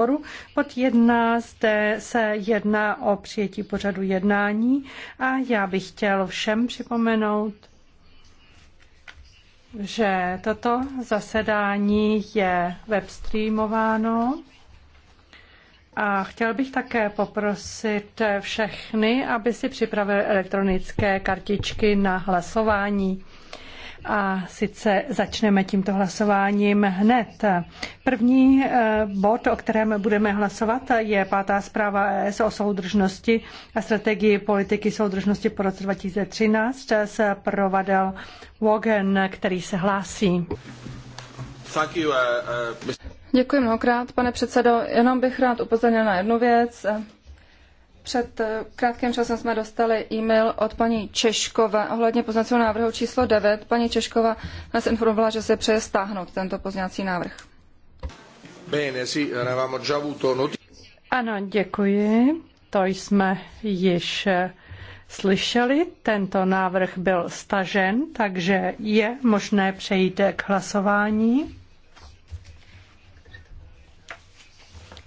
výboru. Pod jedna zde se jedná o přijetí pořadu jednání a já bych chtěl všem připomenout, že toto zasedání je webstreamováno. A chtěl bych také poprosit všechny, aby si připravili elektronické kartičky na hlasování. A sice začneme tímto hlasováním hned. První eh, bod, o kterém budeme hlasovat, je pátá zpráva ES o soudržnosti a strategii politiky soudržnosti po roce 2013. Se provadil Wogen, který se hlásí. Eh, eh, Děkuji mnohokrát, pane předsedo. Jenom bych rád upozornil na jednu věc. Před eh, krátkým časem jsme dostali e-mail od paní Češkové ohledně poznacího návrhu číslo 9. Paní Češková nás informovala, že se přeje stáhnout tento poznací návrh. Bene, si già avuto ano, děkuji. To jsme již eh, slyšeli. Tento návrh byl stažen, takže je možné přejít k hlasování.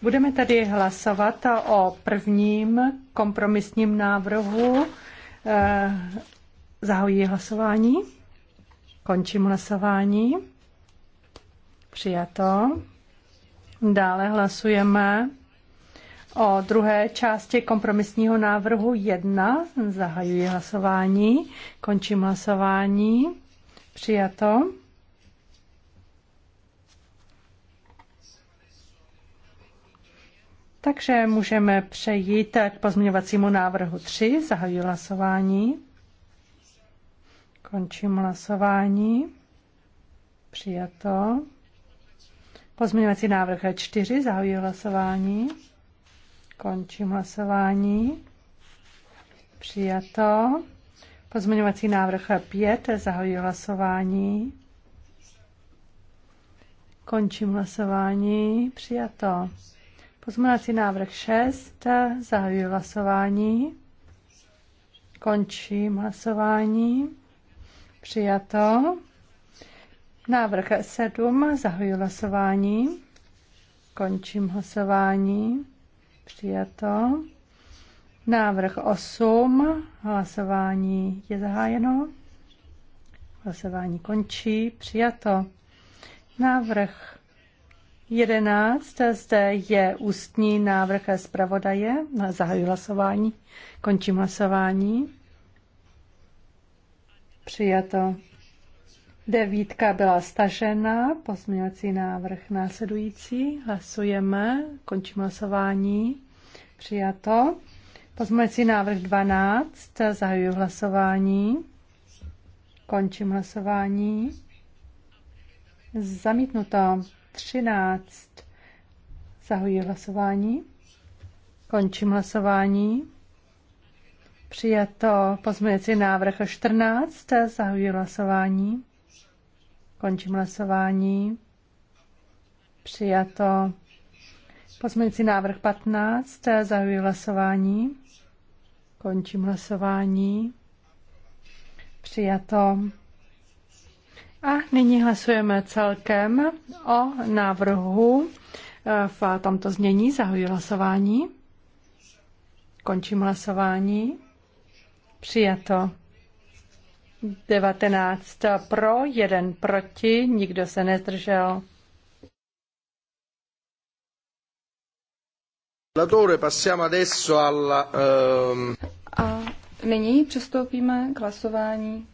Budeme tedy hlasovat o prvním kompromisním návrhu. Eh, Zahojí hlasování. Končím hlasování. Přijato. Dále hlasujeme o druhé části kompromisního návrhu 1. Zahajuji hlasování. Končím hlasování. Přijato. Takže můžeme přejít k pozměňovacímu návrhu 3. Zahajuji hlasování. Končím hlasování. Přijato. Pozměňovací návrh 4. Zahajuji hlasování. Končím hlasování. Přijato. Pozměňovací návrh 5. Zahajuji hlasování. Končím hlasování. Přijato. Pozměňovací návrh 6. Zahajuji hlasování. Končím hlasování. Přijato. Návrh 7. Zahajuji hlasování. Končím hlasování. Přijato. Návrh 8. Hlasování je zahájeno. Hlasování končí. Přijato. Návrh 11. Zde je ústní návrh zpravodaje. Zahajuji hlasování. Končím hlasování. Přijato. Devítka byla stažena. Pozměňovací návrh následující. Hlasujeme. Končím hlasování. Přijato. Pozměňovací návrh 12. Zahajuji hlasování. Končím hlasování. Zamítnuto. 13. Zahoji hlasování. Končím hlasování. Přijato pozměňovací návrh 14. Zahoji hlasování. Končím hlasování. Přijato pozměňovací návrh 15. Zahoji hlasování. Končím hlasování. Přijato a nyní hlasujeme celkem o návrhu eh, v tomto znění. Zahajuji hlasování. Končím hlasování. Přijato. 19 pro, 1 proti, nikdo se nezdržel. Ehm, A nyní přistoupíme k hlasování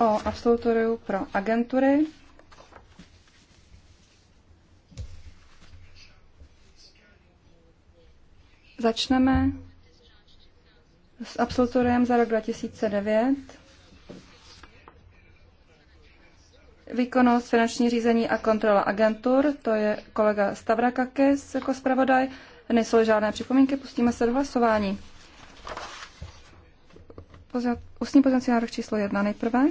o absolutoriu pro agentury. Začneme s absolutoriem za rok 2009. Výkonnost, finanční řízení a kontrola agentur, to je kolega Stavrakakis jako zpravodaj. Nejsou žádné připomínky, pustíme se do hlasování. Ústní pozemcí návrh číslo jedna nejprve.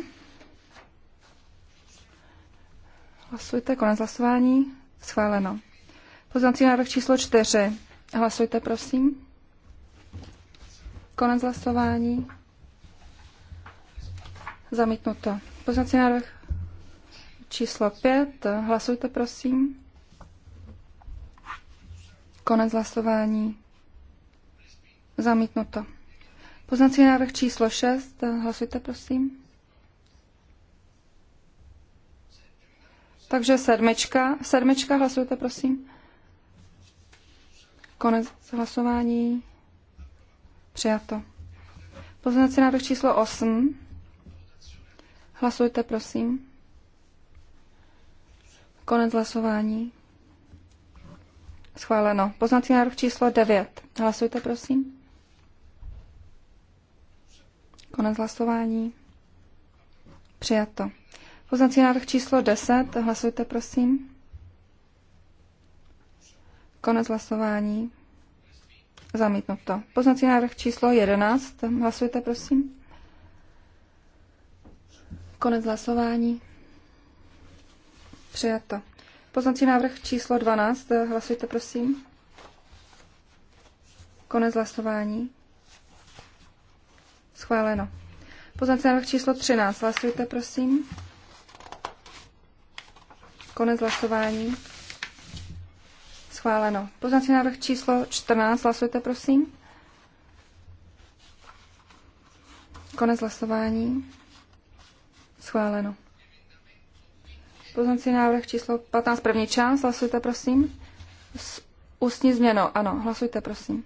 Hlasujte, konec hlasování. Schváleno. Poznací návrh číslo 4. Hlasujte, prosím. Konec hlasování. Zamítnuto. Poznací návrh číslo 5. Hlasujte, prosím. Konec hlasování. Zamítnuto. Poznací návrh číslo 6. Hlasujte, prosím. Takže sedmička. Sedmička, hlasujte, prosím. Konec hlasování. Přijato. Pozměňovací návrh číslo 8. Hlasujte, prosím. Konec hlasování. Schváleno. Poznací návrh číslo 9. Hlasujte, prosím. Konec hlasování. Přijato. Poznací návrh číslo 10. Hlasujte, prosím. Konec hlasování. to. Poznací návrh číslo 11. Hlasujte, prosím. Konec hlasování. Přijato. Poznací návrh číslo 12. Hlasujte, prosím. Konec hlasování. Schváleno. Poznací návrh číslo 13. Hlasujte, prosím. Konec hlasování. Schváleno. Poznací návrh číslo 14. Hlasujte, prosím. Konec hlasování. Schváleno. Poznací návrh číslo 15. První část. Hlasujte, prosím. S ústní změno. Ano, hlasujte, prosím.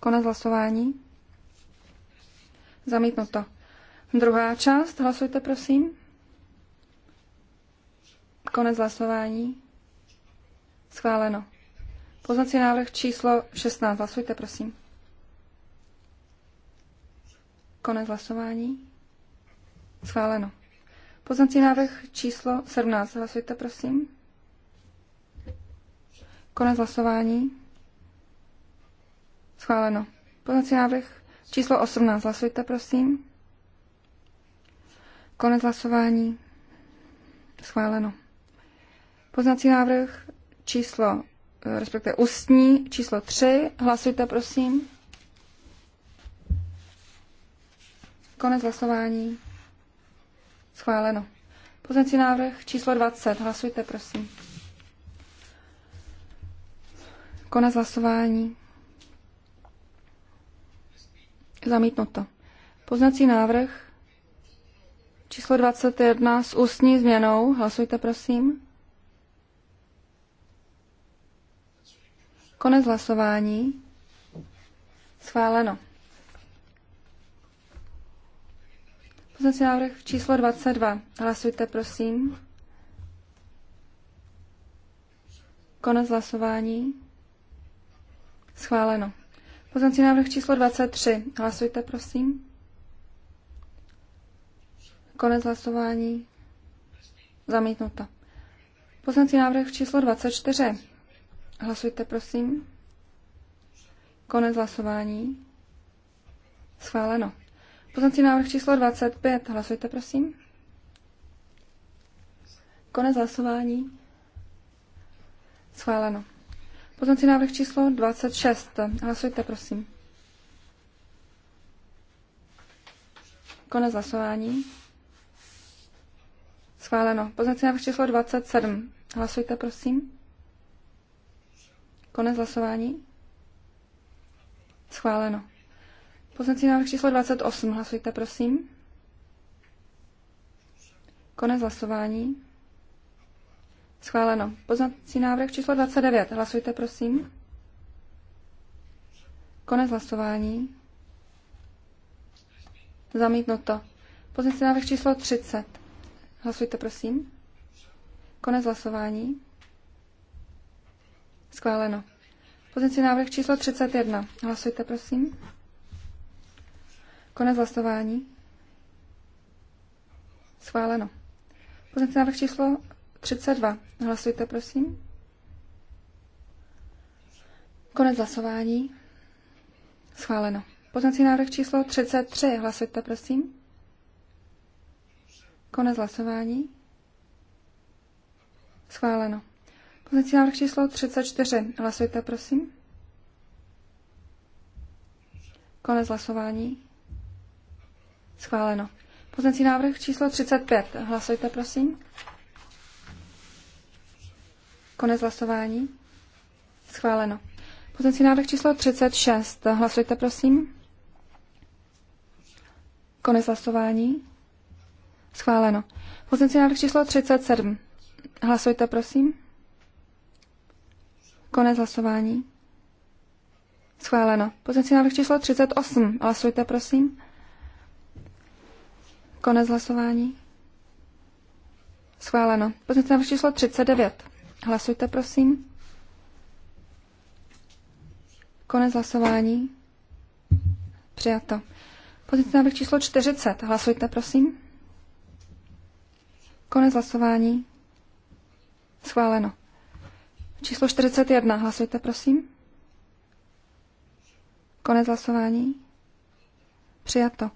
Konec hlasování. Zamítnuto. Druhá část. Hlasujte, prosím. Konec hlasování. Schváleno. Poznací návrh číslo 16. Hlasujte, prosím. Konec hlasování. Schváleno. Poznací návrh číslo 17. Hlasujte, prosím. Konec hlasování. Schváleno. Poznací návrh číslo 18. Hlasujte, prosím. Konec hlasování. Schváleno. Poznací návrh číslo, eh, respektive ústní číslo 3. Hlasujte, prosím. Konec hlasování. Schváleno. Poznací návrh číslo 20. Hlasujte, prosím. Konec hlasování. Zamítnuto. Poznací návrh číslo 21 s ústní změnou. Hlasujte, prosím. Konec hlasování. Schváleno. Poznací návrh číslo 22. Hlasujte, prosím. Konec hlasování. Schváleno. Poznací návrh číslo 23. Hlasujte, prosím. Konec hlasování. Zamítnuto. Poznací návrh číslo 24. Hlasujte, prosím. Konec hlasování. Schváleno. Poznací návrh číslo 25. Hlasujte, prosím. Konec hlasování. Schváleno. Poznací návrh číslo 26. Hlasujte, prosím. Konec hlasování. Schváleno. Poznací návrh číslo 27. Hlasujte, prosím. Konec hlasování. Schváleno. Poznací návrh číslo 28. Hlasujte, prosím. Konec hlasování. Schváleno. Poznací návrh číslo 29. Hlasujte, prosím. Konec hlasování. Zamítnuto. Poznací návrh číslo 30. Hlasujte, prosím. Konec hlasování. Schváleno. Pozici návrh číslo 31. Hlasujte, prosím. Konec hlasování. Schváleno. Pozici návrh číslo 32. Hlasujte, prosím. Konec hlasování. Schváleno. Pozici návrh číslo 33. Hlasujte, prosím. Konec hlasování. Schváleno. Pozici návrh číslo 34. Hlasujte, prosím. Konec hlasování. Schváleno. Pozici návrh číslo 35. Hlasujte, prosím. Konec hlasování. Schváleno. Pozici návrh číslo 36. Hlasujte, prosím. Konec hlasování. Schváleno. Pozici návrh číslo 37. Hlasujte, prosím. Konec hlasování. Schváleno. Pozici návrh číslo 38. Hlasujte, prosím. Konec hlasování. Schváleno. Pozici návrh číslo 39. Hlasujte, prosím. Konec hlasování. Přijato. Pozici návrh číslo 40. Hlasujte, prosím. Konec hlasování. Schváleno. Číslo 41. Hlasujte, prosím. Konec hlasování. Přijato.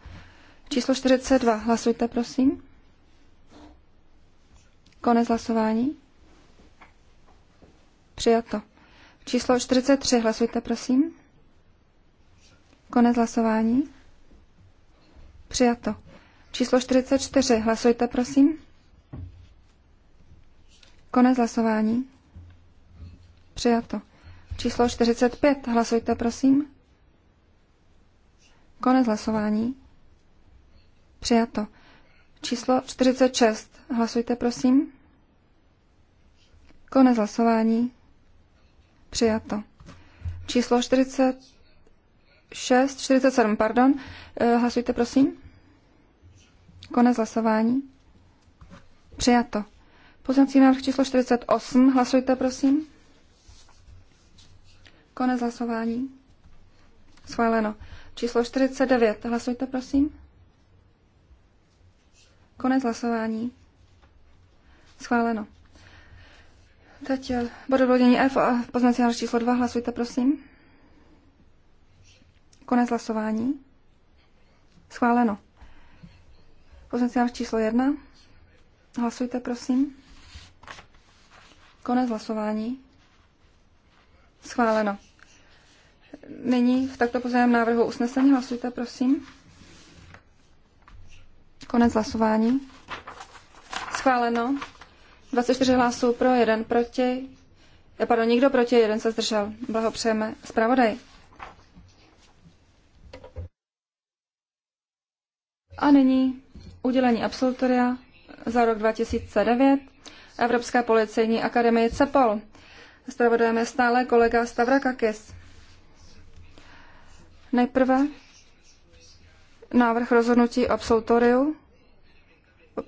Číslo 42. Hlasujte, prosím. Konec hlasování. Přijato. Číslo 43. Hlasujte, prosím. Konec hlasování. Přijato. Číslo 44. Hlasujte, prosím. Konec hlasování. Přijato. Číslo 45. Hlasujte, prosím. Konec hlasování. Přijato. Číslo 46. Hlasujte, prosím. Konec hlasování. Přijato. Číslo 46, 47, pardon. Eh, hlasujte, prosím. Konec hlasování. Přijato. Pozemcí návrh číslo 48. Hlasujte, prosím. Konec hlasování. Schváleno. Číslo 49. Hlasujte, prosím. Konec hlasování. Schváleno. Teď eh, bod odvodění F a eh, poznací návrh číslo 2. Hlasujte, prosím. Konec hlasování. Schváleno. Poznací návrh číslo 1. Hlasujte, prosím. Konec hlasování. Schváleno. Nyní v takto pozemném návrhu usnesení hlasujte, prosím. Konec hlasování. Schváleno. 24 hlasů pro, jeden proti. Eh, pardon, nikdo proti, jeden se zdržel. Blahopřejeme. Zpravodaj. A nyní udělení absolutoria za rok 2009 Evropské policejní akademie CEPOL zpravodajeme stále kolega Stavrakakis. Nejprve návrh rozhodnutí absolutoriu.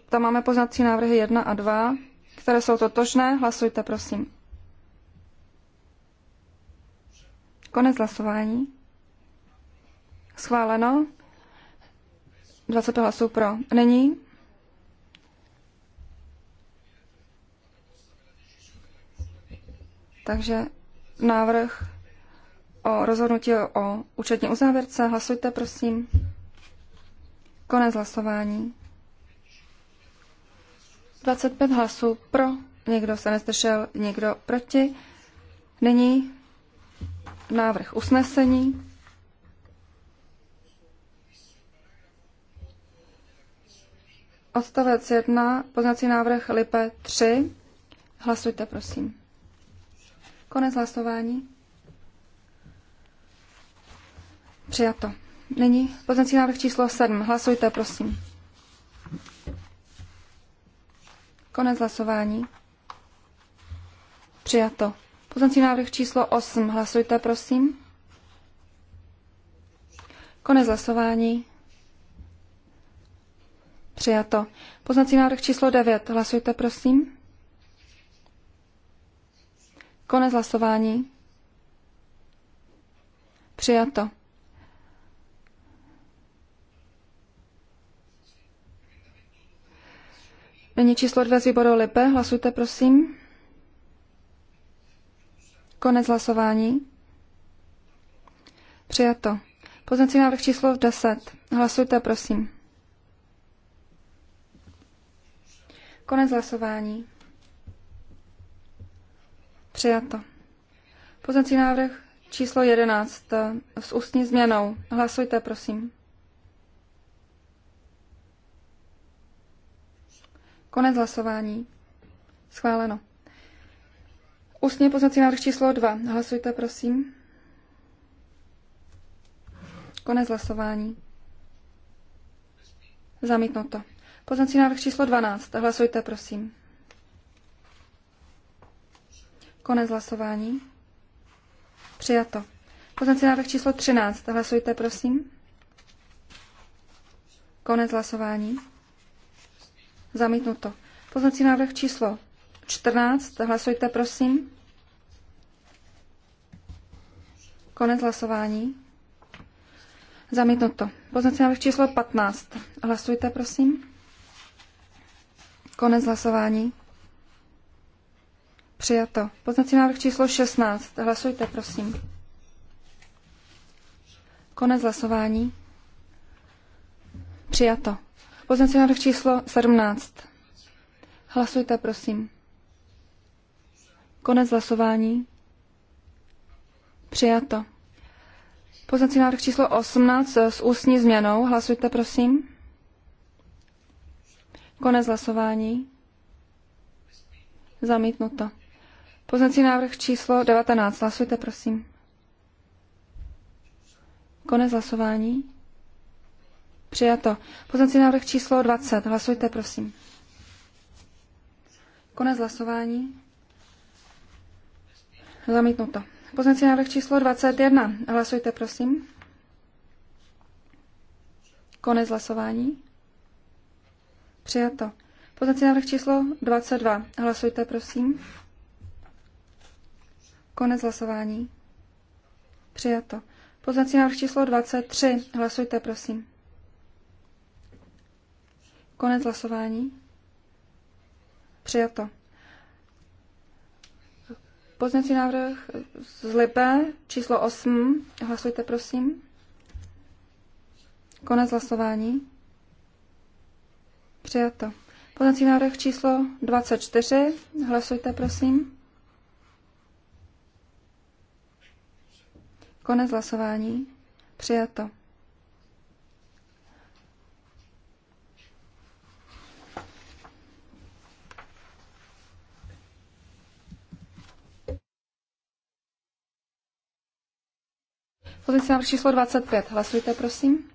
Tam máme poznací návrhy 1 a 2, které jsou totožné. Hlasujte, prosím. Konec hlasování. Schváleno. 20 hlasů pro. Není. Takže návrh o rozhodnutí o účetní uzávěrce. Hlasujte, prosím. Konec hlasování. 25 hlasů pro, někdo se nezdržel, někdo proti. Nyní návrh usnesení. Odstavec 1, poznací návrh Lipe 3. Hlasujte, prosím. Konec hlasování. Přijato. Nyní poznací návrh číslo 7. Hlasujte, prosím. Konec hlasování. Přijato. Poznací návrh číslo 8. Hlasujte, prosím. Konec hlasování. Přijato. Poznací návrh číslo 9. Hlasujte, prosím. Konec hlasování. Přijato. Nyní číslo dvě z výboru Lipe. Hlasujte, prosím. Konec hlasování. Přijato. Poznací návrh číslo 10. Hlasujte, prosím. Konec hlasování. Přijato. Poznací návrh číslo 11 eh, s ústní změnou. Hlasujte, prosím. Konec hlasování. Schváleno. Ústně poznací návrh číslo 2. Hlasujte, prosím. Konec hlasování. Zamítnuto. Poznací návrh číslo 12. Hlasujte, prosím. Konec hlasování. Přijato. Poznací návrh číslo 13. Hlasujte, prosím. Konec hlasování. Zamítnuto. Poznací návrh číslo 14. Hlasujte, prosím. Konec hlasování. Zamítnuto. Poznací návrh číslo 15. Hlasujte, prosím. Konec hlasování. Přijato. Poznací návrh číslo 16. Hlasujte, prosím. Konec hlasování. Přijato. Poznací návrh číslo 17. Hlasujte, prosím. Konec hlasování. Přijato. Poznací návrh číslo 18 s ústní změnou. Hlasujte, prosím. Konec hlasování. Zamítnuto. Poznací návrh číslo 19. Hlasujte, prosím. Konec hlasování. Přijato. Poznací návrh číslo 20. Hlasujte, prosím. Konec hlasování. Zamítnuto. Poznací návrh číslo 21. Hlasujte, prosím. Konec hlasování. Přijato. Poznací návrh číslo 22. Hlasujte, prosím. Konec hlasování. Přijato. Poznací návrh číslo 23. Hlasujte, prosím. Konec hlasování. Přijato. Poznací návrh z Lipe číslo 8. Hlasujte, prosím. Konec hlasování. Přijato. Poznací návrh číslo 24. Hlasujte, prosím. Konec hlasování. Přijato. Pozice návrh číslo 25. Hlasujte, prosím.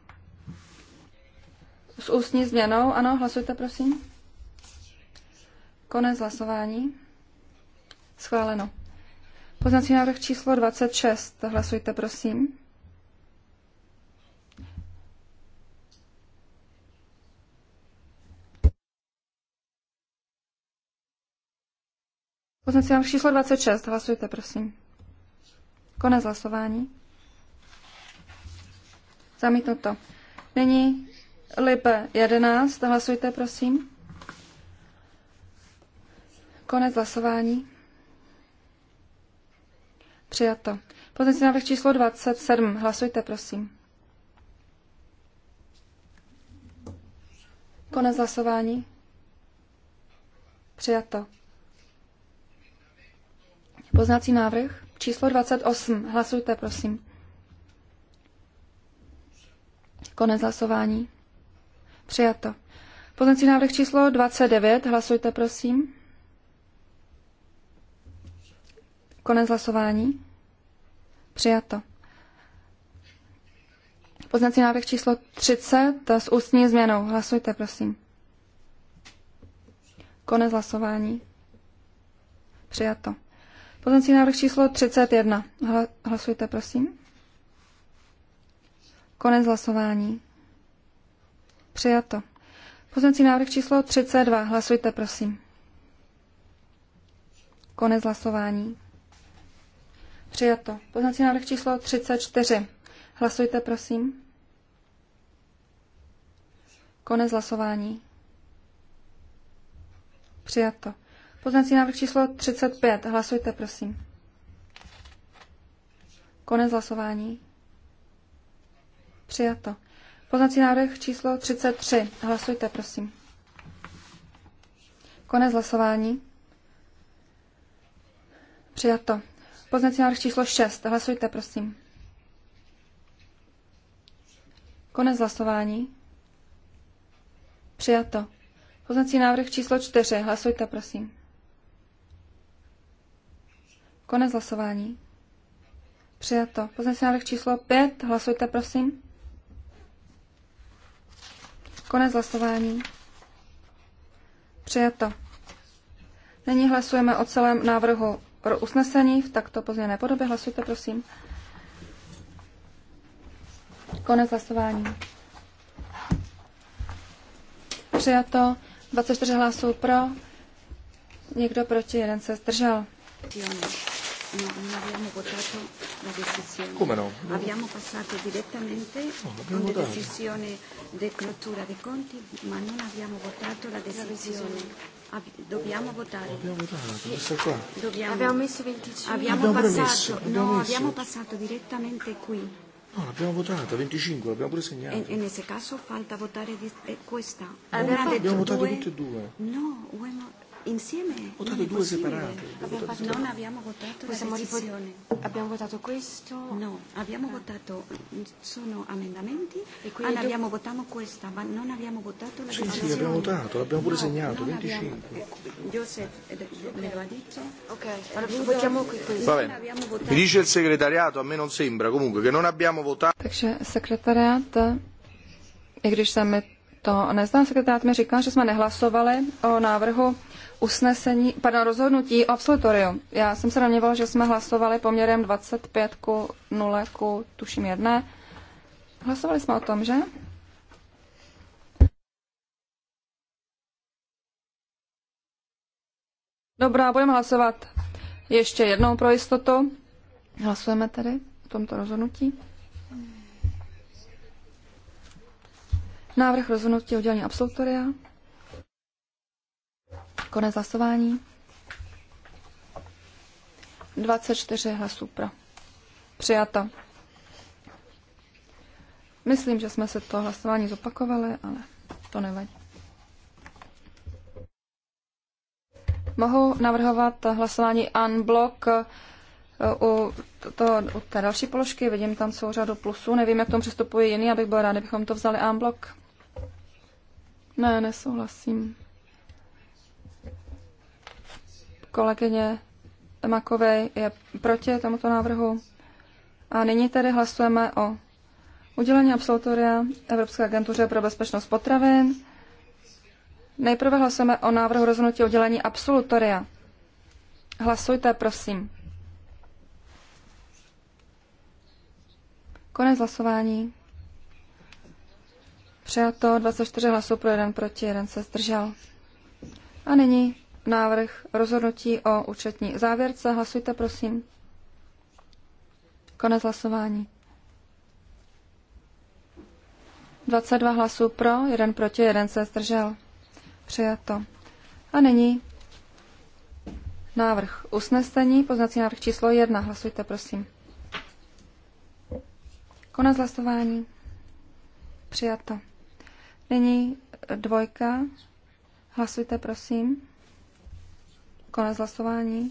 S ústní změnou, ano, hlasujte, prosím. Konec hlasování. Schváleno. Poznací návrh číslo 26. Hlasujte, prosím. Poznací návrh číslo 26. Hlasujte, prosím. Konec hlasování. Zamítnuto. Nyní Libe 11. Hlasujte, prosím. Konec hlasování. Přijato. Pozici návrh číslo 27. Hlasujte, prosím. Konec hlasování. Přijato. Poznací návrh číslo 28. Hlasujte, prosím. Konec hlasování. Přijato. Poznací návrh číslo 29. Hlasujte, prosím. Konec hlasování. Přijato. Poznací návrh číslo 30 s ústní změnou. Hlasujte, prosím. Konec hlasování. Přijato. Poznací návrh číslo 31. Hlasujte, prosím. Konec hlasování. Přijato. Poznací návrh číslo 32. Hlasujte, prosím. Konec hlasování. Přijato. Poznací návrh číslo 34. Hlasujte, prosím. Konec hlasování. Přijato. Poznací návrh číslo 35. Hlasujte, prosím. Konec hlasování. Přijato. Poznací návrh číslo 33. Hlasujte, prosím. Konec hlasování. Přijato. Poznací návrh číslo 6. Hlasujte, prosím. Konec hlasování. Přijato. Poznací návrh číslo 4. Hlasujte, prosím. Konec hlasování. Přijato. Poznací návrh číslo 5. Hlasujte, prosím. Konec hlasování. Přijato. Nyní hlasujeme o celém návrhu pro usnesení v takto pozměněné podobě. Hlasujte, prosím. Konec hlasování. Přijato 24 hlasů pro, někdo proti, jeden se zdržel. Come no? Abbiamo passato direttamente no, con di clottura dei conti, ma non abbiamo votato la decisione dobbiamo votare. Dobbiamo votare, questo qua. Dobbiamo, abbiamo messo 25. Abbiamo, abbiamo passato, messo, abbiamo no, messo. abbiamo passato direttamente qui. No, l'abbiamo votata, 25, l'abbiamo pure segnata. E, e nel caso falta votare di, eh, questa. Allora, abbiamo, abbiamo votato due. tutte e due. No, uno, insieme? Ho votate due separate. Abbiamo fatto, non abbiamo votato Possiamo la decisione. Abbiamo votato questo? No, no abbiamo no, ah. votato, sono emendamenti e quindi ah, abbiamo votato questa, ma non abbiamo votato la sì, decisione. Sì, sì, abbiamo votato, l'abbiamo pure no, segnato, 25. Giuseppe eh, eh me lo ha detto. Ok, allora votiamo qui no questo. Va bene. Mi dice il segretariato, a me non sembra comunque, che non abbiamo votato. Takže sekretariát, i když se mi to neznám, sekretariát mi říká, že jsme nehlasovali o návrhu usnesení, pardon, rozhodnutí o absolutoriu. Já jsem se domnívala, že jsme hlasovali poměrem 25 ku 0 ku tuším 1. Hlasovali jsme o tom, že? Dobrá, budeme hlasovat ještě jednou pro jistotu. Hlasujeme tedy o tomto rozhodnutí. Návrh rozhodnutí o udělení absolutoria. Konec hlasování. 24 hlasů pro. Přijata. Myslím, že jsme se to hlasování zopakovali, ale to nevadí. Mohu navrhovat hlasování unblock eh, u, to, u té další položky. Vidím tam celou řadu plusů. Nevím, jak tomu přistupuje jiný, abych byl rád, kdybychom to vzali unblock. Ne, nesouhlasím. kolegyně Makové je proti tomuto návrhu. A nyní tedy hlasujeme o udělení absolutoria Evropské agentuře pro bezpečnost potravin. Nejprve hlasujeme o návrhu rozhodnutí o udělení absolutoria. Hlasujte, prosím. Konec hlasování. Přijato 24 hlasů pro jeden proti, jeden se zdržel. A nyní návrh rozhodnutí o účetní závěrce. Hlasujte, prosím. Konec hlasování. 22 hlasů pro, 1 proti, 1 se zdržel. Přijato. A nyní návrh usnesení, poznací návrh číslo 1. Hlasujte, prosím. Konec hlasování. Přijato. Nyní dvojka. Hlasujte, prosím. Konec hlasování.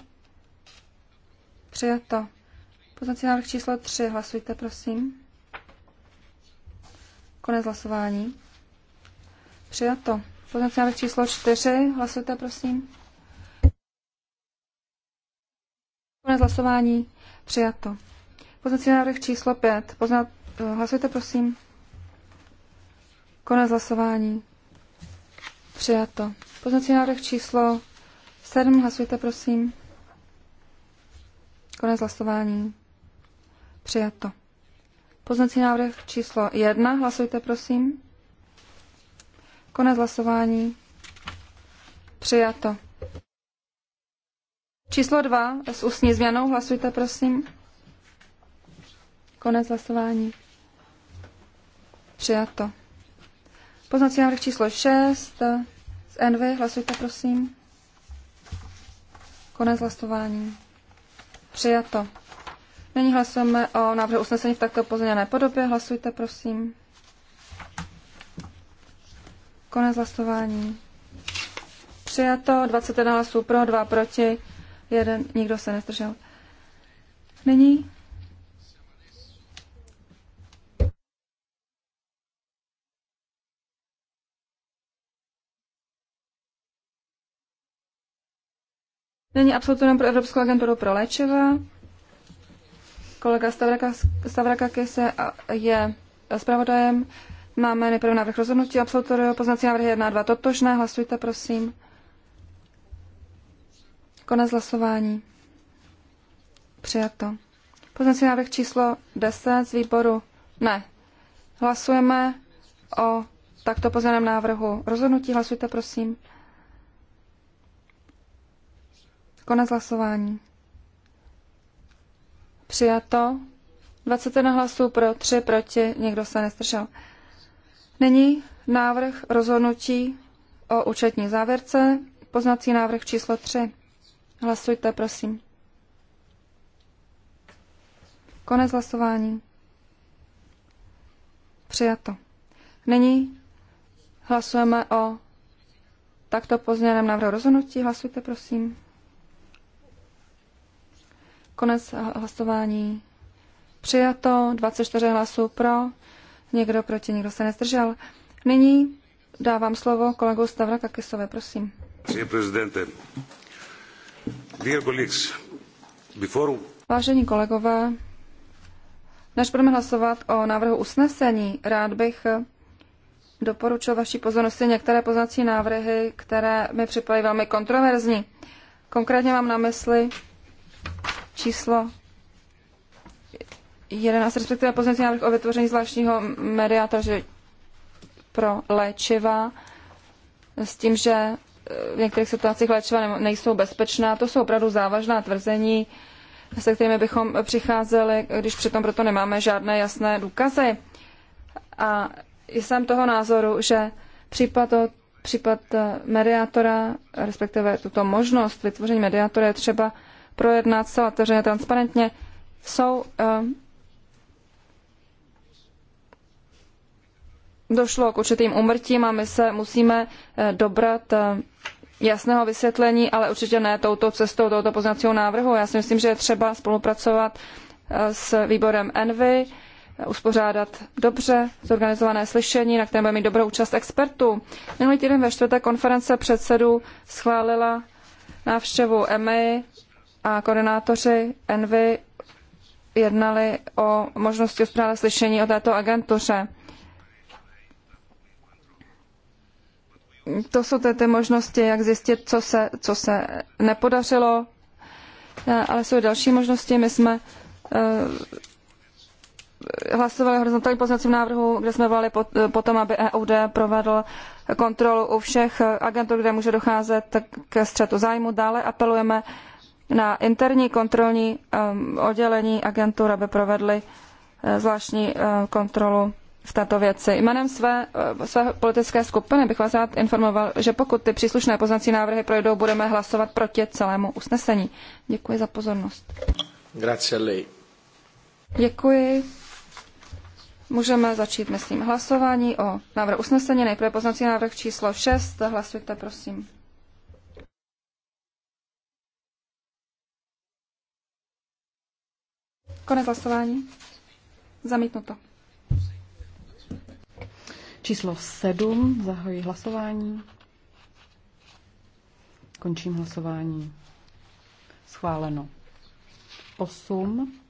Přijato. Poznací návrh číslo 3. Hlasujte, prosím. Konec hlasování. Přijato. Poznací návrh číslo 4. Hlasujte, prosím. Konec hlasování. Přijato. Poznací návrh číslo 5. Poznat, hlasujte, prosím. Konec hlasování. Přijato. Poznací návrh číslo 7 hlasujte, prosím. Konec hlasování. Přijato. Poznací návrh číslo 1. Hlasujte, prosím. Konec hlasování. Přijato. Číslo 2. S ústní změnou. Hlasujte, prosím. Konec hlasování. Přijato. Poznací návrh číslo 6. Z NV, Hlasujte, prosím. Konec hlasování. Přijato. Nyní hlasujeme o návrhu usnesení v takto pozměněné podobě. Hlasujte, prosím. Konec hlasování. Přijato. 21 hlasů pro, 2 proti, 1, nikdo se nezdržel. Nyní Není absolutorem pro Evropskou agenturu pro léčiva. Kolega kese je zpravodajem. Máme nejprve návrh rozhodnutí absolutoria, poznací návrh 1 a 2 totožné. Hlasujte, prosím. Konec hlasování. Přijato. Poznací návrh číslo 10 z výboru ne. Hlasujeme o takto pozvaném návrhu rozhodnutí. Hlasujte, prosím. Konec hlasování. Přijato. 21 hlasů pro, 3 proti, někdo se nestržel. Nyní návrh rozhodnutí o účetní závěrce, poznací návrh číslo 3. Hlasujte, prosím. Konec hlasování. Přijato. Nyní hlasujeme o takto pozměněném návrhu rozhodnutí. Hlasujte, prosím. Konec hlasování. Přijato 24 hlasů pro, někdo proti, nikdo se nezdržel. Nyní dávám slovo kolegu Stavra Kakisové, prosím. Pane prezidente, dear colleagues, before... Vážení kolegové, než budeme hlasovat o návrhu usnesení, rád bych doporučil vaší pozornosti některé poznací návrhy, které mi připadají velmi kontroverzní. Konkrétně mám na mysli číslo 11, respektive pozměňovací návrh o vytvoření zvláštního mediátora pro léčiva s tím, že e, v některých situacích léčiva nejsou bezpečná. To jsou opravdu závažná tvrzení, se kterými bychom přicházeli, když přitom proto nemáme žádné jasné důkazy. A jsem toho názoru, že případ, to, případ e, mediátora, respektive tuto možnost vytvoření mediátora je třeba projednat zcela otevřeně transparentně, jsou eh, došlo k určitým umrtím a my se musíme eh, dobrat eh, jasného vysvětlení, ale určitě ne touto cestou, touto poznacího návrhu. Já si myslím, že je třeba spolupracovat s výborem Envy, uspořádat dobře zorganizované slyšení, na kterém bude mít dobrou účast expertů. Minulý týden ve čtvrté konference předsedů schválila návštěvu EMEI a koordinátoři Envy jednali o možnosti uspořádat slyšení o této agentuře. To jsou ty, ty možnosti, jak zjistit, co se, co se nepodařilo, ale jsou další možnosti. My jsme eh, hlasovali horizontální poznacím návrhu, kde jsme volali potom, aby EUD provedl kontrolu u všech agentur, kde může docházet ke střetu zájmu. Dále apelujeme uh, na interní kontrolní um, oddělení agentur, aby provedli uh, zvláštní uh, kontrolu v této věci. Jménem své, uh, své politické skupiny bych vás rád informoval, že pokud ty příslušné poznací návrhy projdou, budeme hlasovat proti celému usnesení. Děkuji za pozornost. Grazie lei. Děkuji. Můžeme začít, myslím, hlasování o návrhu usnesení. Nejprve poznací návrh číslo 6. Hlasujte, prosím. Konec hlasování. Zamítnuto. Číslo 7. Zahoji hlasování. Končím hlasování. Schváleno. 8.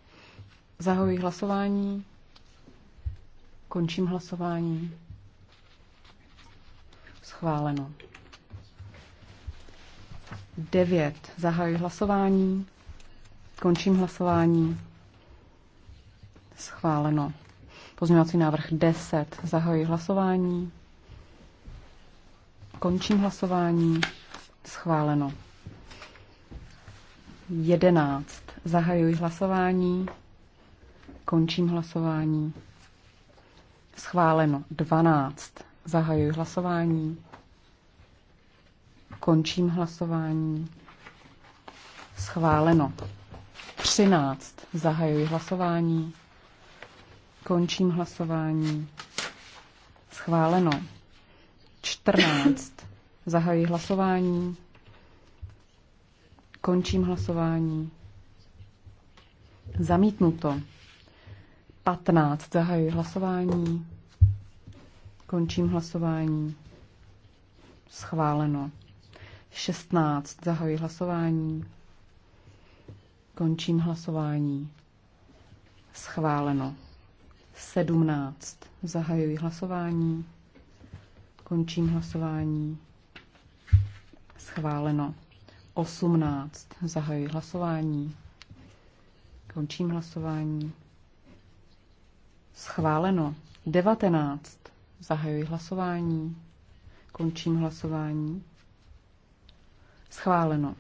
Zahoji hlasování. Končím hlasování. Schváleno. 9. Zahajuji hlasování. Končím hlasování. Schváleno. Pozměňovací návrh 10. Zahajuji hlasování. Končím hlasování. Schváleno. 11. Zahajuji hlasování. Končím hlasování. Schváleno. 12. Zahajuji hlasování. Končím hlasování. Schváleno. 13. Zahajuji hlasování. Končím hlasování. Schváleno. 14. Zahajuji hlasování. Končím hlasování. Zamítnuto. 15. Zahajuji hlasování. Končím hlasování. Schváleno. 16. Zahajuji hlasování. Končím hlasování. Schváleno. 17. Zahajuji hlasování. Končím hlasování. Schváleno. 18. Zahajuji hlasování. Končím hlasování. Schváleno. 19. Zahajuji hlasování. Končím hlasování. Schváleno.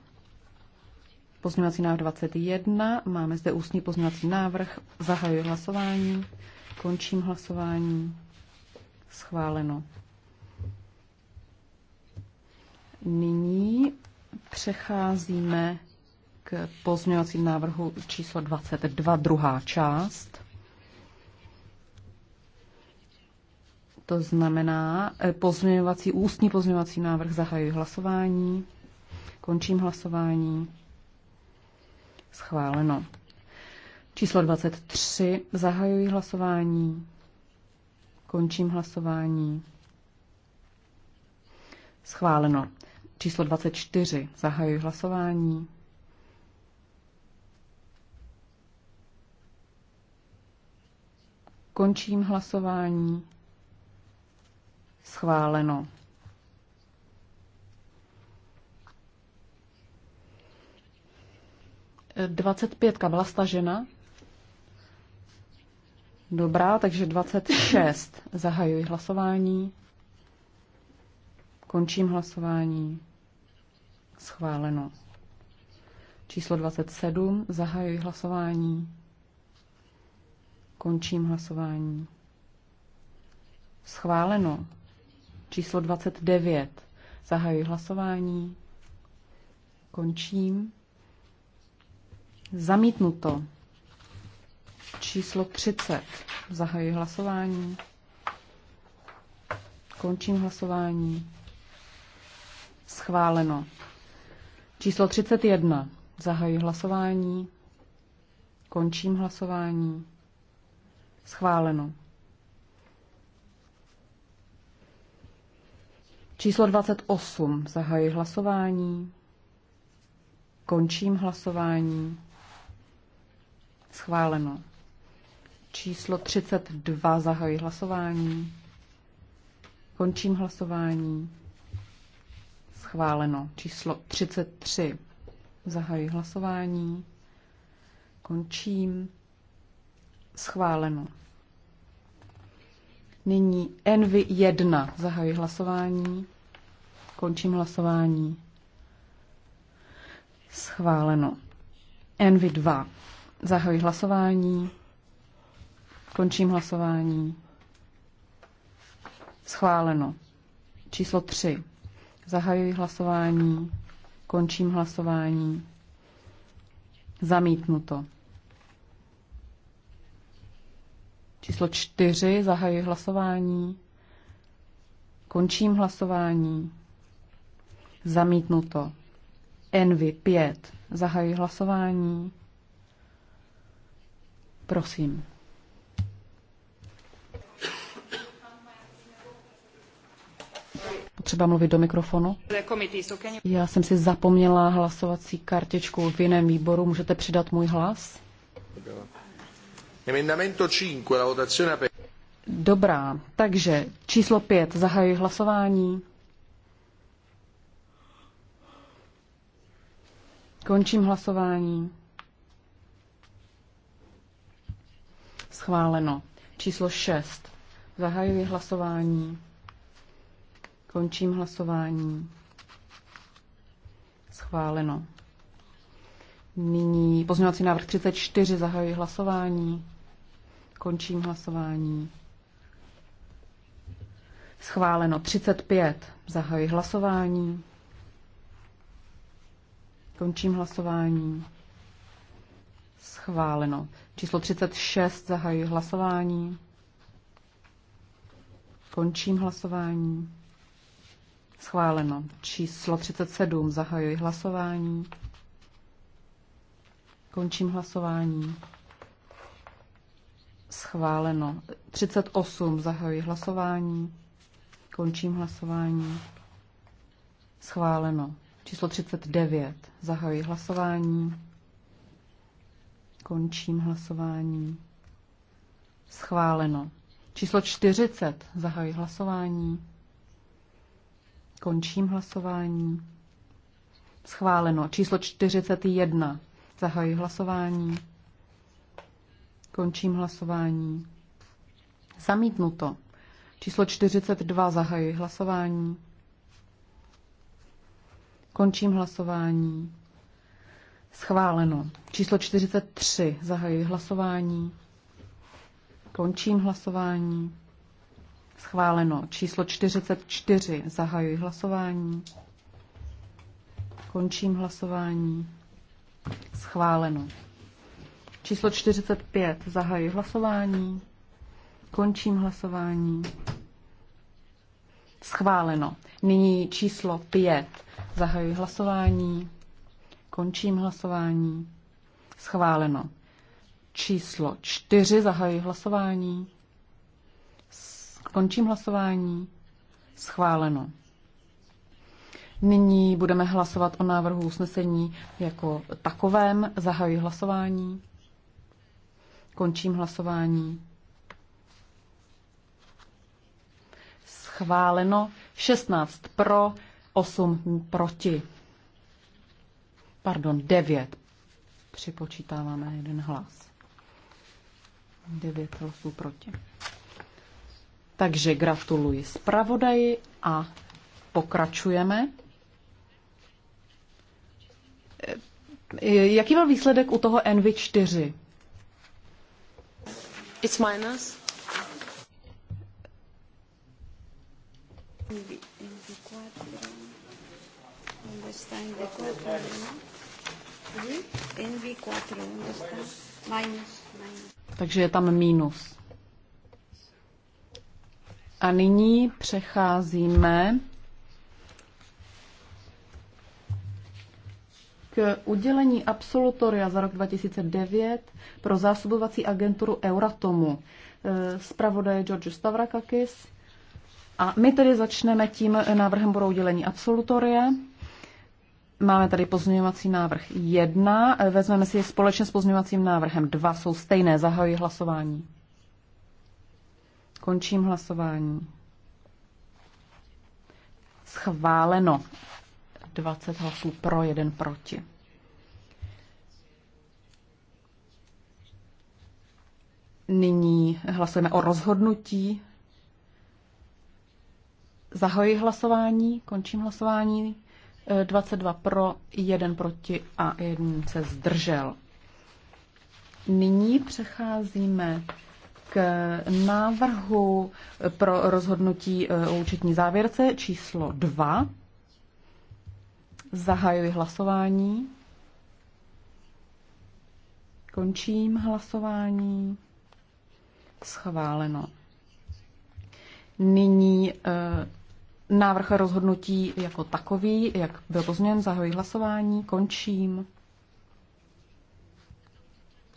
Pozměňovací návrh 21. Máme zde ústní pozměňovací návrh. Zahajuji hlasování. Končím hlasování. Schváleno. Nyní přecházíme k pozměňovacím návrhu číslo 22, druhá část. To znamená eh, pozměňovací, ústní pozměňovací návrh zahajuje hlasování. Končím hlasování. Schváleno. Číslo 23. Zahajuji hlasování. Končím hlasování. Schváleno. Číslo 24. Zahajuji hlasování. Končím hlasování. Schváleno. Dvacet pětka vlasta žena. Dobrá, takže 26. Zahajuji hlasování. Končím hlasování. Schváleno. Číslo 27. Zahajuji hlasování. Končím hlasování. Schváleno. Číslo 29. Zahajuji hlasování. Končím. Zamítnuto číslo 30. Zahajuji hlasování. Končím hlasování. Schváleno. Číslo 31. Zahajuji hlasování. Končím hlasování. Schváleno. Číslo 28. Zahajuji hlasování. Končím hlasování. Schváleno číslo 32. Zahajuji hlasování. Končím hlasování. Schváleno. Číslo 33. Zahajuji hlasování. Končím. Schváleno. Nyní Envy 1. Zahajuji hlasování. Končím hlasování. Schváleno. Envy 2. Zahajuji hlasování. Končím hlasování. Schváleno. Číslo 3. Zahajuji hlasování. Končím hlasování. Zamítnuto. Číslo 4. Zahajuji hlasování. Končím hlasování. Zamítnuto. Envy 5. Zahajuji hlasování. Prosím. potřeba mluvit do mikrofonu. Já jsem si zapomněla hlasovací kartičku v jiném výboru. Můžete přidat můj hlas? Dobrá, takže číslo pět Zahajuji hlasování. Končím hlasování. Schváleno. Číslo 6. Zahajuji hlasování. Končím hlasování. Schváleno. Nyní pozměňovací návrh 34. Zahajuji hlasování. Končím hlasování. Schváleno 35. Zahajuji hlasování. Končím hlasování. Schváleno. Číslo 36. Zahajuji hlasování. Končím hlasování. Schváleno. Číslo 37. Zahajuji hlasování. Končím hlasování. Schváleno. 38. Zahajuji hlasování. Končím hlasování. Schváleno. Číslo 39. Zahajuji hlasování. Končím hlasování. Schváleno. Číslo 40. Zahajuji hlasování. Končím hlasování. Schváleno. Číslo 41. Zahajuji hlasování. Končím hlasování. Zamítnuto. Číslo 42. Zahajuji hlasování. Končím hlasování. Schváleno. Číslo 43. Zahajuji hlasování. Končím hlasování. Schváleno. Číslo 44. Zahajuji hlasování. Končím hlasování. Schváleno. Číslo 45. Zahajuji hlasování. Končím hlasování. Schváleno. Nyní číslo 5. Zahajuji hlasování. Končím hlasování. Schváleno. Číslo 4. Zahajuji hlasování. Končím hlasování. Schváleno. Nyní budeme hlasovat o návrhu usnesení jako takovém. Zahajuji hlasování. Končím hlasování. Schváleno 16 pro, 8 proti. Pardon, 9. Připočítáváme jeden hlas. 9 hlasů proti. Takže gratuluji zpravodaji a pokračujeme. Jaký byl výsledek u toho NV4? It's minus. minus. Takže je tam mínus. A nyní přecházíme k udělení absolutoria za rok 2009 pro zásobovací agenturu Euratomu. Eh, zpravodaj George Stavrakakis. A my tedy začneme tím návrhem pro udělení absolutoria. Máme tady pozměňovací návrh 1. Eh, vezmeme si je společně s pozměňovacím návrhem 2. Jsou stejné. Zahajuji hlasování. Končím hlasování. Schváleno. 20 hlasů pro, jeden proti. Nyní hlasujeme o rozhodnutí. Zahoji hlasování, končím hlasování. 22 eh, pro, 1 proti a 1 se zdržel. Nyní přecházíme k návrhu pro rozhodnutí e, o účetní závěrce číslo 2. Zahajuji hlasování. Končím hlasování. Schváleno. Nyní e, návrh rozhodnutí jako takový, jak byl pozměn, zahajuji hlasování, končím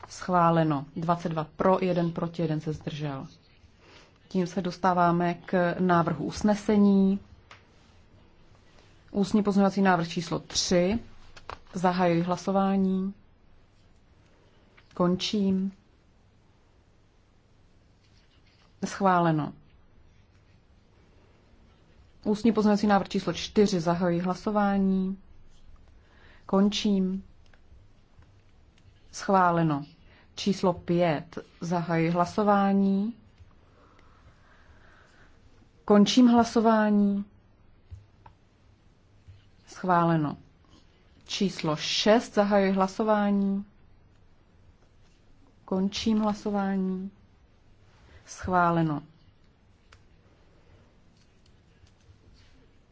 schváleno. 22 pro, 1 proti, 1 se zdržel. Tím se dostáváme k návrhu usnesení. Ústní pozměňovací návrh číslo 3. Zahajuji hlasování. Končím. Schváleno. Ústní pozměňovací návrh číslo 4. Zahajuji hlasování. Končím. Schváleno číslo 5. Zahajuji hlasování. Končím hlasování. Schváleno. Číslo 6. Zahajuji hlasování. Končím hlasování. Schváleno.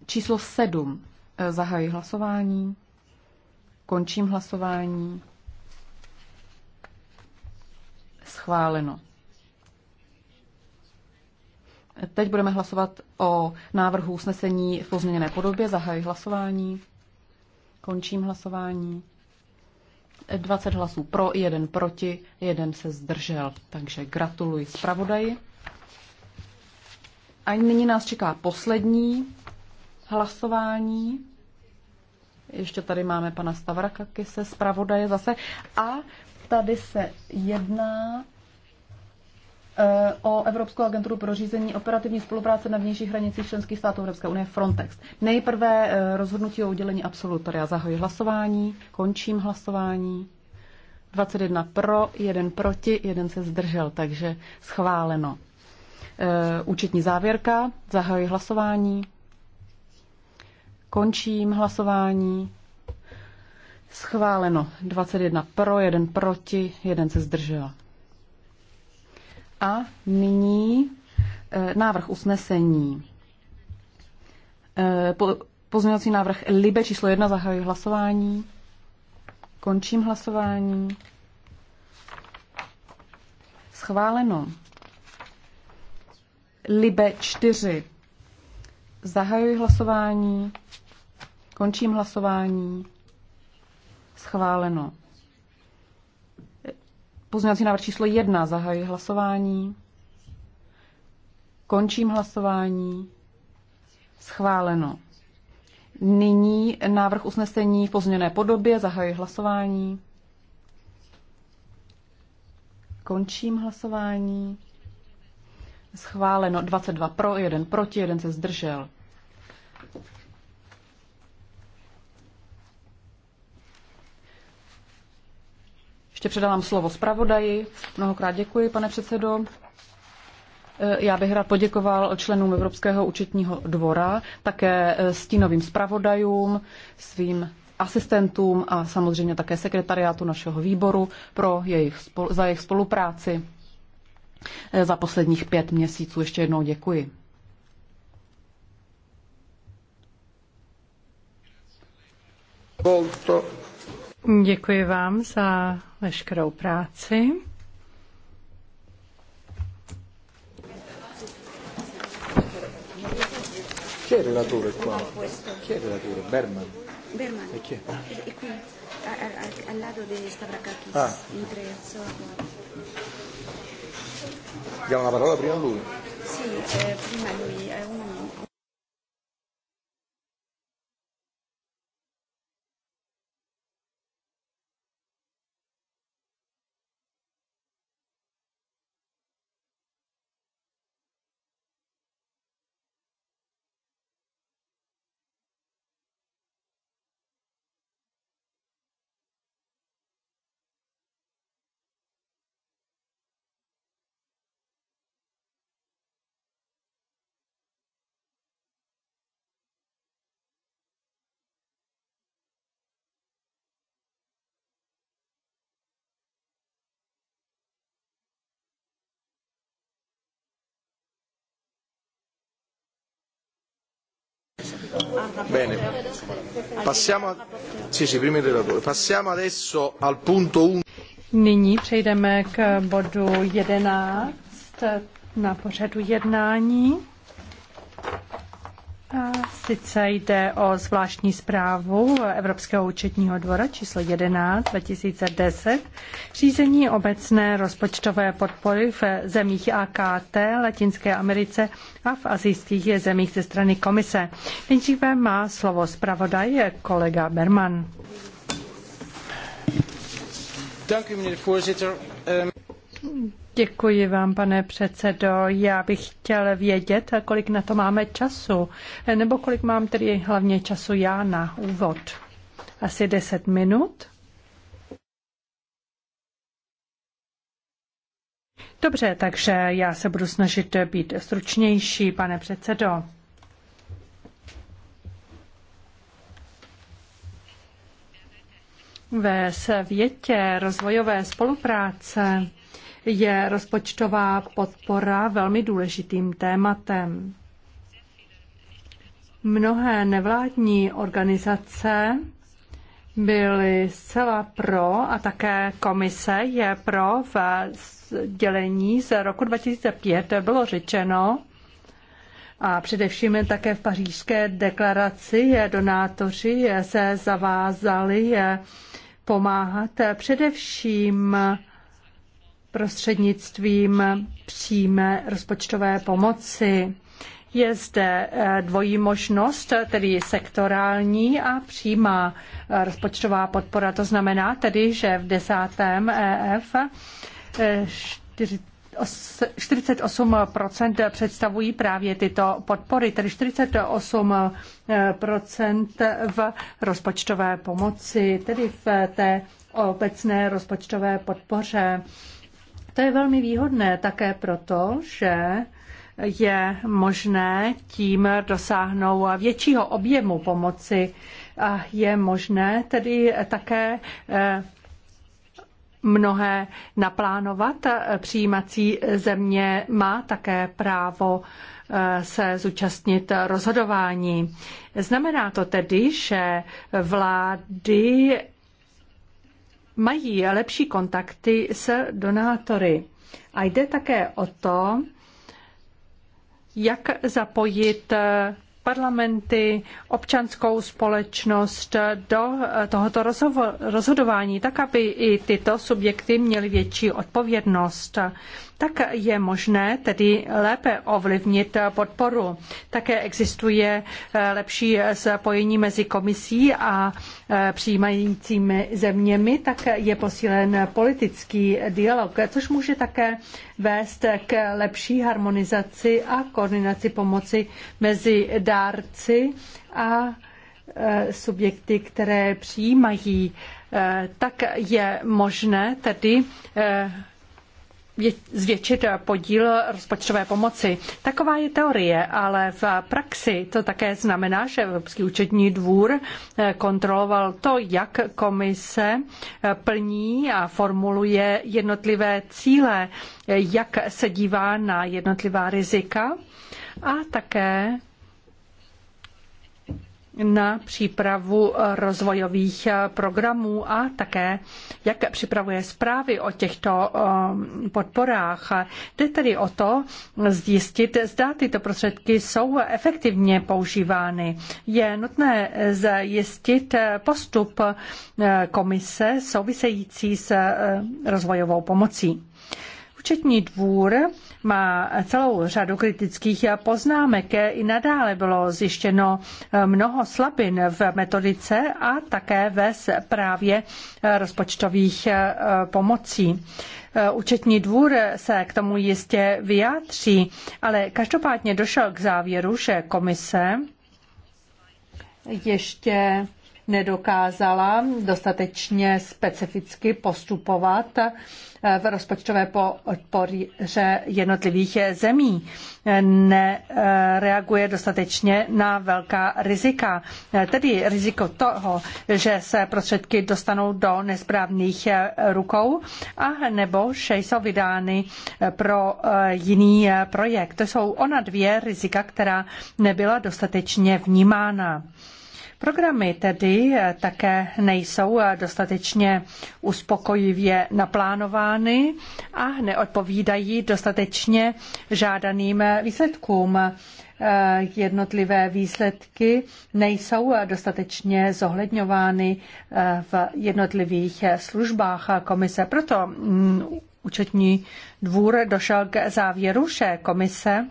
Číslo 7. Zahajuji hlasování. Končím hlasování schváleno. Teď budeme hlasovat o návrhu usnesení v pozměněné podobě. Zahajuji hlasování. Končím hlasování. 20 hlasů pro, jeden proti, jeden se zdržel. Takže gratuluji zpravodaji. A nyní nás čeká poslední hlasování. Ještě tady máme pana se zpravodaje zase. A Tady se jedná eh, o Evropskou agenturu pro řízení operativní spolupráce na vnějších hranicích členských států Evropské unie Frontex. Nejprve eh, rozhodnutí o udělení absolutoria. zahajuji hlasování, končím hlasování. 21 pro, 1 proti, 1 se zdržel, takže schváleno. Eh, účetní závěrka, zahajuji hlasování, končím hlasování. Schváleno 21 pro, 1 proti, 1 se zdržel. A nyní e, návrh usnesení. E, po, pozměňovací návrh Libe číslo 1 zahajuji hlasování. Končím hlasování. Schváleno. Libe 4. Zahajuji hlasování. Končím hlasování schváleno. Pozměňovací návrh číslo 1. Zahajuji hlasování. Končím hlasování. Schváleno. Nyní návrh usnesení v pozměněné podobě. Zahajuji hlasování. Končím hlasování. Schváleno 22 pro, 1 proti, 1 se zdržel. Ještě předávám slovo zpravodaji. Mnohokrát děkuji, pane předsedo. E, já bych rád poděkoval členům Evropského účetního dvora, také e, stínovým zpravodajům, svým asistentům a samozřejmě také sekretariátu našeho výboru pro jejich, za jejich spolupráci. E, za posledních pět měsíců ještě jednou děkuji. Volto. Děkuji vám za veškerou práci. Chi è il relatore qua? Chi è il relatore? Berman? Berman. E chi è? E, e qui, a, a, al lato di Stavrakakis, ah. in tre Diamo la parola prima a lui? Sì, eh, prima lui. Eh, uno Bene. Passiamo, a... sì, sì, primi Passiamo adesso al punto 1. Nyní přejdeme k bodu 11 na pořadu jednání. Sice jde o zvláštní zprávu Evropského účetního dvora číslo 11 2010, řízení obecné rozpočtové podpory v zemích AKT, Latinské Americe a v azijských zemích ze strany komise. Nejdříve má slovo zpravodaj kolega Berman. Děkuji, Děkuji vám, pane předsedo. Já bych chtěl vědět, kolik na to máme času, nebo kolik mám tedy hlavně času já na úvod. Asi 10 minut. Dobře, takže já se budu snažit být stručnější, pane předsedo. Ve světě rozvojové spolupráce je rozpočtová podpora velmi důležitým tématem. Mnohé nevládní organizace byly zcela pro a také komise je pro v dělení z roku 2005 bylo řečeno, a především také v pařížské deklaraci je donátoři se zavázali je pomáhat především prostřednictvím přímé rozpočtové pomoci. Je zde eh, dvojí možnost, tedy sektorální a přímá eh, rozpočtová podpora. To znamená tedy, že v desátém EF 48 eh, představují právě tyto podpory, tedy 48 v rozpočtové pomoci, tedy v té obecné rozpočtové podpoře. To je velmi výhodné také proto, že je možné tím dosáhnout většího objemu pomoci a je možné tedy také eh, mnohé naplánovat. Přijímací země má také právo eh, se zúčastnit rozhodování. Znamená to tedy, že vlády mají lepší kontakty s donátory. A jde také o to, jak zapojit eh, parlamenty, občanskou společnost do eh, tohoto rozhodování, tak aby i tyto subjekty měly větší odpovědnost tak je možné tedy lépe ovlivnit podporu. Také existuje eh, lepší spojení mezi komisí a eh, přijímajícími zeměmi, tak je posílen politický dialog, což může také vést k lepší harmonizaci a koordinaci pomoci mezi dárci a eh, subjekty, které přijímají, tak je možné tedy zvětšit podíl rozpočtové pomoci. Taková je teorie, ale v praxi to také znamená, že Evropský účetní dvůr eh, kontroloval to, jak komise eh, plní a formuluje jednotlivé cíle, eh, jak se dívá na jednotlivá rizika a také na přípravu rozvojových programů a také, jak připravuje zprávy o těchto um, podporách. Jde tedy o to zjistit, zda tyto prostředky jsou efektivně používány. Je nutné zjistit postup eh, komise související s eh, rozvojovou pomocí. Účetní dvůr má celou řadu kritických poznámek. I nadále bylo zjištěno eh, mnoho slabin v metodice a také ve právě eh, rozpočtových eh, pomocí. Účetní dvůr se k tomu jistě vyjádří, ale každopádně došel k závěru, že komise ještě nedokázala dostatečně specificky postupovat eh, v rozpočtové podpoře jednotlivých zemí. Eh, nereaguje dostatečně na velká rizika. Eh, tedy riziko toho, že se prostředky dostanou do nesprávných rukou a nebo že jsou vydány pro jiný projekt. To jsou ona dvě rizika, která nebyla dostatečně vnímána. Programy tedy eh, také nejsou eh, dostatečně uspokojivě naplánovány a neodpovídají dostatečně žádaným eh, výsledkům. Jednotlivé výsledky nejsou dostatečně zohledňovány v jednotlivých službách komise. Proto mm, účetní dvůr došel k závěru, že komise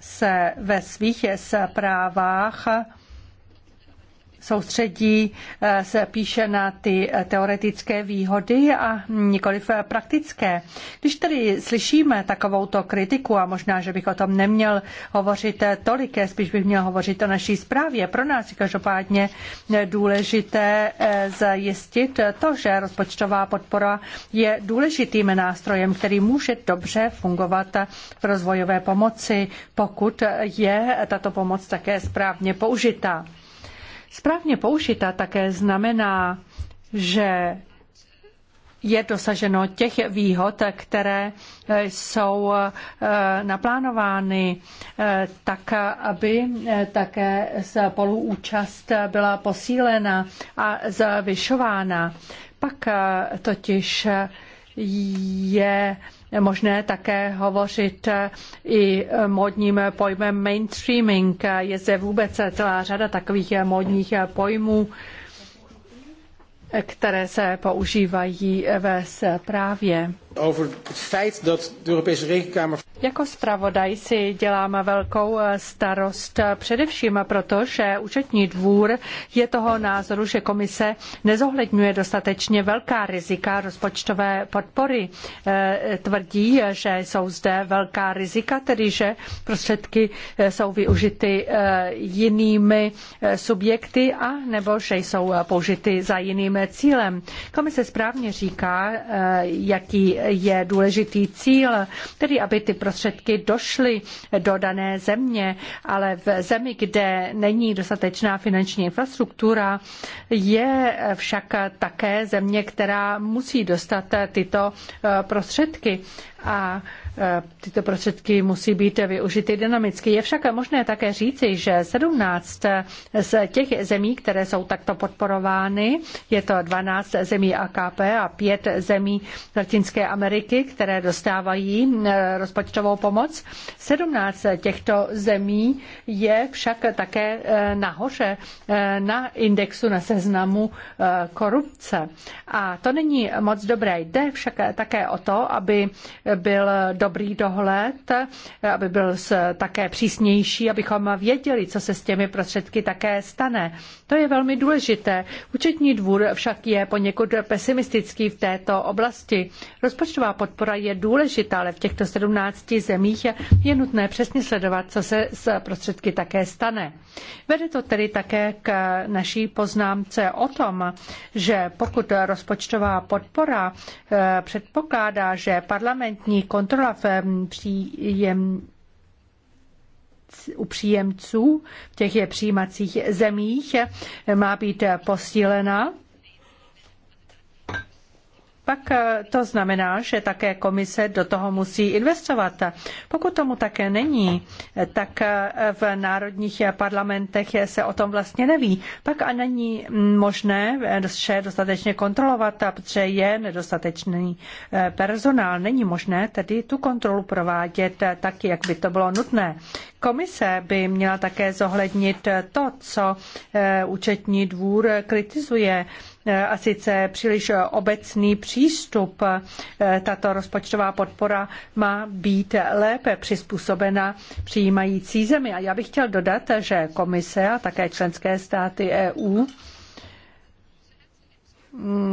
se ve svých zprávách soustředí eh, se píše na ty eh, teoretické výhody a nikoliv eh, praktické. Když tedy slyšíme takovouto kritiku, a možná, že bych o tom neměl hovořit tolik, spíš bych měl hovořit o naší zprávě, pro nás je každopádně důležité zjistit to, že rozpočtová podpora je důležitým nástrojem, který může dobře fungovat v rozvojové pomoci, pokud je tato pomoc také správně použitá. Správně použita také znamená, že je dosaženo těch výhod, které eh, jsou eh, naplánovány eh, tak, aby také spoluúčast byla posílena a zvyšována. Pak totiž je možné také hovořit i módním pojmem mainstreaming. Je zde vůbec celá řada takových módních pojmů, které se používají ve zprávě. Jako zpravodaj si dělám velkou eh, starost eh, především proto, že účetní dvůr je toho názoru, že komise nezohledňuje dostatečně velká rizika rozpočtové podpory. Eh, tvrdí, že jsou zde velká rizika, tedy že prostředky jsou využity jinými subjekty a nebo že jsou použity za jiným cílem. Komise správně říká, jaký je důležitý cíl, tedy aby ty prostředky došly do dané země, ale v zemi, kde není dostatečná finanční infrastruktura, je však také země, která musí dostat tyto eh, prostředky. A Eh, tyto prostředky musí být využity dynamicky. Je však možné také říci, že 17 z těch zemí, které jsou takto podporovány, je to 12 zemí AKP a 5 zemí Latinské Ameriky, které dostávají eh, rozpočtovou pomoc. 17 těchto zemí je však také eh, nahoře na indexu na seznamu korupce. A to není moc dobré. Jde však také o to, aby byl do dobrý dohled, aby byl také přísnější, abychom věděli, co se s těmi prostředky také stane. To je velmi důležité. Účetní dvůr však je poněkud pesimistický v této oblasti. Rozpočtová podpora je důležitá, ale v těchto 17 zemích je nutné přesně sledovat, co se s prostředky také stane. Vede to tedy také k naší poznámce o tom, že pokud rozpočtová podpora eh, předpokládá, že parlamentní kontrola v příjem u příjemců v těch přijímacích zemích má být posílena pak eh, to znamená, že také komise do toho musí investovat. Pokud tomu také není, tak eh, v národních parlamentech se o tom vlastně neví. Pak a není možné eh, vše dostatečně kontrolovat, protože je nedostatečný personál. Není možné tedy tu kontrolu provádět tak, jak by to bylo nutné. Komise by měla také zohlednit to, co účetní dvůr kritizuje Eh, a sice příliš eh, obecný přístup. Eh, tato rozpočtová podpora má být lépe přizpůsobena přijímající zemi. A já bych chtěl dodat, že komise a také členské státy EU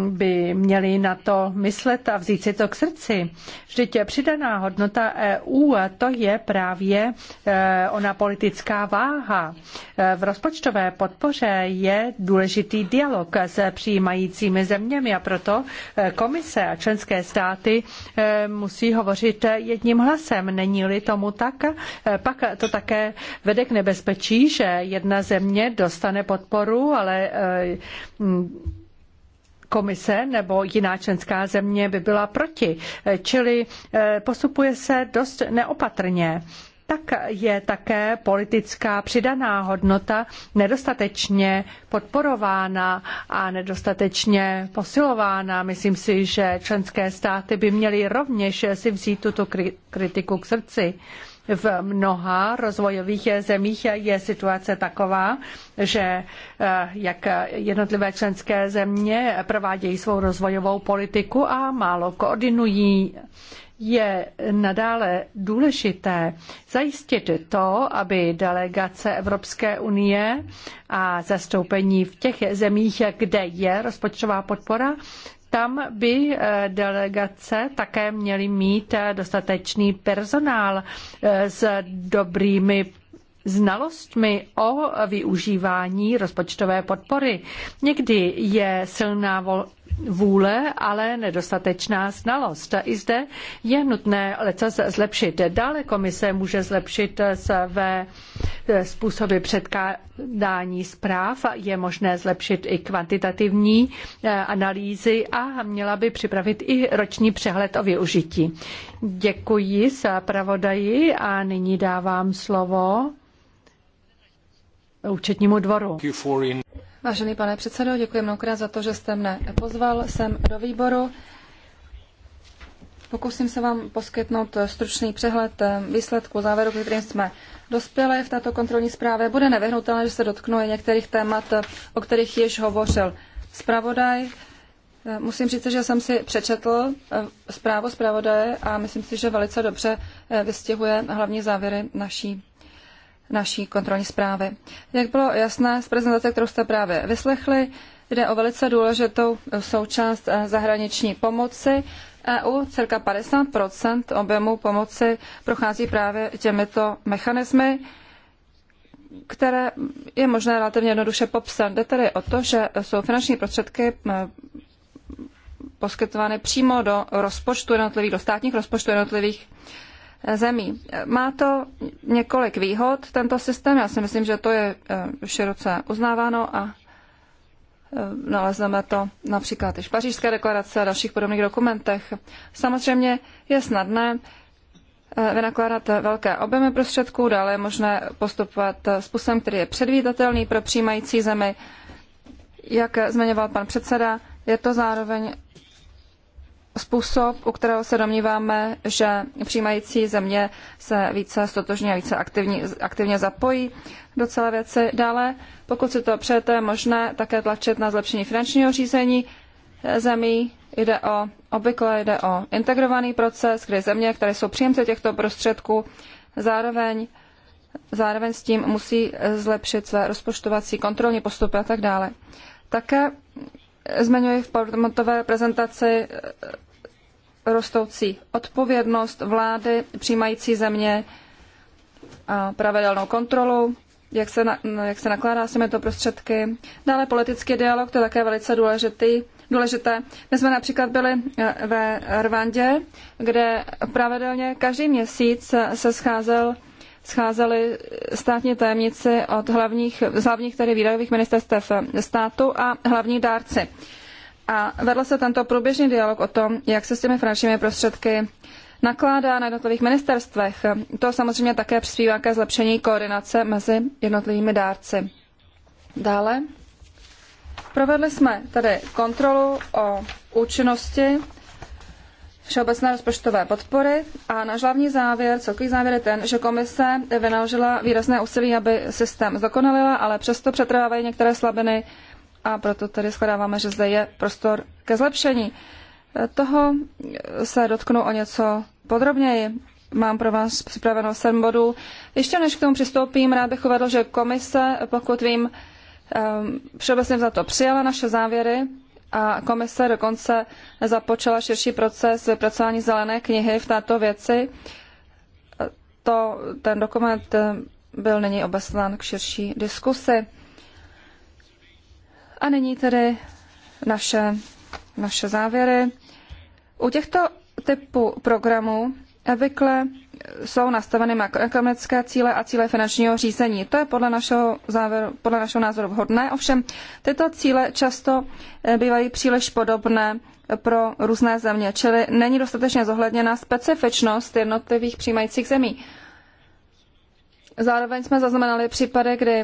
by měli na to myslet a vzít si to k srdci. Vždyť přidaná hodnota EU, to je právě e, ona politická váha. E, v rozpočtové podpoře je důležitý dialog s přijímajícími zeměmi a proto e, komise a členské státy musí hovořit jedním hlasem. Není-li tomu tak, pak to také vede k nebezpečí, že jedna země dostane podporu, ale komise nebo jiná členská země by byla proti, čili eh, postupuje se dost neopatrně tak je také politická přidaná hodnota nedostatečně podporována a nedostatečně posilována. Myslím si, že členské státy by měly rovněž si vzít tuto kritiku k srdci. V mnoha rozvojových zemích je situace taková, že eh, jak jednotlivé členské země provádějí svou rozvojovou politiku a málo koordinují je nadále důležité zajistit to, aby delegace Evropské unie a zastoupení v těch zemích, kde je rozpočtová podpora, tam by eh, delegace také měly mít eh, dostatečný personál eh, s dobrými znalostmi o využívání rozpočtové podpory. Někdy je silná vůle, ale nedostatečná znalost. I zde je nutné leco zlepšit. Dále komise může zlepšit své způsoby předkládání zpráv. Je možné zlepšit i kvantitativní eh, analýzy a měla by připravit i roční přehled o využití. Děkuji zpravodaji a nyní dávám slovo účetnímu dvoru. Vážený pane předsedo, děkuji mnohokrát za to, že jste mne pozval sem do výboru. Pokusím se vám poskytnout stručný přehled eh, výsledku závěru, kterým jsme dospěli v této kontrolní zprávě. Bude nevyhnutelné, že se dotknu i některých témat, eh, o kterých již hovořil zpravodaj. Eh, musím říct, že jsem si přečetl zprávu zpravodaje a myslím si, že velice dobře vystihuje hlavní závěry naší naší kontrolní zprávy. Jak bylo jasné z prezentace, kterou jste právě vyslechli, jde o velice důležitou eh, součást eh, zahraniční pomoci. EU cirka 50 objemu pomoci prochází právě těmito mechanismy, které je možné relativně jednoduše popsat. Jde tedy o to, že jsou finanční prostředky eh, poskytovány přímo do rozpočtu jednotlivých, do státních rozpočtů jednotlivých zemí. Má to několik výhod, tento systém. Já si myslím, že to je eh, široce uznáváno a eh, nalezneme to například i v pařížské deklarace a dalších podobných dokumentech. Samozřejmě je snadné eh, vynakládat velké objemy prostředků, dále je možné postupovat způsobem, který je předvídatelný pro přijímající zemi. Jak zmiňoval pan předseda, je to zároveň způsob, u kterého se domníváme, že přijímající země se více stotožně, a více aktivní, aktivně zapojí do celé věci. Dále, pokud si to přejete, je možné také tlačit na zlepšení finančního řízení zemí. Jde o obvykle jde o integrovaný proces, kdy země, které jsou příjemci těchto prostředků, zároveň, zároveň s tím musí zlepšit své rozpočtovací kontrolní postupy a tak dále. Také Zmiňuji v PowerPointové prezentaci eh, rostoucí odpovědnost vlády přijímající země a pravidelnou kontrolu, jak se, na, no, jak se nakládá s těmito prostředky. Dále politický dialog, to je také velice důležitý, důležité. My jsme například byli eh, ve Rwandě, kde pravidelně každý měsíc se scházel scházeli státní tajemnici od hlavních, z hlavních tedy výdajových ministerstev státu a hlavní dárci. A vedl se tento průběžný dialog o tom, jak se s těmi finančními prostředky nakládá na jednotlivých ministerstvech. To samozřejmě také přispívá ke zlepšení koordinace mezi jednotlivými dárci. Dále provedli jsme tedy kontrolu o účinnosti všeobecné rozpočtové podpory a náš hlavní závěr, celkový závěr je ten, že komise vynaložila výrazné úsilí, aby systém zdokonalila, ale přesto přetrvávají některé slabiny a proto tedy shledáváme, že zde je prostor ke zlepšení. Toho se dotknu o něco podrobněji. Mám pro vás připraveno sedm bodů. Ještě než k tomu přistoupím, rád bych uvedl, že komise, pokud vím, ehm, všeobecně za to přijala naše závěry a komise dokonce započala širší proces vypracování zelené knihy v této věci. To, ten dokument eh, byl nyní obeslán k širší diskusi. A nyní tedy naše, naše závěry. U těchto typů programů obvykle jsou nastaveny makroekonomické cíle a cíle finančního řízení. To je podle našeho, závěru, podle našeho názoru vhodné, ovšem tyto cíle často eh, bývají příliš podobné pro různé země, čili není dostatečně zohledněna specifičnost jednotlivých přijímajících zemí. Zároveň jsme zaznamenali případy, kdy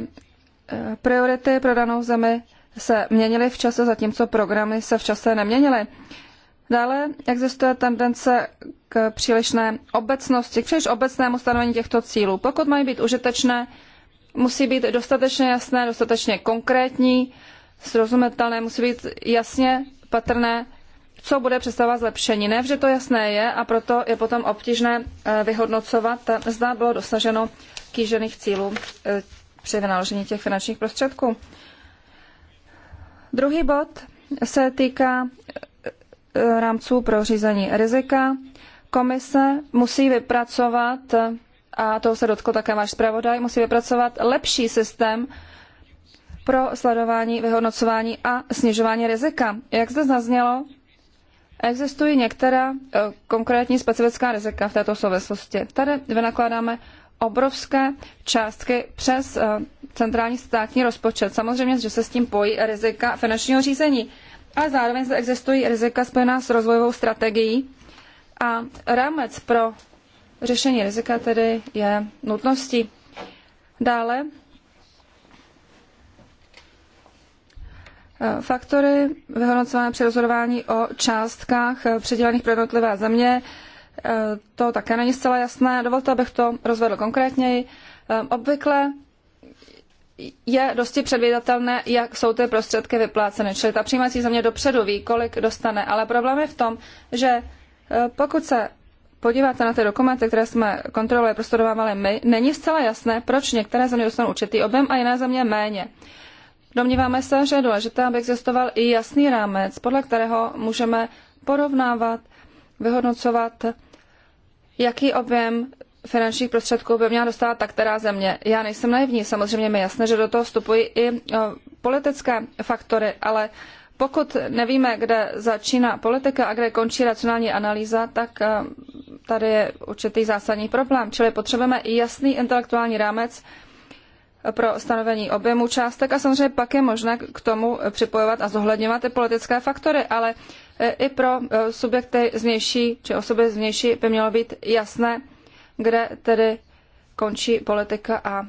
eh, priority pro danou zemi se měnily v čase, zatímco programy se v čase neměnily. Dále existuje tendence k přílišné obecnosti, k příliš obecnému stanovení těchto cílů. Pokud mají být užitečné, musí být dostatečně jasné, dostatečně konkrétní, srozumitelné, musí být jasně patrné, co bude představovat zlepšení. Ne vždy to jasné je a proto je potom obtížné eh, vyhodnocovat, eh, zda bylo dosaženo kýžených cílů eh, při vynaložení těch finančních prostředků. Druhý bod se týká rámců pro řízení rizika. Komise musí vypracovat, a toho se dotkl také váš zpravodaj, musí vypracovat lepší systém pro sledování, vyhodnocování a snižování rizika. Jak zde zaznělo, existují některá eh, konkrétní specifická rizika v této souvislosti. Tady vynakládáme obrovské částky přes eh, centrální státní rozpočet. Samozřejmě, že se s tím pojí rizika finančního řízení. A zároveň zde existují rizika spojená s rozvojovou strategií a rámec pro řešení rizika tedy je nutností. Dále eh, faktory vyhodnocované při rozhodování o částkách eh, předělených pro jednotlivé země. Eh, to také není zcela jasné. Dovolte, abych to rozvedl konkrétněji. Obvykle je dosti předvídatelné, jak jsou ty prostředky vypláceny. Čili ta přijímací země dopředu ví, kolik dostane. Ale problém je v tom, že eh, pokud se podíváte na ty dokumenty, které jsme kontrolovali, prostudovávali my, není zcela jasné, proč některé země dostanou určitý objem a jiné země méně. Domníváme se, že je důležité, aby existoval i jasný rámec, podle kterého můžeme porovnávat, vyhodnocovat, jaký objem finančních prostředků by měla dostat ta která země. Já nejsem naivní, samozřejmě mi jasné, že do toho vstupují i e, politické faktory, ale pokud nevíme, kde začíná politika a kde končí racionální analýza, tak e, tady je určitý zásadní problém. Čili potřebujeme i jasný intelektuální rámec pro stanovení objemu částek a samozřejmě pak je možné k tomu připojovat a zohledňovat i politické faktory, ale e, i pro subjekty znější či osoby znější by mělo být jasné, kde tedy končí politika a e,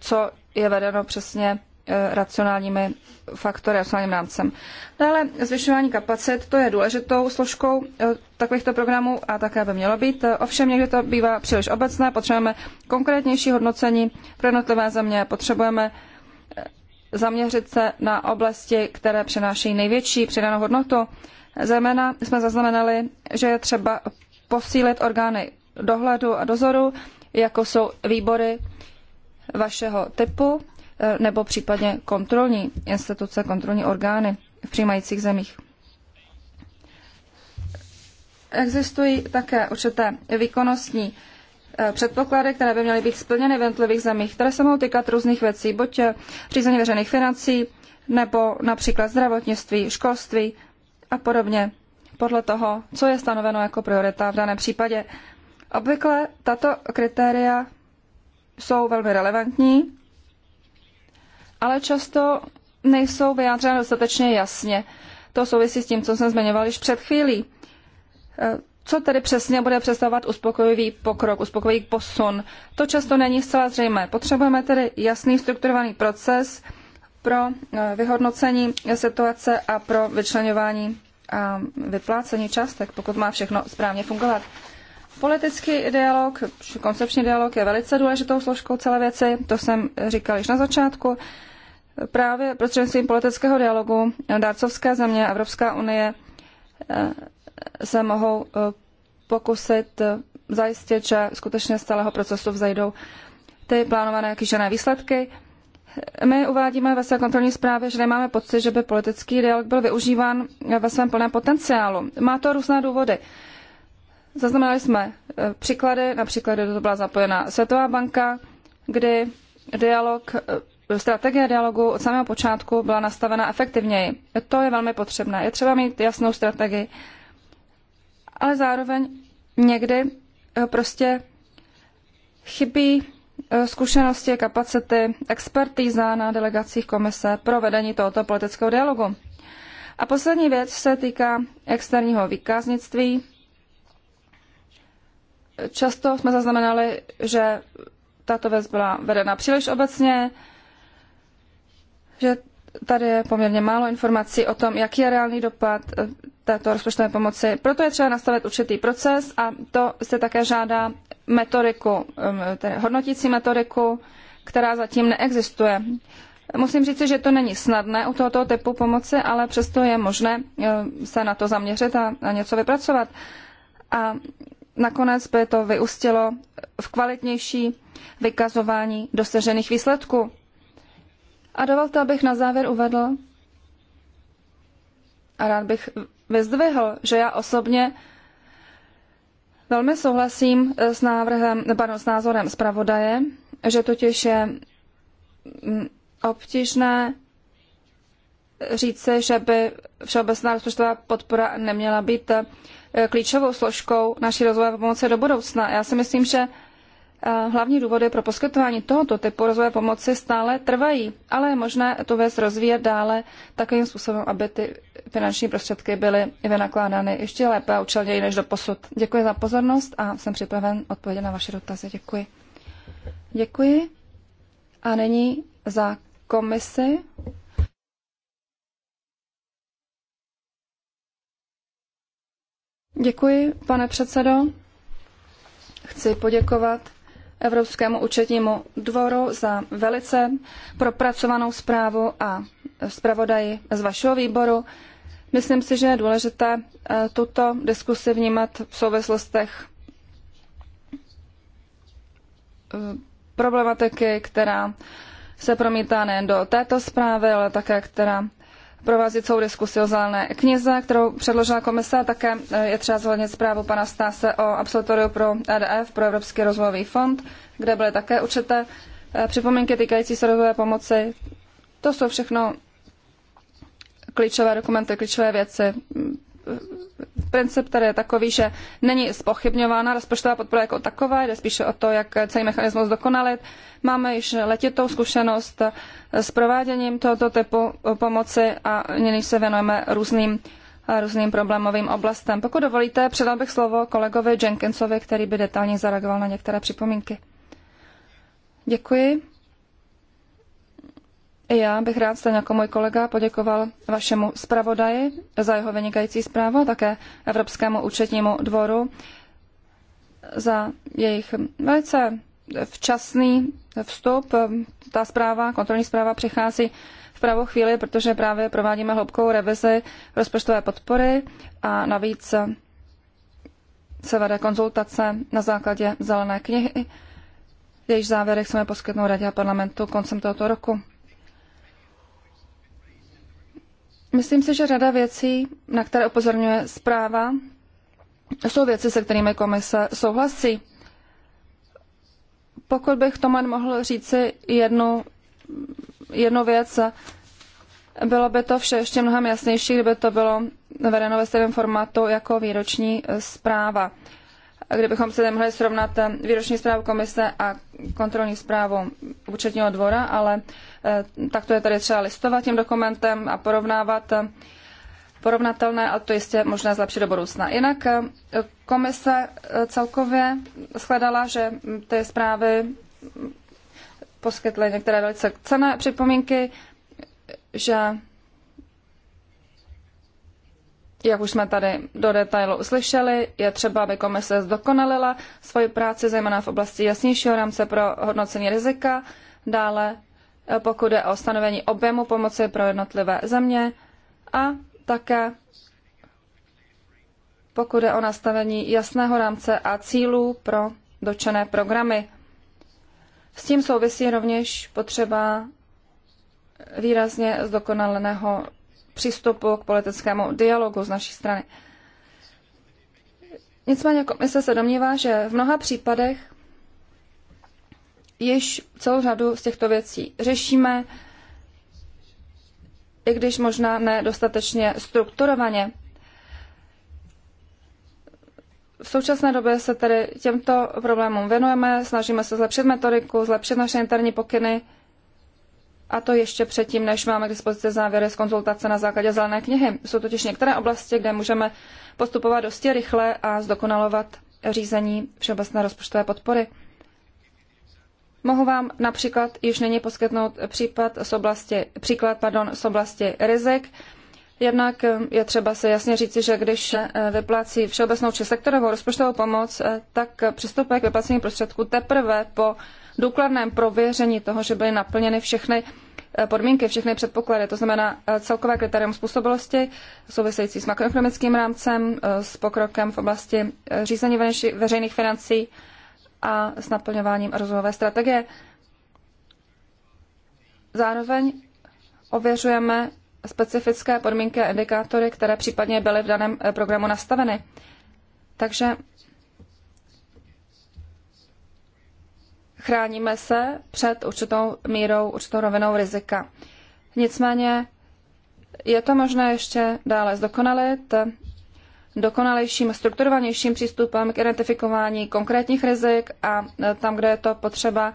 co je vedeno přesně e, racionálními faktory, racionálním rámcem. Dále zvyšování kapacit, to je důležitou složkou e, takovýchto programů a také by mělo být. Ovšem někdy to bývá příliš obecné, potřebujeme konkrétnější hodnocení pro jednotlivé země, potřebujeme zaměřit se na oblasti, které přenáší největší přidanou hodnotu. Zejména jsme zaznamenali, že je třeba posílit orgány dohledu a dozoru, jako jsou výbory vašeho typu eh, nebo případně kontrolní instituce, kontrolní orgány v přijímajících zemích. Existují také určité výkonnostní eh, předpoklady, které by měly být splněny v jednotlivých zemích, které se mohou týkat různých věcí, buď eh, řízení veřejných financí, nebo například zdravotnictví, školství a podobně, podle toho, co je stanoveno jako priorita v daném případě. Obvykle tato kritéria jsou velmi relevantní, ale často nejsou vyjádřena dostatečně jasně. To souvisí s tím, co jsem zmiňoval již před chvílí. E, co tedy přesně bude představovat uspokojivý pokrok, uspokojivý posun? To často není zcela zřejmé. Potřebujeme tedy jasný strukturovaný proces pro e, vyhodnocení situace a pro vyčlenování a vyplácení částek, pokud má všechno správně fungovat. Politický dialog, koncepční dialog je velice důležitou složkou celé věci, to jsem říkal již na začátku. Právě prostřednictvím politického dialogu dárcovské země a Evropská unie eh, se mohou eh, pokusit eh, zajistit, že skutečně z celého procesu vzejdou ty plánované kýžené výsledky. My uvádíme ve své kontrolní zprávě, že nemáme pocit, že by politický dialog byl využíván ve svém plném potenciálu. Má to různé důvody. Zaznamenali jsme eh, příklady, například do toho byla zapojena Světová banka, kdy dialog, eh, strategie dialogu od samého počátku byla nastavena efektivněji. To je velmi potřebné. Je třeba mít jasnou strategii, ale zároveň někdy eh, prostě chybí zkušenosti, kapacity, expertíza na delegacích komise pro vedení tohoto politického dialogu. A poslední věc se týká externího výkaznictví Často jsme zaznamenali, že tato věc byla vedena příliš obecně, že tady je poměrně málo informací o tom, jaký je reálný dopad eh, této rozpočtové pomoci. Proto je třeba nastavit určitý proces a to se také žádá metodiku, ehm, tedy hodnotící metodiku, která zatím neexistuje. Musím říct, že to není snadné u tohoto typu pomoci, ale přesto je možné eh, se na to zaměřit a, něco vypracovat. A nakonec by to vyústilo v kvalitnější vykazování dosažených výsledků. A dovolte, abych na závěr uvedl a rád bych vyzdvihl, že já osobně velmi souhlasím s, návrhem, nebo s názorem zpravodaje, že totiž je mm, obtížné říci, že by všeobecná rozpočtová podpora neměla být Eh, klíčovou složkou naší rozvojové pomoci do budoucna. Já si myslím, že eh, hlavní důvody pro poskytování tohoto typu rozvoje pomoci stále trvají, ale je možné tu věc rozvíjet dále takovým způsobem, aby ty finanční prostředky byly vynakládány ještě lépe a účelněji než do posud. Děkuji za pozornost a jsem připraven odpovědět na vaše dotazy. Děkuji. Děkuji. A nyní za komisi Děkuji, pane předsedo. Chci poděkovat Evropskému účetnímu dvoru za velice propracovanou zprávu a zpravodaji z vašeho výboru. Myslím si, že je důležité eh, tuto diskusi vnímat v souvislostech eh, problematiky, která se promítá nejen do této zprávy, ale také která provází celou diskusi o zelené knize, kterou předložila komise a také eh, je třeba zvolit zprávu pana Stáse o absolutoriu pro EDF, pro Evropský rozvojový fond, kde byly také určité eh, připomínky týkající se rozvojové pomoci. To jsou všechno klíčové dokumenty, klíčové věci, Princip tedy je takový, že není spochybňována rozpočtová podpora jako taková, jde spíše o to, jak celý mechanismus dokonalit. Máme již letitou zkušenost s prováděním tohoto typu pomoci a nyní se věnujeme různým různým problémovým oblastem. Pokud dovolíte, předal bych slovo kolegovi Jenkinsovi, který by detailně zareagoval na některé připomínky. Děkuji. I já bych rád, stejně jako můj kolega, poděkoval vašemu zpravodaji za jeho vynikající zprávu a také Evropskému účetnímu dvoru za jejich velice včasný vstup. Ta zpráva, kontrolní zpráva přichází v pravou chvíli, protože právě provádíme hloubkou revizi rozpočtové podpory a navíc se vede konzultace na základě zelené knihy, jejíž závěrech jsme poskytnou Radě a parlamentu koncem tohoto roku. Myslím si, že řada věcí, na které upozorňuje zpráva, jsou věci, se kterými komise souhlasí. Pokud bych tomu mohl říci jednu, jednu věc, bylo by to vše ještě mnohem jasnější, kdyby to bylo vedeno ve stejném formátu jako výroční zpráva kdybychom se nemohli srovnat eh, výroční zprávu komise a kontrolní zprávu účetního dvora, ale eh, takto je tady třeba listovat tím dokumentem a porovnávat eh, porovnatelné a to jistě možná zlepšit do budoucna. Jinak komise celkově shledala, že mm, ty zprávy mm, poskytly některé velice cené připomínky, že jak už jsme tady do detailu slyšeli, je třeba, aby komise zdokonalila svoji práci, zejména v oblasti jasnějšího rámce pro hodnocení rizika, dále eh, pokud je o stanovení objemu pomoci pro jednotlivé země a také pokud je o nastavení jasného rámce a cílů pro dočené programy. S tím souvisí rovněž potřeba výrazně zdokonaleného přístupu k politickému dialogu z naší strany. Nicméně komise se domnívá, že v mnoha případech již celou řadu z těchto věcí řešíme, i když možná nedostatečně strukturovaně. V současné době se tedy těmto problémům věnujeme, snažíme se zlepšit metodiku, zlepšit naše interní pokyny, a to ještě předtím, než máme k dispozici závěry z konzultace na základě zelené knihy. Jsou totiž některé oblasti, kde můžeme postupovat dosti rychle a zdokonalovat řízení všeobecné rozpočtové podpory. Mohu vám například již nyní poskytnout případ z oblasti, příklad pardon, z oblasti rizik. Jednak je třeba se jasně říci, že když eh, vyplácí všeobecnou či sektorovou rozpočtovou pomoc, eh, tak přistupuje k vyplacení prostředků teprve po důkladném prověření toho, že byly naplněny všechny eh, podmínky, všechny předpoklady, to znamená eh, celkové kritérium způsobilosti související s makroekonomickým rámcem, eh, s pokrokem v oblasti řízení veřejných financí a s naplňováním rozvojové strategie. Zároveň ověřujeme specifické podmínky a indikátory, které případně byly v daném programu nastaveny. Takže chráníme se před určitou mírou, určitou rovinou rizika. Nicméně je to možné ještě dále zdokonalit dokonalejším, strukturovanějším přístupem k identifikování konkrétních rizik a tam, kde je to potřeba,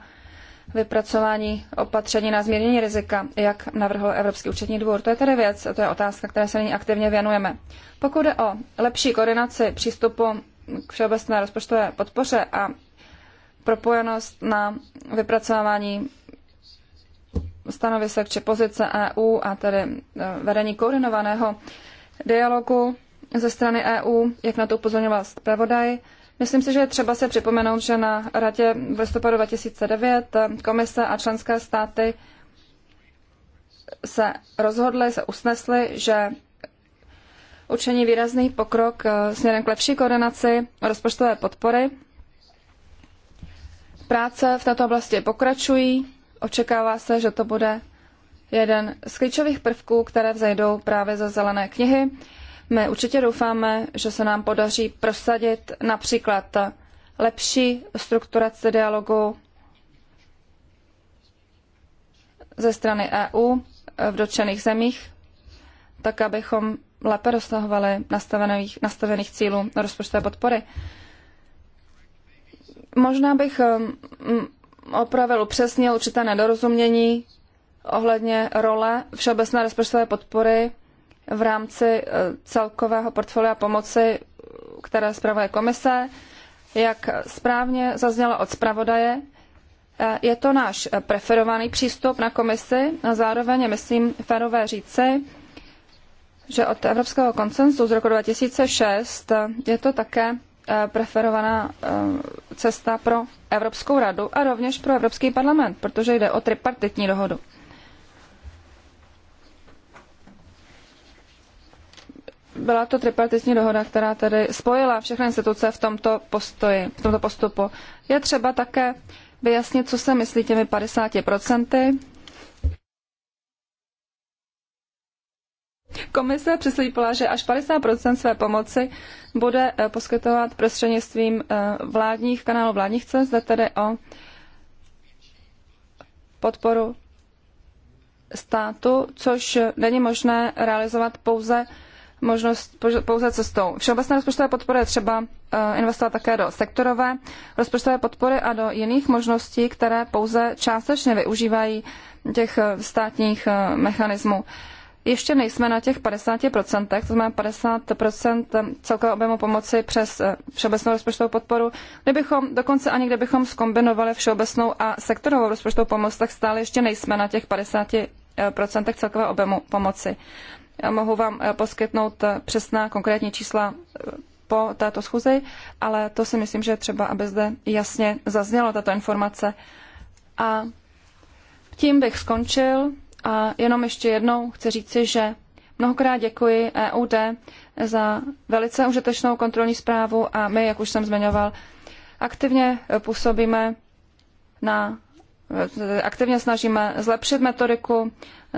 vypracování opatření na zmírnění rizika, jak navrhl Evropský účetní dvůr. To je tedy věc, to je otázka, které se nyní aktivně věnujeme. Pokud jde o lepší koordinaci přístupu k všeobecné rozpočtové podpoře a propojenost na vypracování stanovisek či pozice EU a tedy e, vedení koordinovaného dialogu ze strany EU, jak na to upozorňoval zpravodaj. Myslím si, že je třeba se připomenout, že na Radě v listopadu 2009 komise a členské státy se rozhodly, se usnesly, že učení výrazný pokrok e, směrem k lepší koordinaci rozpočtové podpory Práce v této oblasti pokračují. Očekává se, že to bude jeden z klíčových prvků, které vzejdou právě ze zelené knihy. My určitě doufáme, že se nám podaří prosadit například lepší strukturaci dialogu ze strany EU v dotčených zemích, tak abychom lépe dosahovali nastavených, nastavených cílů rozpočtové podpory. Možná bych eh, opravil, upřesnil určité nedorozumění ohledně role všeobecné rozpočtové podpory v rámci eh, celkového portfolia pomoci, které zpravuje komise. Jak správně zaznělo od zpravodaje, eh, je to náš preferovaný přístup na komisi a zároveň je, myslím, férové říci, že od Evropského koncensu z roku 2006 je to také Eh, preferovaná eh, cesta pro Evropskou radu a rovněž pro Evropský parlament, protože jde o tripartitní dohodu. Byla to tripartitní dohoda, která tedy spojila všechny instituce v tomto postoji, v tomto postupu. Je třeba také vyjasnit, co se myslí těmi 50%, procenty. Komise přislípila, že až 50 své pomoci bude eh, poskytovat prostřednictvím eh, vládních kanálů vládních cest, zde tedy o podporu státu, což není možné realizovat pouze možnost pouze cestou. Všeobecné rozpočtové podpory je třeba eh, investovat také do sektorové rozpočtové podpory a do jiných možností, které pouze částečně využívají těch státních mechanismů ještě nejsme na těch 50%, to znamená 50% celkového objemu pomoci přes eh, všeobecnou rozpočtovou podporu. Kdybychom, dokonce ani kdybychom skombinovali všeobecnou a sektorovou rozpočtovou pomoc, tak stále ještě nejsme na těch 50% celkového objemu pomoci. Já mohu vám eh, poskytnout eh, přesná konkrétní čísla po této schůzi, ale to si myslím, že třeba, aby zde jasně zaznělo tato informace. A tím bych skončil. A jenom ještě jednou chci říci, že mnohokrát děkuji EUD za velice užitečnou kontrolní zprávu a my, jak už jsem zmiňoval, aktivně působíme na aktivně snažíme zlepšit metodiku,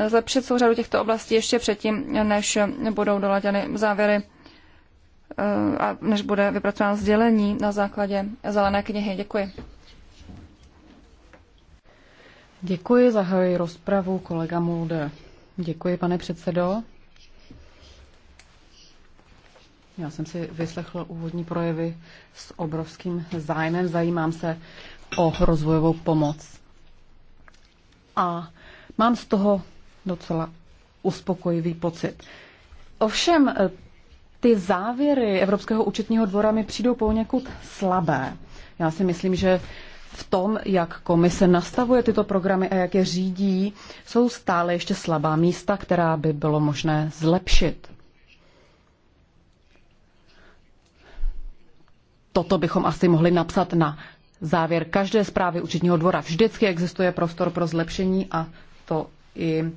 zlepšit souřadu těchto oblastí ještě předtím, než budou doladěny závěry eh, a než bude vypracováno sdělení na základě zelené knihy. Děkuji. Děkuji, zahajuji rozpravu kolega Mulde. Děkuji, pane předsedo. Já jsem si vyslechl úvodní projevy s obrovským zájmem. Zajímám se o rozvojovou pomoc. A mám z toho docela uspokojivý pocit. Ovšem, ty závěry Evropského účetního dvora mi přijdou poněkud slabé. Já si myslím, že v tom, jak komise nastavuje tyto programy a jak je řídí, jsou stále ještě slabá místa, která by bylo možné zlepšit. Toto bychom asi mohli napsat na závěr každé zprávy účetního dvora. Vždycky existuje prostor pro zlepšení a to i e,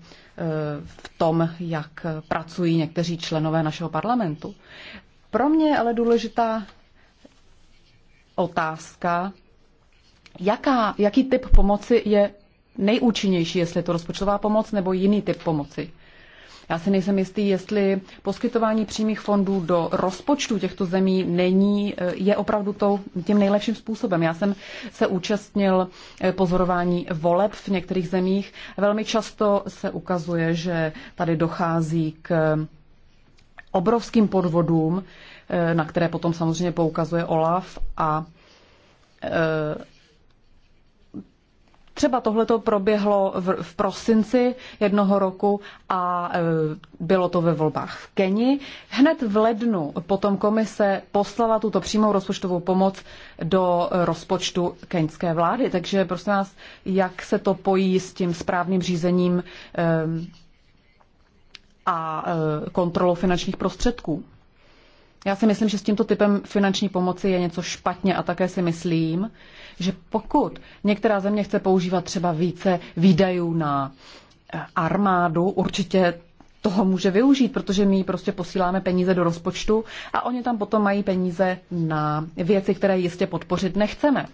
v tom, jak pracují někteří členové našeho parlamentu. Pro mě je ale důležitá otázka, jaká, jaký typ pomoci je nejúčinnější, jestli je to rozpočtová pomoc nebo jiný typ pomoci. Já si nejsem jistý, jestli poskytování přímých fondů do rozpočtu těchto zemí není, eh, je opravdu to, tím nejlepším způsobem. Já jsem se účastnil eh, pozorování voleb v některých zemích. Velmi často se ukazuje, že tady dochází k eh, obrovským podvodům, na které potom samozřejmě poukazuje OLAF a Třeba to proběhlo v, v prosinci jednoho roku a e, bylo to ve volbách v Keni. Hned v lednu potom komise poslala tuto přímou rozpočtovou pomoc do rozpočtu keňské vlády. Takže prosím nás, jak se to pojí s tím správným řízením e, a e, kontrolou finančních prostředků? Já si myslím, že s tímto typem finanční pomoci je něco špatně a také si myslím, že pokud některá země chce používat třeba více výdajů na eh, armádu, určitě toho může využít, protože my prostě posíláme peníze do rozpočtu a oni tam potom mají peníze na věci, které jistě podpořit nechceme.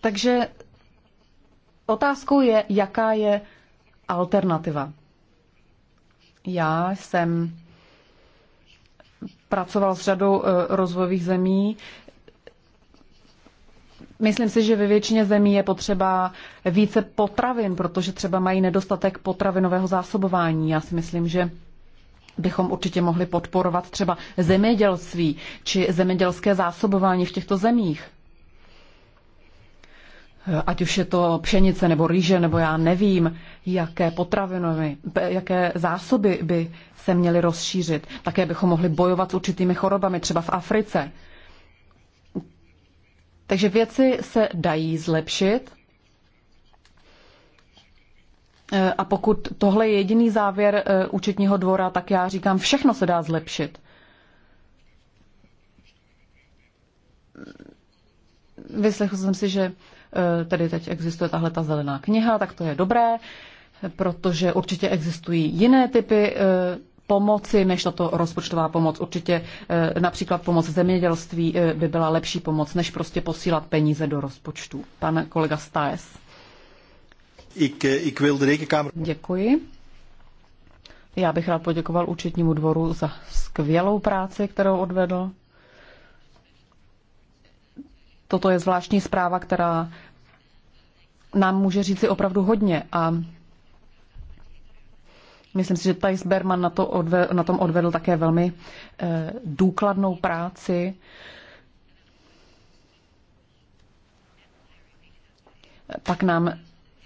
Takže otázkou je, jaká je alternativa. Já jsem pracoval s řadou e, rozvojových zemí. Myslím si, že ve většině zemí je potřeba více potravin, protože třeba mají nedostatek potravinového zásobování. Já si myslím, že bychom určitě mohli podporovat třeba zemědělství či zemědělské zásobování v těchto zemích. Eh, ať už je to pšenice nebo rýže, nebo já nevím, jaké potravinové, jaké zásoby by se měly rozšířit. Také bychom mohli bojovat s určitými chorobami, třeba v Africe. Takže věci se dají zlepšit. Eh, a pokud tohle je jediný závěr eh, účetního dvora, tak já říkám, všechno se dá zlepšit. Vyslechl jsem si, že Eh, tedy teď existuje tahle ta zelená kniha, tak to je dobré, protože určitě existují jiné typy eh, pomoci než tato rozpočtová pomoc. Určitě eh, například pomoc zemědělství by byla lepší pomoc, než prostě posílat peníze do rozpočtu. Pan kolega Staes. Ik, ik wil de rekenkamer... Děkuji. Já bych rád poděkoval účetnímu dvoru za skvělou práci, kterou odvedl. Toto je zvláštní zpráva, která nám může říci opravdu hodně a myslím si, že Thijs Berman na, to odve, na tom odvedl také velmi eh, důkladnou práci. Pak nám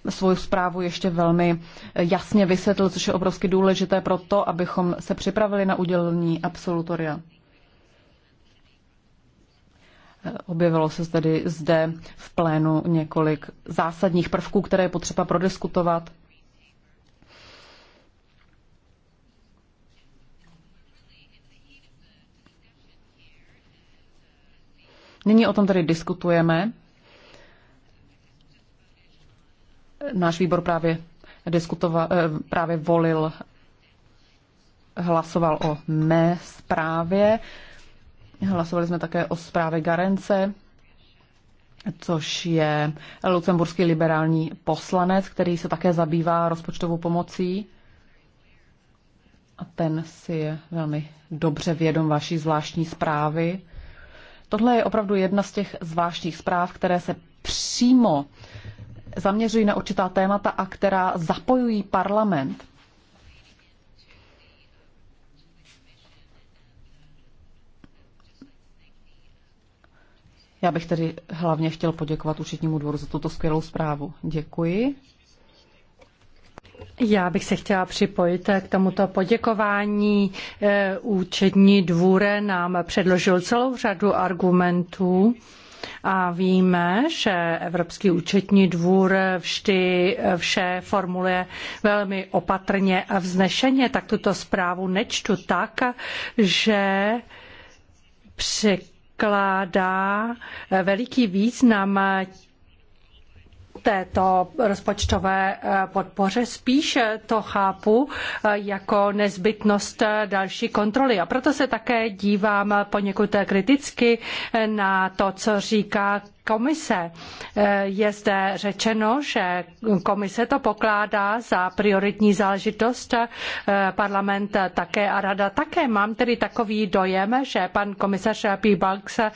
svou zprávu ještě velmi eh, jasně vysvětlil, což je obrovsky důležité pro to, abychom se připravili na udělení absolutoria. Objevilo se tedy zde v plénu několik zásadních prvků, které je potřeba prodiskutovat. Nyní o tom tedy diskutujeme. Náš výbor právě, diskutoval, eh, právě volil, hlasoval o mé zprávě. Hlasovali jsme také o zprávě Garence, což je lucemburský liberální poslanec, který se také zabývá rozpočtovou pomocí. A ten si je velmi dobře vědom vaší zvláštní zprávy. Tohle je opravdu jedna z těch zvláštních zpráv, které se přímo zaměřují na určitá témata a která zapojují parlament. Já bych tedy hlavně chtěl poděkovat účetnímu dvoru za tuto skvělou zprávu. Děkuji. Já bych se chtěla připojit k tomuto poděkování. Eh, účetní dvůre nám předložil celou řadu argumentů. A víme, že Evropský účetní dvůr vždy eh, vše formuluje velmi opatrně a vznešeně, tak tuto zprávu nečtu tak, že při přikládá eh, veliký význam této rozpočtové eh, podpoře. Spíš eh, to chápu jako nezbytnost další kontroly. A proto se také dívám poněkud kriticky na to, co říká komise. Eh, je zde řečeno, že komise to pokládá za prioritní záležitost, eh, parlament také a rada také. Mám tedy takový dojem, že pan komisař Piebalgs eh,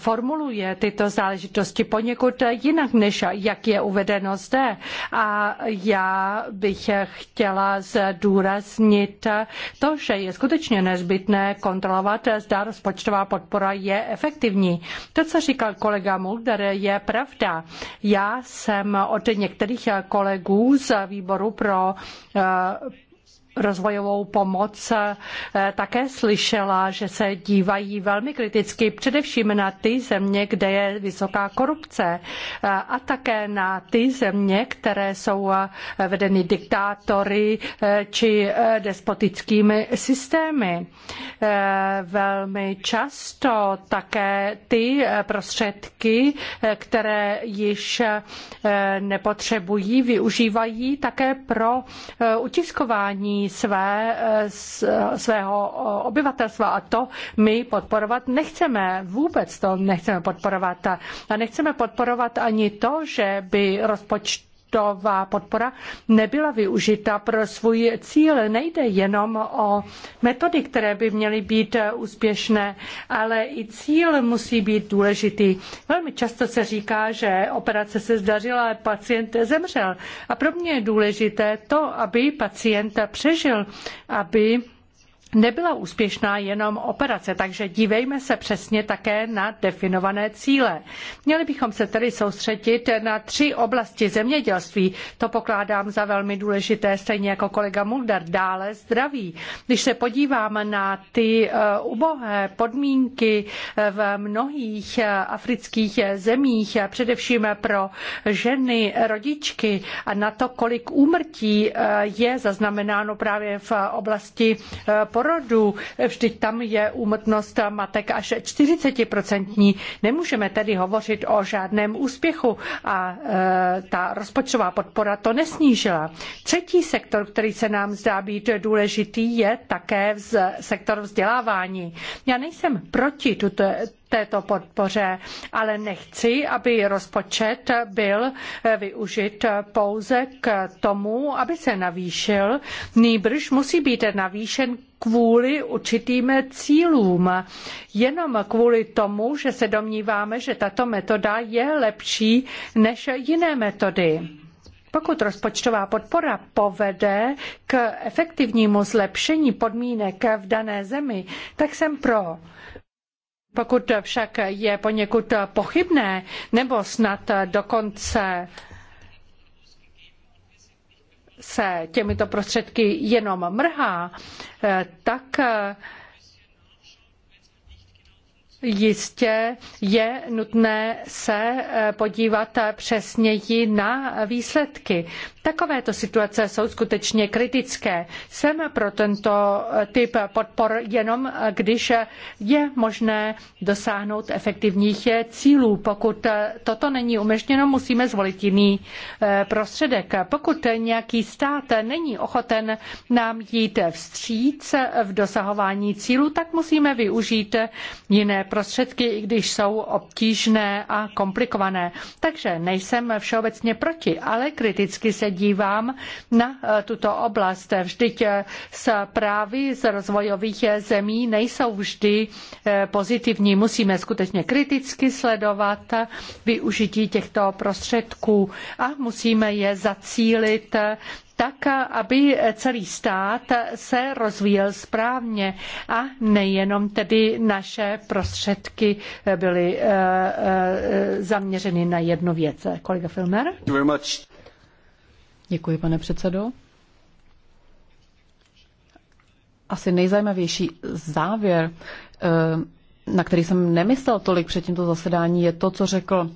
formuluje tyto záležitosti poněkud jinak, než jak je uvedeno zde. A já bych chtěla zdůraznit to, že je skutečně nezbytné kontrolovat, zda rozpočtová podpora je efektivní. To, co říkal kolega Mulder, je pravda. Já jsem od některých kolegů z výboru pro eh, rozvojovou pomoc eh, také slyšela, že se dívají velmi kriticky především na ty země, kde je vysoká korupce eh, a také na ty země, které jsou eh, vedeny diktátory či despotickými systémy. Velmi často také ty prostředky, které již nepotřebují, využívají také pro utiskování své, eh, svého obyvatelstva a to my podporovat nechceme. Vůbec to nechceme podporovat a nechceme podporovat ani to, že by rozpočet projektová podpora nebyla využita pro svůj cíl. Nejde jenom o metody, které by měly být úspěšné, ale i cíl musí být důležitý. Velmi často se říká, že operace se zdařila, ale pacient zemřel. A pro mě je důležité to, aby pacient přežil, aby nebyla úspěšná jenom operace, takže dívejme se přesně také na definované cíle. Měli bychom se tedy soustředit na tři oblasti zemědělství. To pokládám za velmi důležité, stejně jako kolega Mulder. Dále zdraví. Když se podíváme na ty eh, ubohé podmínky eh, v mnohých eh, afrických zemích, především pro ženy, rodičky a na to, kolik úmrtí je zaznamenáno právě v oblasti porod porodu, Vždyť tam je úmrtnost matek až 40%. Nemůžeme tedy hovořit o žádném úspěchu a e, ta rozpočtová podpora to nesnížila. Třetí sektor, který se nám zdá být důležitý, je také sektor vzdělávání. Já nejsem proti tuto této podpoře, ale nechci, aby rozpočet byl eh, využit pouze k tomu, aby se navýšil. Nýbrž musí být navýšen kvůli určitým cílům. Jenom kvůli tomu, že se domníváme, že tato metoda je lepší než jiné metody. Pokud rozpočtová podpora povede k efektivnímu zlepšení podmínek v dané zemi, tak jsem pro. Pokud však je poněkud pochybné nebo snad dokonce se těmito prostředky jenom mrhá, eh, tak eh, Jistě je nutné se eh, podívat eh, přesněji na výsledky. Takovéto situace jsou skutečně kritické. Jsem pro tento eh, typ podpor jenom, když je možné dosáhnout efektivních cílů. Pokud toto není umožněno, musíme zvolit jiný prostředek. Pokud nějaký stát není ochoten nám jít vstříc v dosahování cílů, tak musíme využít jiné prostředky prostředky, i když jsou obtížné a komplikované. Takže nejsem všeobecně proti, ale kriticky se dívám na eh, tuto oblast. Vždyť eh, zprávy z rozvojových eh, zemí nejsou vždy pozitivní. Musíme skutečně kriticky sledovat využití těchto prostředků a musíme je zacílit tak, aby celý stát se rozvíjel správně a nejenom tedy naše prostředky byly eh, eh, zaměřeny na jednu věc. Kolega Filmer? Děkuji, pane předsedo. Asi nejzajímavější závěr, eh, na který jsem nemyslel tolik před tímto zasedání, je to, co řekl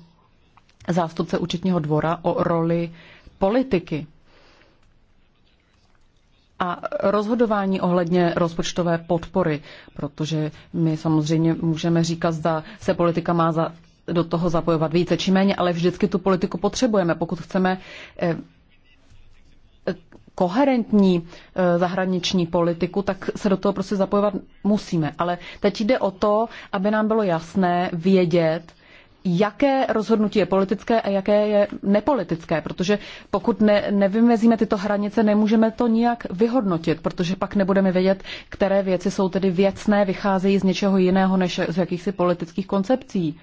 zástupce účetního dvora o roli politiky a rozhodování ohledně rozpočtové podpory, protože my samozřejmě můžeme říkat, zda se politika má za, do toho zapojovat více či méně, ale vždycky tu politiku potřebujeme, pokud chceme eh, koherentní eh, zahraniční politiku, tak se do toho prostě zapojovat musíme. Ale teď jde o to, aby nám bylo jasné vědět, jaké rozhodnutí je politické a jaké je nepolitické, protože pokud ne, nevymezíme tyto hranice, nemůžeme to nijak vyhodnotit, protože pak nebudeme vědět, které věci jsou tedy věcné, vycházejí z něčeho jiného než z jakýchsi politických koncepcí.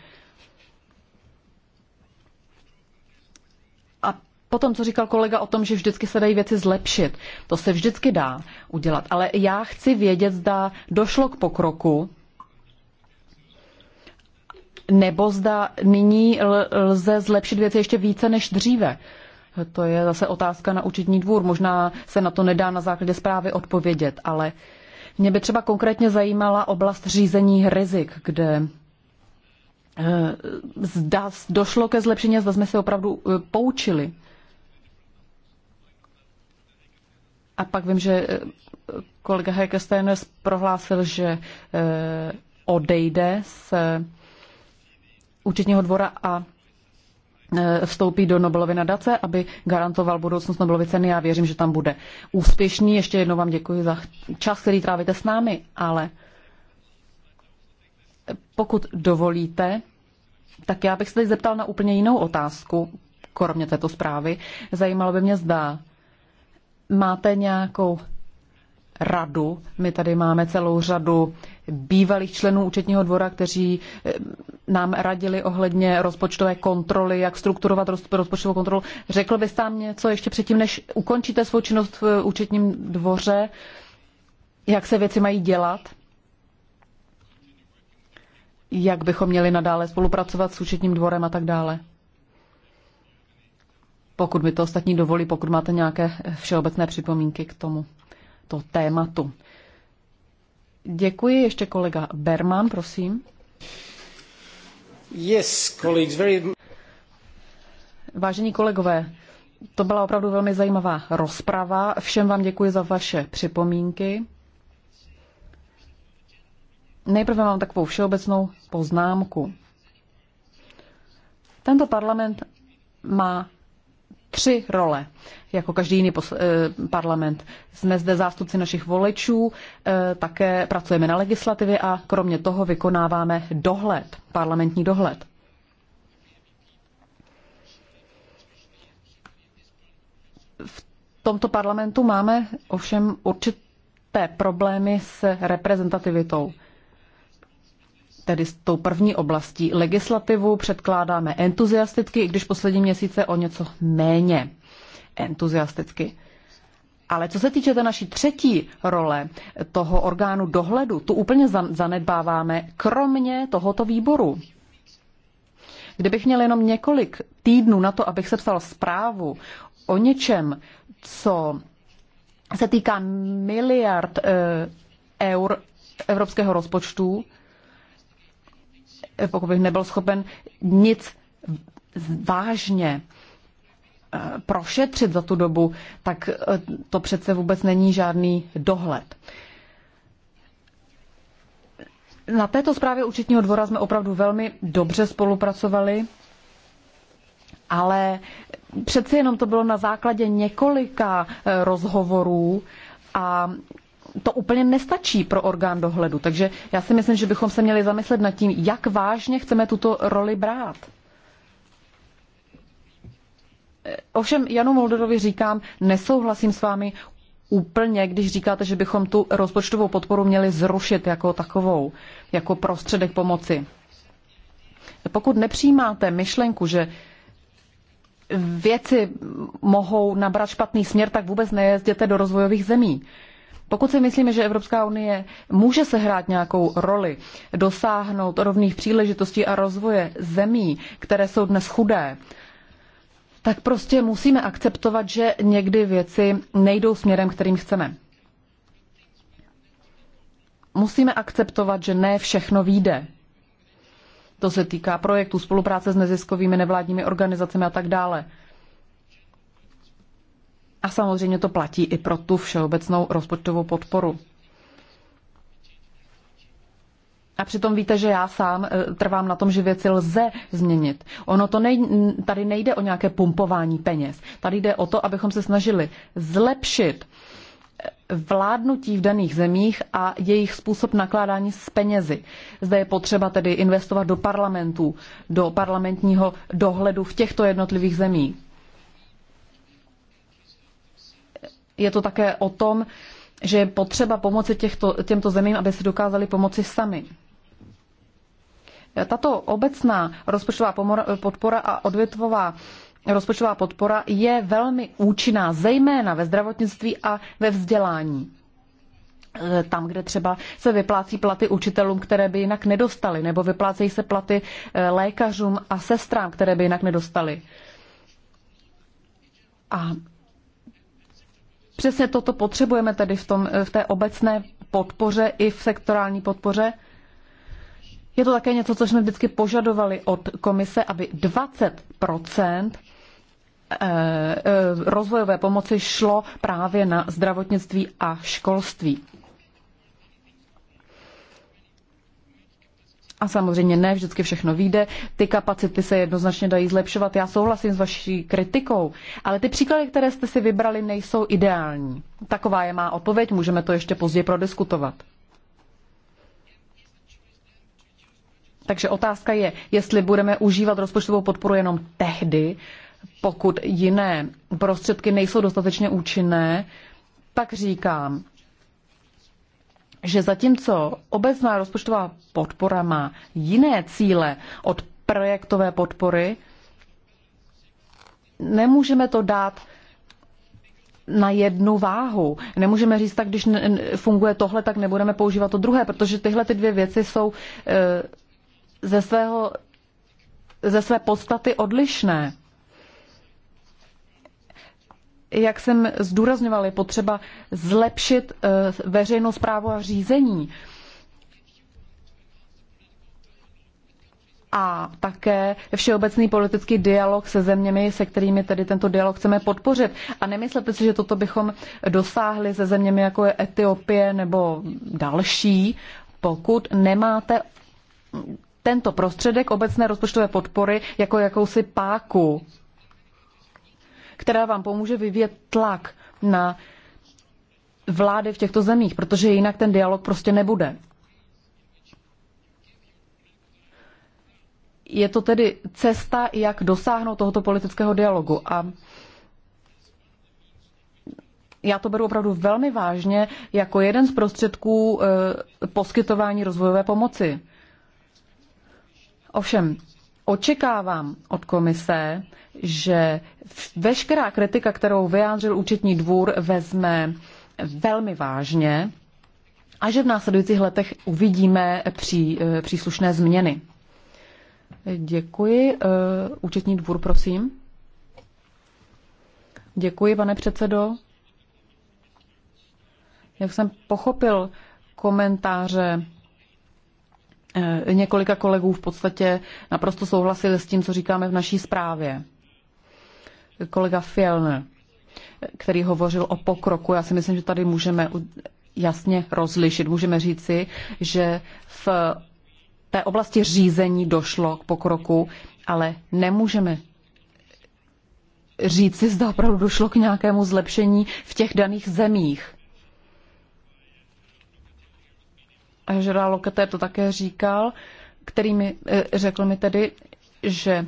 A potom, co říkal kolega o tom, že vždycky se dají věci zlepšit, to se vždycky dá udělat, ale já chci vědět, zda došlo k pokroku, nebo zda nyní lze zlepšit věci ještě více než dříve. To je zase otázka na účetní dvůr. Možná se na to nedá na základě zprávy odpovědět, ale mě by třeba konkrétně zajímala oblast řízení rizik, kde eh, zda došlo ke zlepšení, zda jsme se opravdu eh, poučili. A pak vím, že eh, kolega Hekestein prohlásil, že odejde se účetního dvora a e, vstoupí do Nobelovy nadace, aby garantoval budoucnost Nobelovy ceny. Já věřím, že tam bude úspěšný. Ještě jednou vám děkuji za čas, který trávíte s námi, ale pokud dovolíte, tak já bych se teď zeptal na úplně jinou otázku, kromě této zprávy. Zajímalo by mě, zda máte nějakou radu. My tady máme celou řadu bývalých členů účetního dvora, kteří eh, nám radili ohledně rozpočtové kontroly, jak strukturovat rozpočtovou kontrolu. Řekl byste nám něco ještě předtím, než ukončíte svou činnost v účetním dvoře, jak se věci mají dělat? Jak bychom měli nadále spolupracovat s účetním dvorem a tak dále? Pokud mi to ostatní dovolí, pokud máte nějaké všeobecné připomínky k tomu to tématu. Děkuji. Ještě kolega Berman, prosím. Yes, colleagues, very... Vážení kolegové, to byla opravdu velmi zajímavá rozprava. Všem vám děkuji za vaše připomínky. Nejprve mám takovou všeobecnou poznámku. Tento parlament má tři role, jako každý jiný eh, parlament. Jsme zde zástupci našich voličů, eh, také pracujeme na legislativě a kromě toho vykonáváme dohled, parlamentní dohled. V tomto parlamentu máme ovšem určité problémy s reprezentativitou tedy s tou první oblastí. Legislativu předkládáme entuziasticky, i když poslední měsíce o něco méně entuziasticky. Ale co se týče té naší třetí role, toho orgánu dohledu, tu úplně zanedbáváme, kromě tohoto výboru. Kdybych měl jenom několik týdnů na to, abych sepsal zprávu o něčem, co se týká miliard e, eur evropského rozpočtu, pokud bych nebyl schopen nic vážně eh, prošetřit za tu dobu, tak eh, to přece vůbec není žádný dohled. Na této zprávě účetního dvora jsme opravdu velmi dobře spolupracovali, ale přeci jenom to bylo na základě několika eh, rozhovorů a to úplně nestačí pro orgán dohledu. Takže já si myslím, že bychom se měli zamyslet nad tím, jak vážně chceme tuto roli brát. Ovšem Janu Moldorovi říkám, nesouhlasím s vámi úplně, když říkáte, že bychom tu rozpočtovou podporu měli zrušit jako takovou, jako prostředek pomoci. Pokud nepřijímáte myšlenku, že věci mohou nabrat špatný směr, tak vůbec nejezděte do rozvojových zemí. Pokud si myslíme, že Evropská unie může sehrát nějakou roli, dosáhnout rovných příležitostí a rozvoje zemí, které jsou dnes chudé, tak prostě musíme akceptovat, že někdy věci nejdou směrem, kterým chceme. Musíme akceptovat, že ne všechno vyjde. To se týká projektů, spolupráce s neziskovými nevládními organizacemi a tak dále. A samozřejmě to platí i pro tu všeobecnou rozpočtovou podporu. A přitom víte, že já sám e, trvám na tom, že věci lze změnit. Ono to nej, tady nejde o nějaké pumpování peněz. Tady jde o to, abychom se snažili zlepšit e, vládnutí v daných zemích a jejich způsob nakládání s penězi. Zde je potřeba tedy investovat do parlamentů, do parlamentního dohledu v těchto jednotlivých zemích. je to také o tom, že je potřeba pomoci těchto, těmto zemím, aby si dokázali pomoci sami. Tato obecná rozpočtová podpora a odvětvová rozpočtová podpora je velmi účinná, zejména ve zdravotnictví a ve vzdělání. Tam, kde třeba se vyplácí platy učitelům, které by jinak nedostali, nebo vyplácejí se platy eh, lékařům a sestrám, které by jinak nedostali. A Přesně toto potřebujeme tedy v, tom, eh, v té obecné podpoře i v sektorální podpoře. Je to také něco, co jsme vždycky požadovali od komise, aby 20 eh, eh, rozvojové pomoci šlo právě na zdravotnictví a školství. A samozřejmě ne vždycky všechno vyjde. Ty kapacity se jednoznačně dají zlepšovat. Já souhlasím s vaší kritikou, ale ty příklady, které jste si vybrali, nejsou ideální. Taková je má odpověď, můžeme to ještě později prodiskutovat. Takže otázka je, jestli budeme užívat rozpočtovou podporu jenom tehdy, pokud jiné prostředky nejsou dostatečně účinné, tak říkám, že zatímco obecná rozpočtová podpora má jiné cíle od projektové podpory, nemůžeme to dát na jednu váhu. Nemůžeme říct, tak když funguje tohle, tak nebudeme používat to druhé, protože tyhle ty dvě věci jsou eh, ze, svého, ze své podstaty odlišné jak jsem zdůrazňoval, je potřeba zlepšit eh, veřejnou zprávu a řízení. A také všeobecný politický dialog se zeměmi, se kterými tedy tento dialog chceme podpořit. A nemyslete si, že toto bychom dosáhli se zeměmi, jako je Etiopie nebo další, pokud nemáte tento prostředek obecné rozpočtové podpory jako jakousi páku která vám pomůže vyvět tlak na vlády v těchto zemích, protože jinak ten dialog prostě nebude. Je to tedy cesta, jak dosáhnout tohoto politického dialogu. A já to beru opravdu velmi vážně jako jeden z prostředků eh, poskytování rozvojové pomoci. Ovšem, očekávám od komise, že veškerá kritika, kterou vyjádřil účetní dvůr, vezme velmi vážně a že v následujících letech uvidíme pří, eh, příslušné změny. Děkuji. Eh, účetní dvůr, prosím. Děkuji, pane předsedo. Jak jsem pochopil komentáře Eh, několika kolegů v podstatě naprosto souhlasili s tím, co říkáme v naší zprávě. Kolega Fjellner, který hovořil o pokroku, já si myslím, že tady můžeme jasně rozlišit. Můžeme říci, že v té oblasti řízení došlo k pokroku, ale nemůžeme říci, zda opravdu došlo k nějakému zlepšení v těch daných zemích. Žerá Lokete to také říkal, který mi, eh, řekl mi tedy, že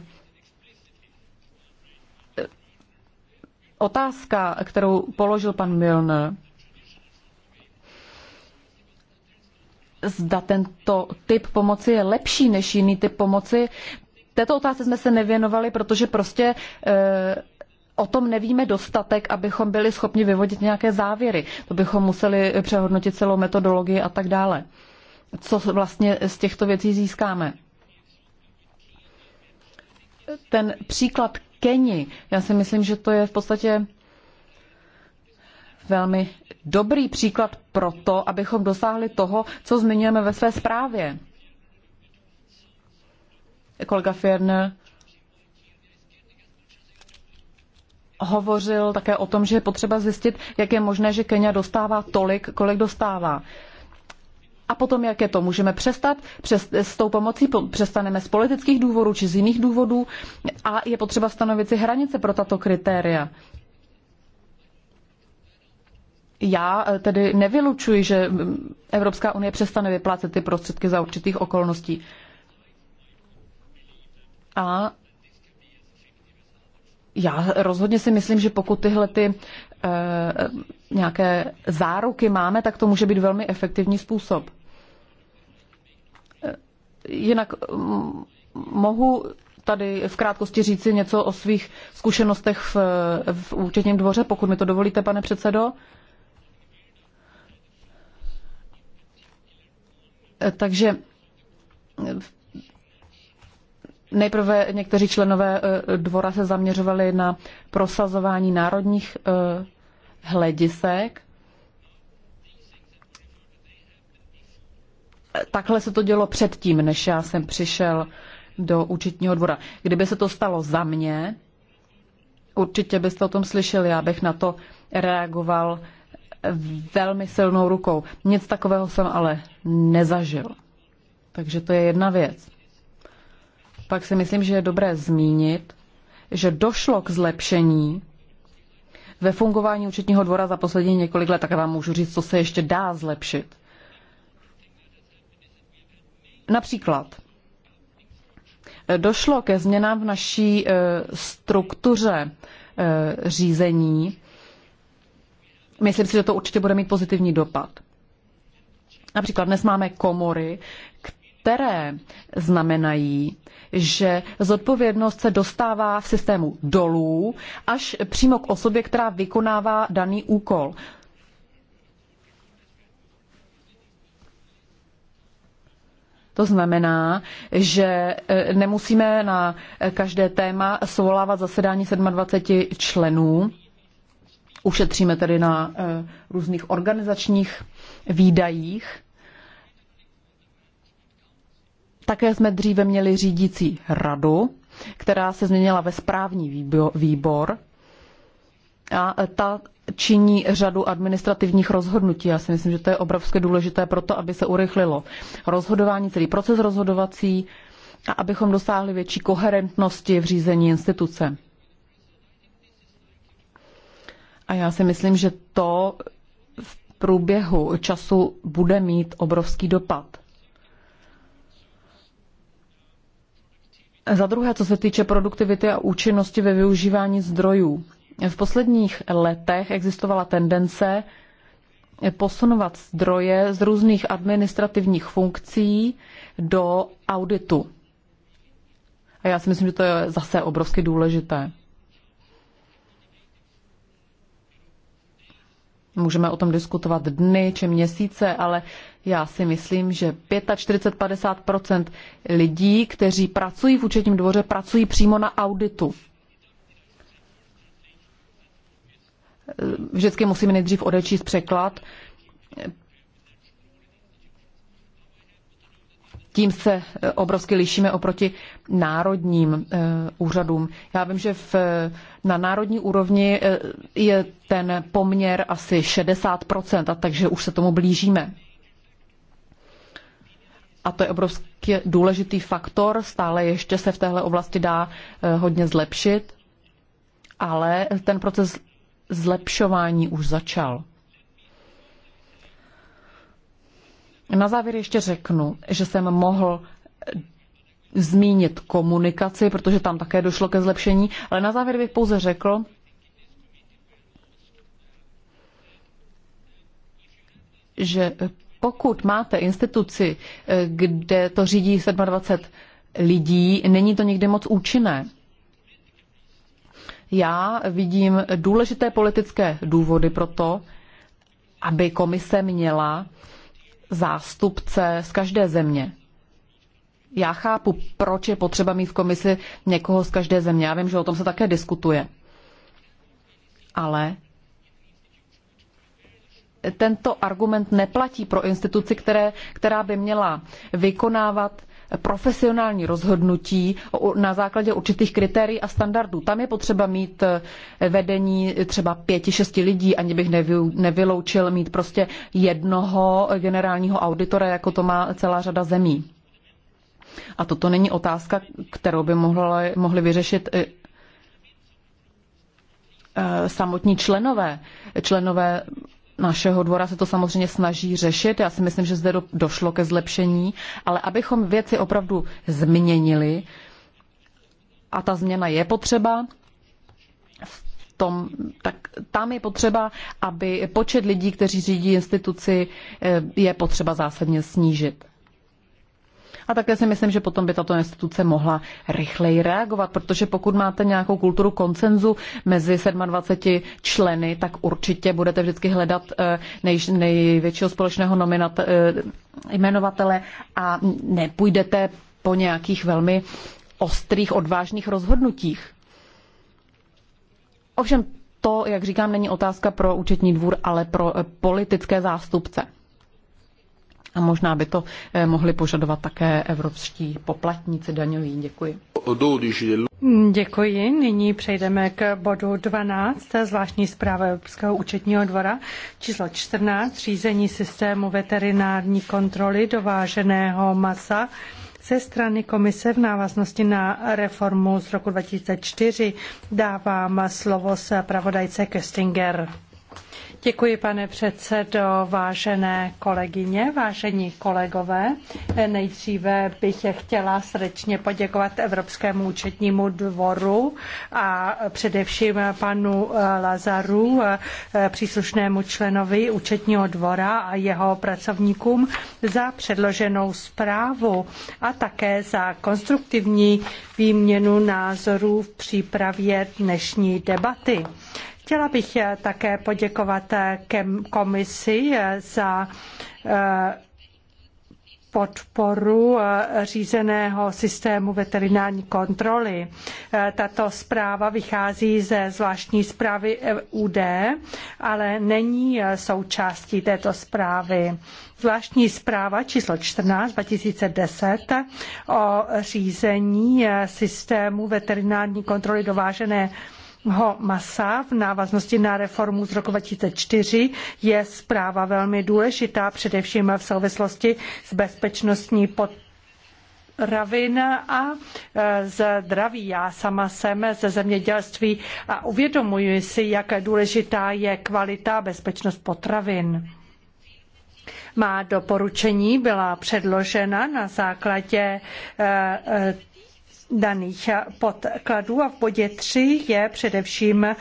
eh, otázka, kterou položil pan Milner, zda tento typ pomoci je lepší než jiný typ pomoci, této otázce jsme se nevěnovali, protože prostě eh, o tom nevíme dostatek, abychom byli schopni vyvodit nějaké závěry. To bychom museli přehodnotit celou metodologii a tak dále co vlastně z těchto věcí získáme. Ten příklad Keni, já si myslím, že to je v podstatě velmi dobrý příklad pro to, abychom dosáhli toho, co zmiňujeme ve své zprávě. Kolega Fierner hovořil také o tom, že je potřeba zjistit, jak je možné, že Kenia dostává tolik, kolik dostává a potom, jak je to můžeme přestat, přes, s tou pomocí přestaneme z politických důvodů či z jiných důvodů a je potřeba stanovit si hranice pro tato kritéria. Já eh, tedy nevylučuji, že mm, Evropská unie přestane vyplácet ty prostředky za určitých okolností. A já rozhodně si myslím, že pokud tyhle ty e, nějaké záruky máme, tak to může být velmi efektivní způsob. Jinak mm, mohu tady v krátkosti říci něco o svých zkušenostech v, v účetním dvoře, pokud mi to dovolíte, pane předsedo. Takže nejprve někteří členové eh, dvora se zaměřovali na prosazování národních eh, hledisek takhle se to dělo předtím, než já jsem přišel do účetního dvora. Kdyby se to stalo za mě, určitě byste o tom slyšeli, já bych na to reagoval velmi silnou rukou. Nic takového jsem ale nezažil. Takže to je jedna věc. Pak si myslím, že je dobré zmínit, že došlo k zlepšení ve fungování účetního dvora za poslední několik let, tak já vám můžu říct, co se ještě dá zlepšit. Například eh, došlo ke změnám v naší eh, struktuře eh, řízení. Myslím si, že to určitě bude mít pozitivní dopad. Například dnes máme komory, které znamenají, že zodpovědnost se dostává v systému dolů až přímo k osobě, která vykonává daný úkol. To znamená, že e, nemusíme na e, každé téma svolávat zasedání 27 členů. Ušetříme tedy na e, různých organizačních výdajích. Také jsme dříve měli řídící radu, která se změnila ve správní výbor. A ta činí řadu administrativních rozhodnutí. Já si myslím, že to je obrovské důležité pro to, aby se urychlilo rozhodování, celý proces rozhodovací a abychom dosáhli větší koherentnosti v řízení instituce. A já si myslím, že to v průběhu času bude mít obrovský dopad. Za druhé, co se týče produktivity a účinnosti ve využívání zdrojů. V posledních letech existovala tendence posunovat zdroje z různých administrativních funkcí do auditu. A já si myslím, že to je zase obrovsky důležité. Můžeme o tom diskutovat dny či měsíce, ale já si myslím, že 45-50 lidí, kteří pracují v účetním dvoře, pracují přímo na auditu. Vždycky musíme nejdřív odečíst překlad. Tím se obrovsky lišíme oproti národním eh, úřadům. Já vím, že v, na národní úrovni eh, je ten poměr asi 60%, a takže už se tomu blížíme a to je obrovský důležitý faktor, stále ještě se v téhle oblasti dá eh, hodně zlepšit, ale ten proces zlepšování už začal. Na závěr ještě řeknu, že jsem mohl zmínit komunikaci, protože tam také došlo ke zlepšení, ale na závěr bych pouze řekl, že pokud máte instituci, kde to řídí 27 lidí, není to někdy moc účinné. Já vidím důležité politické důvody pro to, aby komise měla zástupce z každé země. Já chápu, proč je potřeba mít v komisi někoho z každé země. Já vím, že o tom se také diskutuje. Ale tento argument neplatí pro instituci, které, která by měla vykonávat profesionální rozhodnutí na základě určitých kritérií a standardů. Tam je potřeba mít eh, vedení třeba pěti, šesti lidí, ani bych nevyloučil mít prostě jednoho generálního auditora, jako to má celá řada zemí. A toto není otázka, kterou by mohli, mohli vyřešit eh, eh, samotní členové, členové našeho dvora se to samozřejmě snaží řešit. Já si myslím, že zde do, došlo ke zlepšení, ale abychom věci opravdu změnili, a ta změna je potřeba, v tom, tak tam je potřeba, aby počet lidí, kteří řídí instituci, eh, je potřeba zásadně snížit. A také si myslím, že potom by tato instituce mohla rychleji reagovat, protože pokud máte nějakou kulturu koncenzu mezi 27 členy, tak určitě budete vždycky hledat eh, nej, největšího společného nominata, eh, jmenovatele a nepůjdete po nějakých velmi ostrých, odvážných rozhodnutích. Ovšem to, jak říkám, není otázka pro účetní dvůr, ale pro eh, politické zástupce. A možná by to eh, mohli požadovat také evropští poplatníci daňoví. Děkuji. Děkuji. Nyní přejdeme k bodu 12, zvláštní zpráva Evropského účetního dvora, číslo 14, řízení systému veterinární kontroly dováženého masa ze strany komise v návaznosti na reformu z roku 2004. Dávám slovo se pravodajce Köstinger. Děkuji, pane předsedo, vážené kolegyně, vážení kolegové. Nejdříve bych chtěla srdečně poděkovat Evropskému účetnímu dvoru a především panu Lazaru, příslušnému členovi účetního dvora a jeho pracovníkům za předloženou zprávu a také za konstruktivní výměnu názorů v přípravě dnešní debaty. Chtěla bych eh, také poděkovat eh, komisi eh, za podporu řízeného systému veterinární kontroly. Tato zpráva vychází ze zvláštní zprávy e UD, ale není součástí této zprávy. Zvláštní zpráva číslo 14 2010 o řízení systému veterinární kontroly dovážené Ho masa v návaznosti na reformu z roku 2004 je zpráva velmi důležitá, především v souvislosti s bezpečnostní potravin ravin a e, zdraví. Já sama jsem ze zemědělství a uvědomuji si, jak důležitá je kvalita a bezpečnost potravin. Má doporučení byla předložena na základě e, e, daných podkladů a v bodě 3 je především eh,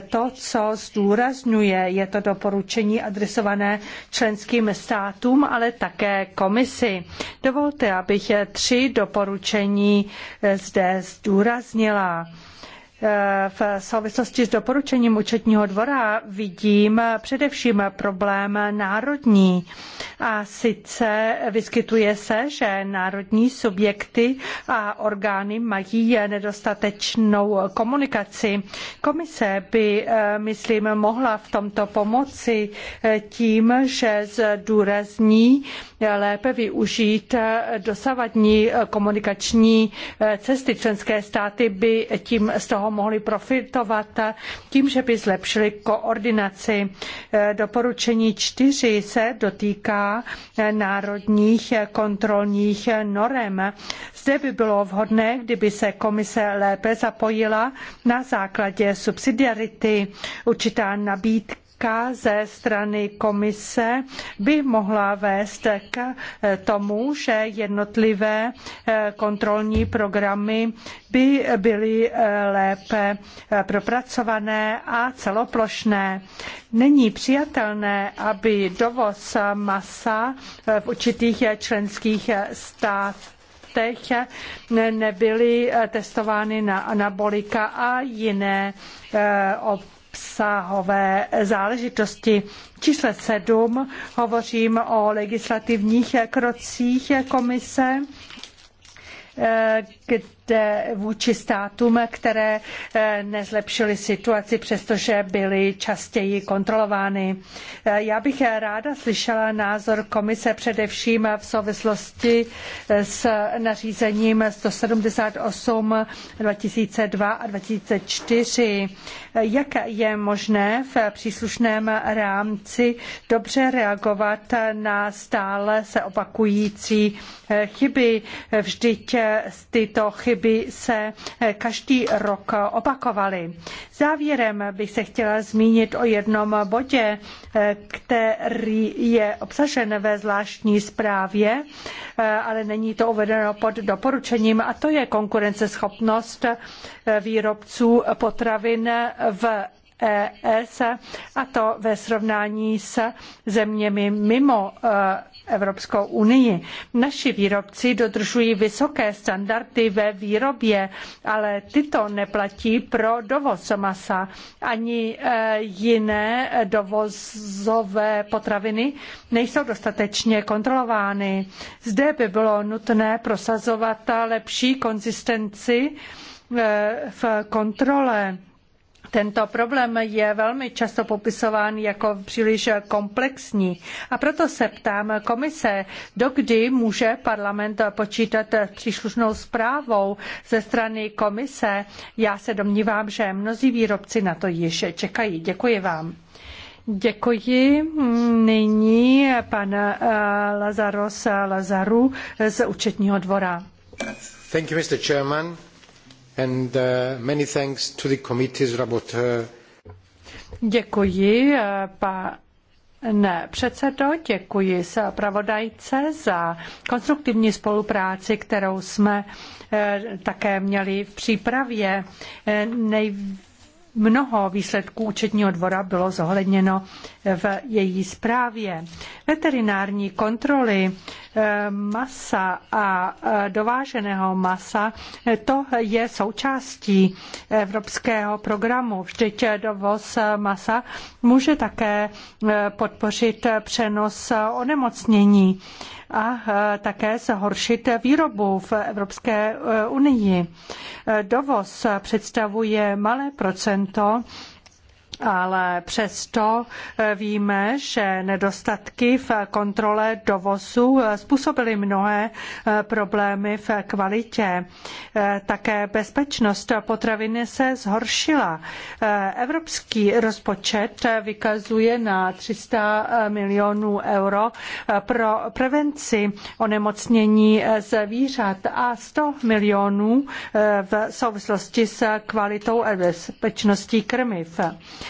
to, co zdůrazňuje. Je to doporučení adresované členským státům, ale také komisi. Dovolte, abych tři doporučení eh, zde zdůraznila. V souvislosti s doporučením účetního dvora vidím především problém národní. A sice vyskytuje se, že národní subjekty a orgány mají nedostatečnou komunikaci. Komise by, eh, myslím, mohla v tomto pomoci eh, tím, že zdůrazní lépe využít eh, dosavadní komunikační cesty. Členské státy by tím z toho mohli profitovat tím, že by zlepšili koordinaci. Eh, doporučení čtyři se dotýká eh, národních kontrolních norem. Zde by bylo vhodné, kdyby se komise lépe zapojila na základě subsidiarity. Určitá nabídka politika ze strany komise by mohla vést k eh, tomu, že jednotlivé eh, kontrolní programy by byly eh, lépe propracované a celoplošné. Není přijatelné, aby dovoz masa v určitých členských státech nebyly testovány na anabolika a jiné obsahové záležitosti. Čísle 7 hovořím o legislativních krocích komise kde vůči státům, které eh, nezlepšily situaci, přestože byly častěji kontrolovány. Eh, já bych ráda slyšela názor komise především v souvislosti eh, s nařízením 178 2002 a 2004. Jak je možné v příslušném rámci dobře reagovat na stále se opakující chyby? Vždyť tyto Tyto chyby se eh, každý rok opakovaly. Závěrem bych se chtěla zmínit o jednom bodě, eh, který je obsažen ve zvláštní zprávě, eh, ale není to uvedeno pod doporučením, a to je konkurenceschopnost výrobců potravin v ES a to ve srovnání s zeměmi mimo e, Evropskou unii. Naši výrobci dodržují vysoké standardy ve výrobě, ale tyto neplatí pro dovoz masa ani e, jiné dovozové potraviny nejsou dostatečně kontrolovány. Zde by bylo nutné prosazovat lepší konzistenci e, v kontrole tento problém je velmi často popisován jako příliš komplexní a proto se ptám komise, dokdy může parlament počítat příslušnou zprávou ze strany komise. Já se domnívám, že mnozí výrobci na to již čekají. Děkuji vám. Děkuji. Nyní pan eh, Lazaros Lazaru z účetního dvora. Thank you, Mr. Chairman and uh, many Děkuji, eh, pa, ne, předsedo, děkuji zpravodajce za konstruktivní spolupráci, kterou jsme eh, také měli v přípravě. Eh, nej, mnoho výsledků účetního dvora bylo zohledněno v její zprávě. Veterinární kontroly eh, masa a eh, dováženého masa, eh, to je součástí evropského programu. Vždyť dovoz masa může také podpořit přenos onemocnění a také zhoršit výrobu v Evropské unii. Dovoz představuje malé procento ale přesto eh, víme, že nedostatky v kontrole dovozu eh, způsobily mnohé eh, problémy v kvalitě. Také bezpečnost potravin se zhoršila. Evropský rozpočet vykazuje na 300 milionů euro pro prevenci onemocnění zvířat a 100 milionů v souvislosti s kvalitou a bezpečností krmiv.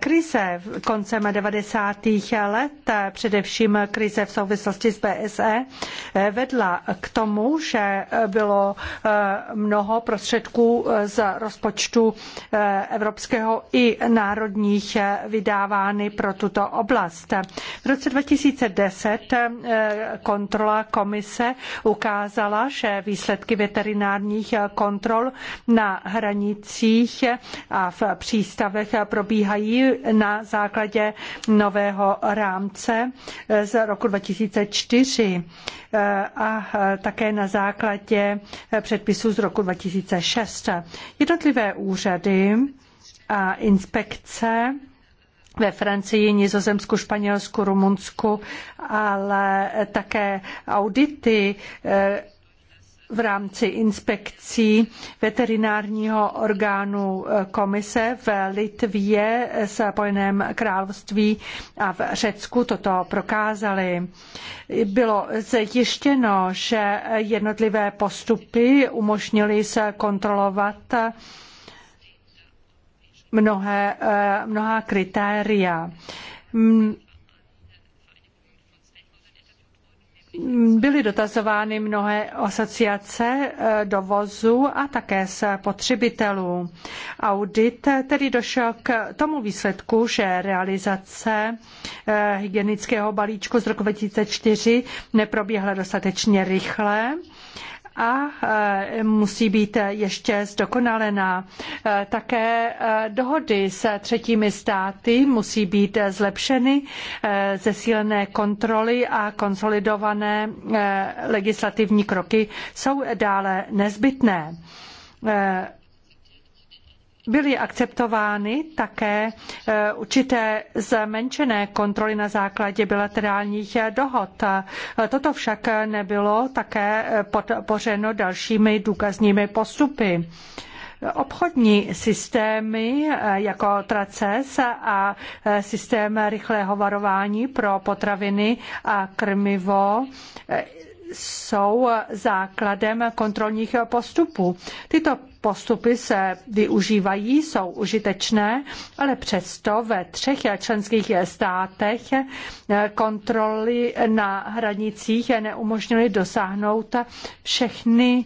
Krize koncem 90. let, především krize v souvislosti s BSE, vedla k tomu, že bylo eh, mnoho prostředků eh, z rozpočtu eh, evropského i národních vydávány pro tuto oblast. V roce 2010 kontrola komise ukázala, že výsledky veterinárních kontrol na hranicích a v přístavech probíhají probíhají na základě nového rámce z roku 2004 eh, a také na základě předpisů z roku 2006. Jednotlivé úřady a inspekce ve Francii, Nizozemsku, Španělsku, Rumunsku, ale také audity eh, v rámci inspekcí veterinárního orgánu eh, komise v Litvě, eh, Spojeném království a v Řecku toto prokázali. Bylo zjištěno, že jednotlivé postupy umožnily se kontrolovat eh, mnohé, mnohá kritéria Byly dotazovány mnohé asociace eh, dovozu a také spotřebitelů. Audit tedy došel k tomu výsledku, že realizace eh, hygienického balíčku z roku 2004 neproběhla dostatečně rychle a e, musí být ještě zdokonalená. E, také e, dohody s třetími státy musí být zlepšeny, zesílené kontroly a konsolidované legislativní kroky jsou dále nezbytné byly akceptovány také e, určité zmenšené kontroly na základě bilaterálních e, dohod. E, toto však nebylo také podpořeno dalšími důkazními postupy. Obchodní systémy jako traces a systém rychlého varování pro potraviny a krmivo jsou základem kontrolních postupů. Tyto postupy se využívají, jsou užitečné, ale přesto ve třech členských státech kontroly na hranicích neumožnily dosáhnout všechny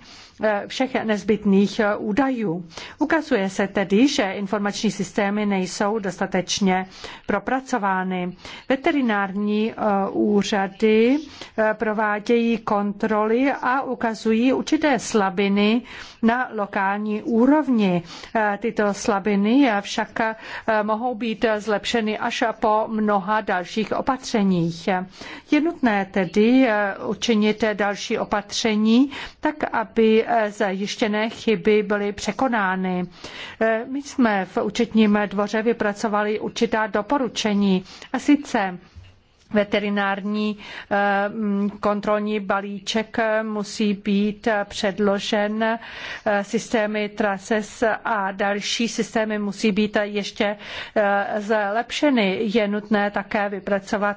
všech nezbytných údajů. Ukazuje se tedy, že informační systémy nejsou dostatečně propracovány. Veterinární eh, úřady eh, provádějí kontroly a ukazují určité slabiny na lokální regionální úrovni. Eh, tyto slabiny však eh, mohou být zlepšeny až po mnoha dalších opatřeních. Je nutné tedy eh, učinit další opatření, tak aby zajištěné chyby byly překonány. My jsme v účetním dvoře vypracovali určitá doporučení. A sice veterinární eh, kontrolní balíček musí být předložen, eh, systémy TRASES a další systémy musí být ještě eh, zlepšeny. Je nutné také vypracovat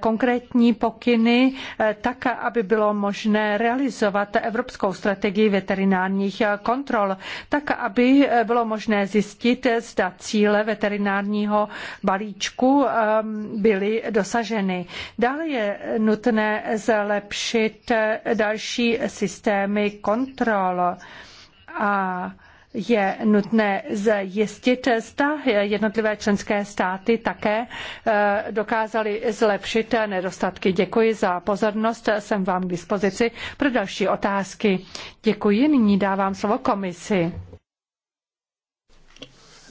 konkrétní pokyny, tak, aby bylo možné realizovat evropskou strategii veterinárních kontrol, tak, aby bylo možné zjistit, zda cíle veterinárního balíčku byly dosaženy zasaženy. Dále je nutné zlepšit další systémy kontrol a je nutné zjistit, zda jednotlivé členské státy také eh, dokázaly zlepšit nedostatky. Děkuji za pozornost, jsem vám k dispozici pro další otázky. Děkuji, nyní dávám slovo komisi.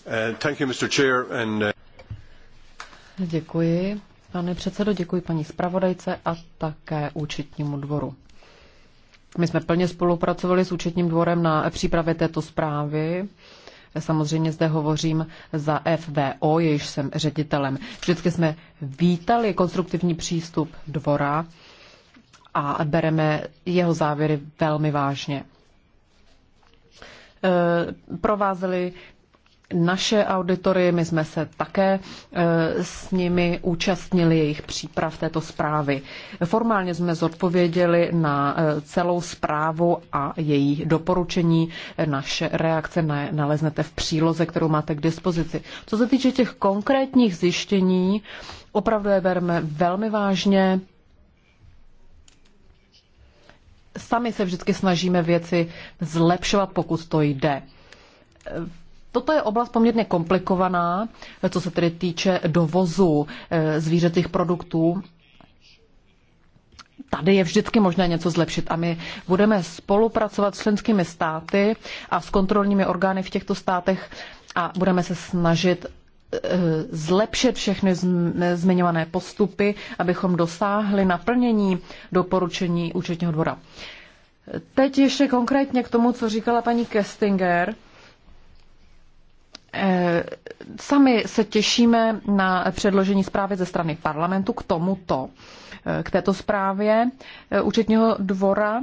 Eh, eh, Děkuji pane předsedo, děkuji paní zpravodajce a také účetnímu dvoru. My jsme plně spolupracovali s účetním dvorem na přípravě této zprávy. Samozřejmě zde hovořím za FVO, jejíž jsem ředitelem. Vždycky jsme vítali konstruktivní přístup dvora a bereme jeho závěry velmi vážně. E, Provázely naše auditory, my jsme se také e, s nimi účastnili jejich příprav této zprávy. Formálně jsme zodpověděli na e, celou zprávu a její doporučení. Naše reakce naleznete v příloze, kterou máte k dispozici. Co se týče těch konkrétních zjištění, opravdu je bereme velmi vážně. Sami se vždycky snažíme věci zlepšovat, pokud to jde Toto je oblast poměrně komplikovaná, co se tedy týče dovozu eh, zvířecích produktů. Tady je vždycky možné něco zlepšit a my budeme spolupracovat s členskými státy a s kontrolními orgány v těchto státech a budeme se snažit eh, zlepšit všechny zmiňované postupy, abychom dosáhli naplnění doporučení účetního dvora. Teď ještě konkrétně k tomu, co říkala paní Kestinger. Eh, sami se těšíme na předložení zprávy ze strany parlamentu k tomuto, eh, k této zprávě eh, účetního dvora.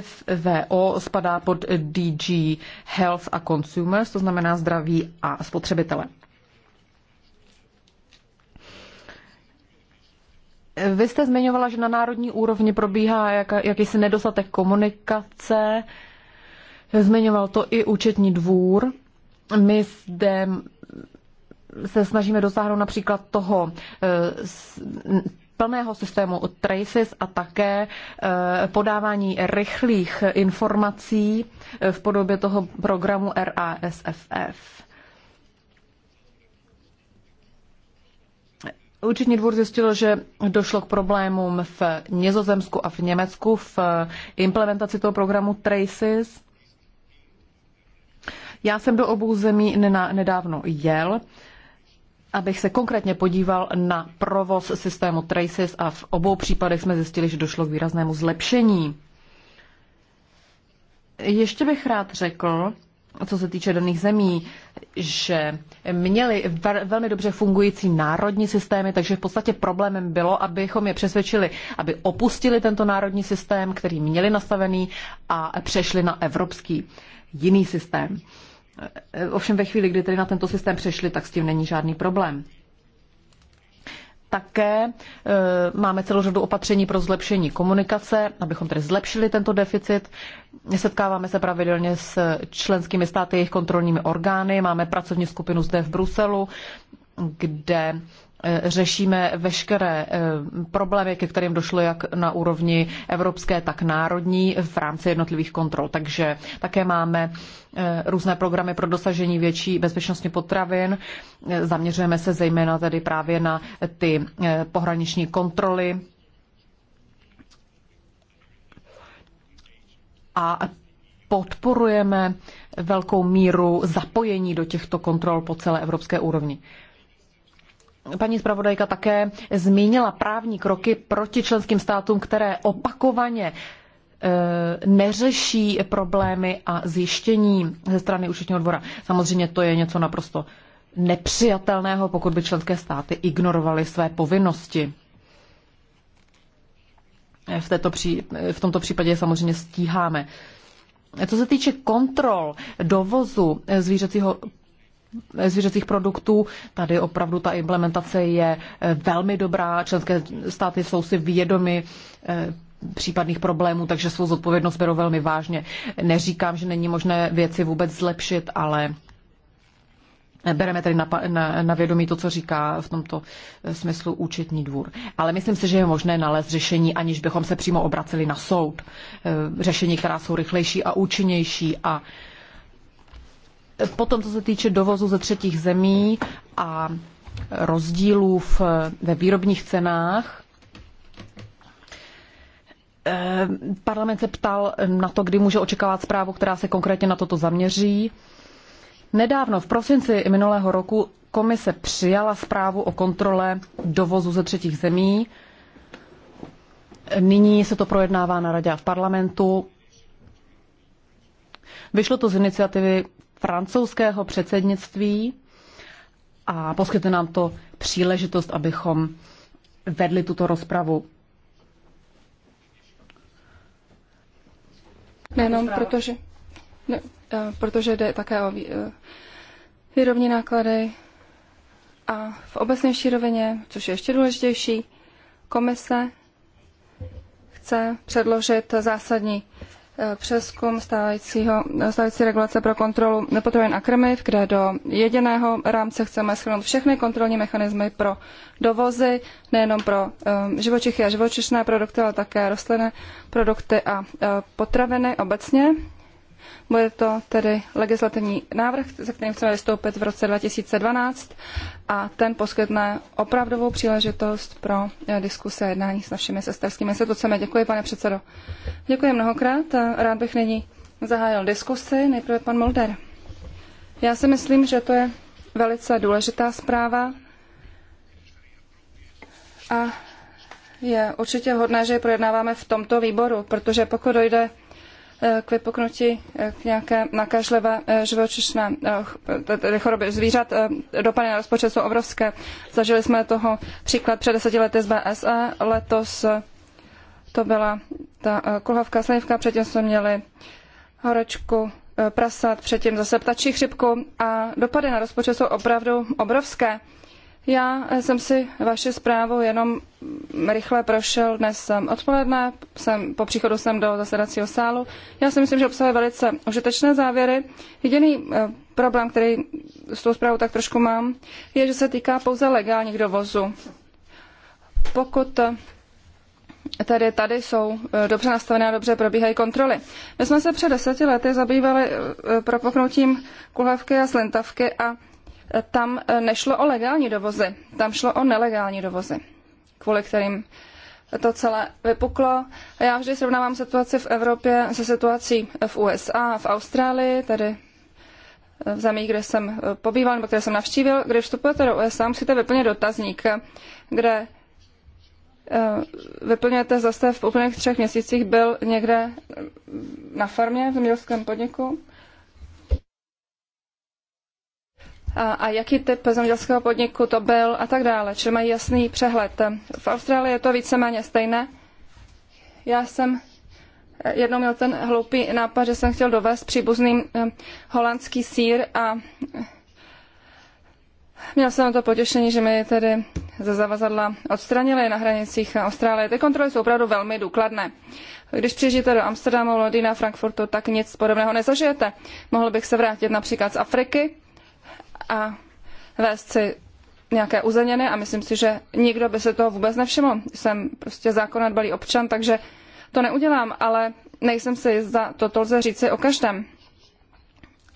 FVO spadá pod DG Health a Consumers, to znamená zdraví a spotřebitele. Vy jste zmiňovala, že na národní úrovni probíhá jak, jakýsi nedostatek komunikace Zmiňoval to i účetní dvůr. My zde se snažíme dosáhnout například toho eh, plného systému Traces a také eh, podávání rychlých informací eh, v podobě toho programu RASFF. Účetní dvůr zjistil, že došlo k problémům v Nizozemsku a v Německu v implementaci toho programu Traces. Já jsem do obou zemí nedávno jel, abych se konkrétně podíval na provoz systému Traces a v obou případech jsme zjistili, že došlo k výraznému zlepšení. Ještě bych rád řekl, co se týče daných zemí, že měli velmi dobře fungující národní systémy, takže v podstatě problémem bylo, abychom je přesvědčili, aby opustili tento národní systém, který měli nastavený a přešli na evropský jiný systém. Ovšem ve chvíli, kdy tedy na tento systém přešli, tak s tím není žádný problém. Také e, máme celou řadu opatření pro zlepšení komunikace, abychom tedy zlepšili tento deficit. Setkáváme se pravidelně s členskými státy, jejich kontrolními orgány, máme pracovní skupinu zde v Bruselu, kde Eh, řešíme veškeré eh, problémy, ke kterým došlo jak na úrovni evropské, tak národní v rámci jednotlivých kontrol. Takže také máme eh, různé programy pro dosažení větší bezpečnosti potravin. Zaměřujeme se zejména tedy právě na ty pohraniční kontroly. A podporujeme velkou míru zapojení do těchto kontrol po celé evropské úrovni. Paní zpravodajka také zmínila právní kroky proti členským státům, které opakovaně e, neřeší problémy a zjištění ze strany účetního dvora. Samozřejmě to je něco naprosto nepřijatelného, pokud by členské státy ignorovaly své povinnosti. V, této pří, v tomto případě samozřejmě stíháme. Co se týče kontrol dovozu zvířecího Eh, zvířecích produktů. Tady opravdu ta implementace je eh, velmi dobrá. Členské státy jsou si vědomi eh, případných problémů, takže svou zodpovědnost berou velmi vážně. Neříkám, že není možné věci vůbec zlepšit, ale Bereme tedy na, na, na vědomí to, co říká v tomto smyslu účetní dvůr. Ale myslím si, že je možné nalézt řešení, aniž bychom se přímo obraceli na soud. Řešení, která jsou rychlejší a účinnější a Potom, co se týče dovozu ze třetích zemí a rozdílů v, ve výrobních cenách, eh, Parlament se ptal na to, kdy může očekávat zprávu, která se konkrétně na toto zaměří. Nedávno, v prosinci minulého roku, komise přijala zprávu o kontrole dovozu ze třetích zemí. Nyní se to projednává na radě a v parlamentu. Vyšlo to z iniciativy francouzského předsednictví a poskytne nám to příležitost, abychom vedli tuto rozpravu. Nejenom protože, ne, eh, protože jde také o eh, výrobní náklady a v obecnější rovině, což je ještě důležitější, komise chce předložit zásadní přeskum stávajícího, stávající regulace pro kontrolu potravin a krmiv, kde do jediného rámce chceme shrnout všechny kontrolní mechanismy pro dovozy, nejenom pro eh, živočichy a živočišné produkty, ale také rostlinné produkty a eh, potraviny obecně. Bude to tedy legislativní návrh, se kterým chceme vystoupit v roce 2012 a ten poskytne opravdovou příležitost pro eh, diskuse a jednání s našimi sesterskými institucemi. Děkuji, pane předsedo. Děkuji mnohokrát. Rád bych nyní zahájil diskusi. Nejprve pan Mulder. Já si myslím, že to je velice důležitá zpráva a je určitě hodné, že ji projednáváme v tomto výboru, protože pokud dojde Eh, k vypuknutí eh, k nějaké nakažlivé eh, živočišné choroby zvířat. Dopady na rozpočet jsou obrovské. Zažili jsme toho příklad před deseti lety z BSE. Letos to byla ta kulhavka, slivka, předtím jsme měli horečku prasat, předtím zase ptačí chřipku a dopady na rozpočet jsou opravdu obrovské. Já jsem si vaši zprávu jenom rychle prošel dnes um, odpoledne, jsem, po příchodu jsem do zasedacího sálu. Já si myslím, že obsahuje velice užitečné závěry. Jediný uh, problém, který s tou zprávou tak trošku mám, je, že se týká pouze legálních dovozů. Pokud uh, tedy tady jsou uh, dobře nastavené a dobře probíhají kontroly. My jsme se před deseti lety zabývali propoknutím kulhavky a slintavky a tam eh, nešlo o legální dovozy, tam šlo o nelegální dovozy, kvůli kterým to celé vypuklo. Já vždy srovnávám situaci v Evropě se situací v USA, v Austrálii, tedy eh, v zemích, kde jsem eh, pobýval nebo které jsem navštívil. Když vstupujete do USA, musíte vyplnit dotazník, kde vyplňujete zase v úplných třech měsících byl někde na farmě v zemědělském podniku a, jaký typ zemědělského podniku to byl a tak dále. Čili mají jasný přehled. V Austrálii je to víceméně stejné. Já jsem eh, jednou měl ten hloupý nápad, že jsem chtěl dovést příbuzným eh, holandský sír a eh, měl jsem na to potěšení, že mi tedy ze zavazadla odstranili na hranicích Austrálie. Ty kontroly jsou opravdu velmi důkladné. Když přijíždíte do Amsterdamu, Londýna, Frankfurtu, tak nic podobného nezažijete. Mohl bych se vrátit například z Afriky, a vést si nějaké uzeniny a myslím si, že nikdo by se toho vůbec nevšiml. Jsem prostě zákona občan, takže to neudělám, ale nejsem si za to, to lze říci o každém.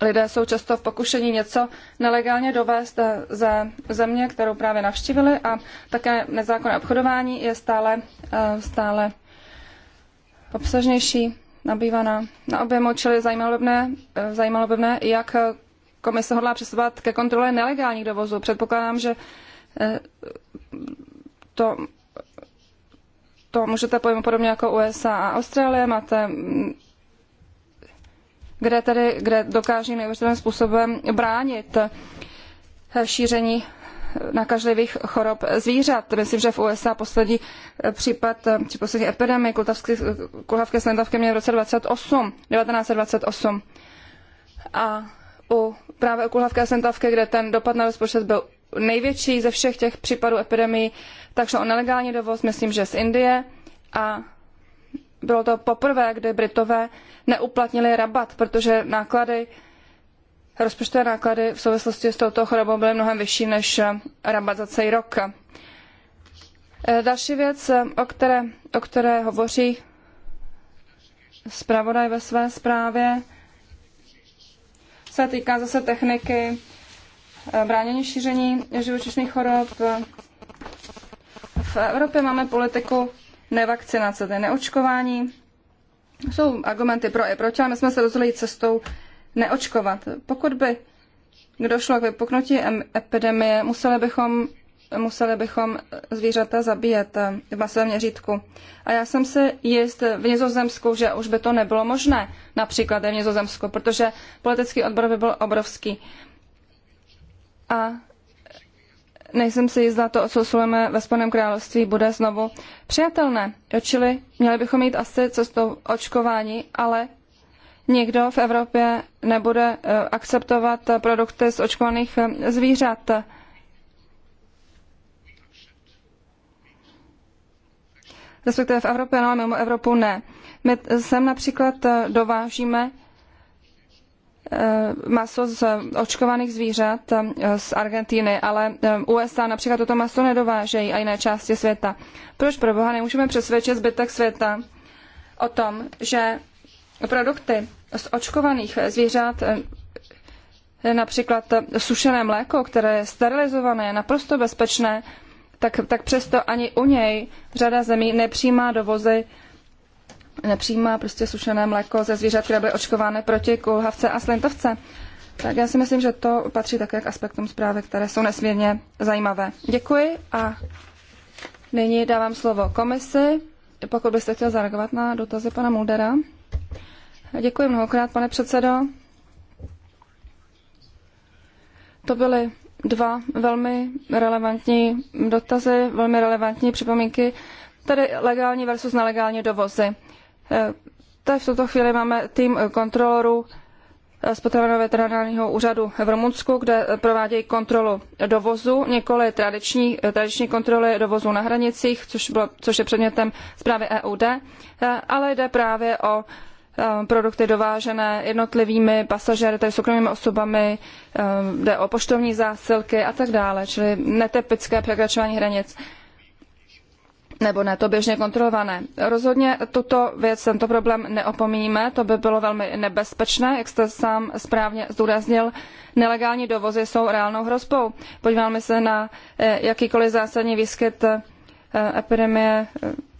Lidé jsou často v pokušení něco nelegálně dovést ze země, kterou právě navštívili a také nezákonné obchodování je stále, eh, stále obsažnější, nabývaná na objemu, čili zajímalo by mne, eh, zajímalo by mne jak komise hodlá přistupovat ke kontrole nelegálních dovozů. Předpokládám, že eh, to, to můžete pojmout podobně jako USA a Austrálie. Máte mm, kde tedy, kde dokáží neuvěřitelným způsobem bránit eh, šíření eh, nakažlivých chorob zvířat. Myslím, že v USA poslední případ či poslední epidemie kulhavské slendavky měly v roce 28, 1928. A u právě o kulhavké sentavky, kde ten dopad na rozpočet byl největší ze všech těch případů epidemii, tak šlo o nelegální dovoz, myslím, že z Indie a bylo to poprvé, kdy Britové neuplatnili rabat, protože náklady, rozpočtové náklady v souvislosti s touto chorobou byly mnohem vyšší než rabat za celý rok. E, další věc, e, o které, o které hovoří zpravodaj ve své zprávě, se týká zase techniky eh, bránění šíření živočišných chorob. V Evropě máme politiku nevakcinace, tedy neočkování. Jsou argumenty pro i proti, ale my jsme se rozhodli cestou neočkovat. Pokud by došlo k vypuknutí epidemie, museli bychom museli bychom zvířata zabíjet v masovém měřítku. A já jsem si jist v Nizozemsku, že už by to nebylo možné, například v Nizozemsku, protože politický odbor by byl obrovský. A nejsem si jistá to, co usilujeme ve Spojeném království, bude znovu přijatelné. Čili měli bychom jít asi cestou očkování, ale nikdo v Evropě nebude eh, akceptovat produkty z očkovaných eh, zvířat. respektive v Evropě ano, mimo Evropu ne. My sem například eh, dovážíme eh, maso z očkovaných zvířat eh, z Argentiny, ale USA například toto maso nedovážejí a jiné části světa. Proč pro boha nemůžeme přesvědčit zbytek světa o tom, že produkty z očkovaných zvířat, například sušené mléko, které je sterilizované, je naprosto bezpečné, tak, tak přesto ani u něj řada zemí nepřijímá dovozy, nepřijímá prostě sušené mléko ze zvířat, které byly očkovány proti kulhavce a slintovce. Tak já si myslím, že to patří také k aspektům zprávy, které jsou nesmírně zajímavé. Děkuji a nyní dávám slovo komisi, pokud byste chtěl zareagovat na dotazy pana Muldera. Děkuji mnohokrát, pane předsedo. To byly dva velmi relevantní dotazy, velmi relevantní připomínky, tedy legální versus nelegální dovozy. Eh, Tady v tuto chvíli máme tým kontrolorů eh, z potravinového veterinárního úřadu v Rumunsku, kde eh, provádějí kontrolu dovozu, nikoli tradiční, tradiční kontroly dovozu na hranicích, což, bylo, což je předmětem zprávy EUD, ale jde právě o Eh, produkty dovážené jednotlivými pasažéry, tedy soukromými osobami, eh, jde o poštovní zásilky a tak dále, čili netypické překračování hranic nebo ne, to běžně kontrolované. Rozhodně tuto věc, tento problém neopomíníme. to by bylo velmi nebezpečné, jak jste sám správně zdůraznil. Nelegální dovozy jsou reálnou hrozbou. Podíváme se na eh, jakýkoliv zásadní výskyt epidemie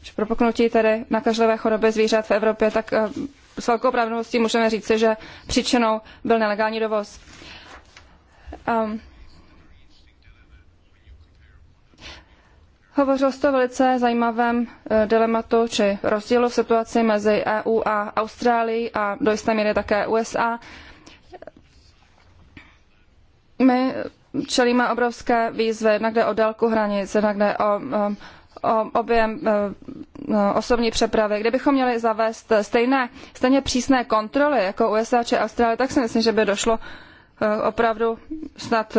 či propuknutí tedy nakažlivé choroby zvířat v Evropě, tak s velkou pravděpodobností můžeme říci, že příčinou byl nelegální dovoz. Um, ehm, Hovořil jste o velice zajímavém eh, dilematu či rozdílu v situaci mezi EU a Austrálií a do jisté míry také USA. My čelíme obrovské výzvy, jednak jde o délku hranic, jednak jde o um, objem eh, eh, osobní přepravy. Kdybychom měli zavést stejné, stejně přísné kontroly jako USA či Austrálie, tak si myslím, že by došlo eh, opravdu snad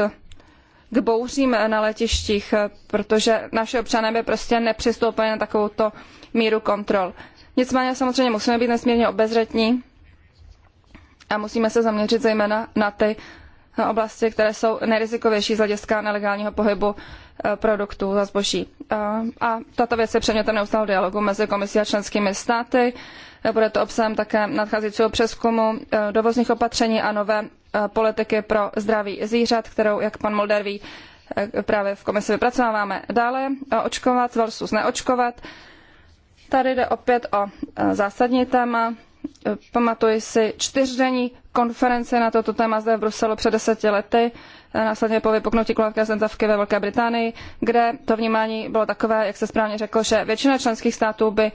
k bouřím na letištích, protože naše občané by prostě nepřistoupili na takovouto míru kontrol. Nicméně samozřejmě musíme být nesmírně obezřetní a musíme se zaměřit zejména na ty oblasti, které jsou nejrizikovější z hlediska nelegálního pohybu Eh, produktů za zboží. Eh, a tato věc je předmětem neustálého dialogu mezi komisí a členskými státy. Eh, bude to obsahem také nadcházejícího přeskumu dovozních opatření a nové politiky pro zdraví zvířat, kterou, jak pan Mulder ví, právě v komisi vypracováváme dále. Očkovat versus neočkovat. Tady jde opět o zásadní téma. Pamatuji si čtyřdenní konference na toto téma zde v Bruselu před deseti lety Eh, následně po vypuknutí kulatké zemzavky ve Velké Británii, kde to vnímání bylo takové, jak se správně řekl, že většina členských států by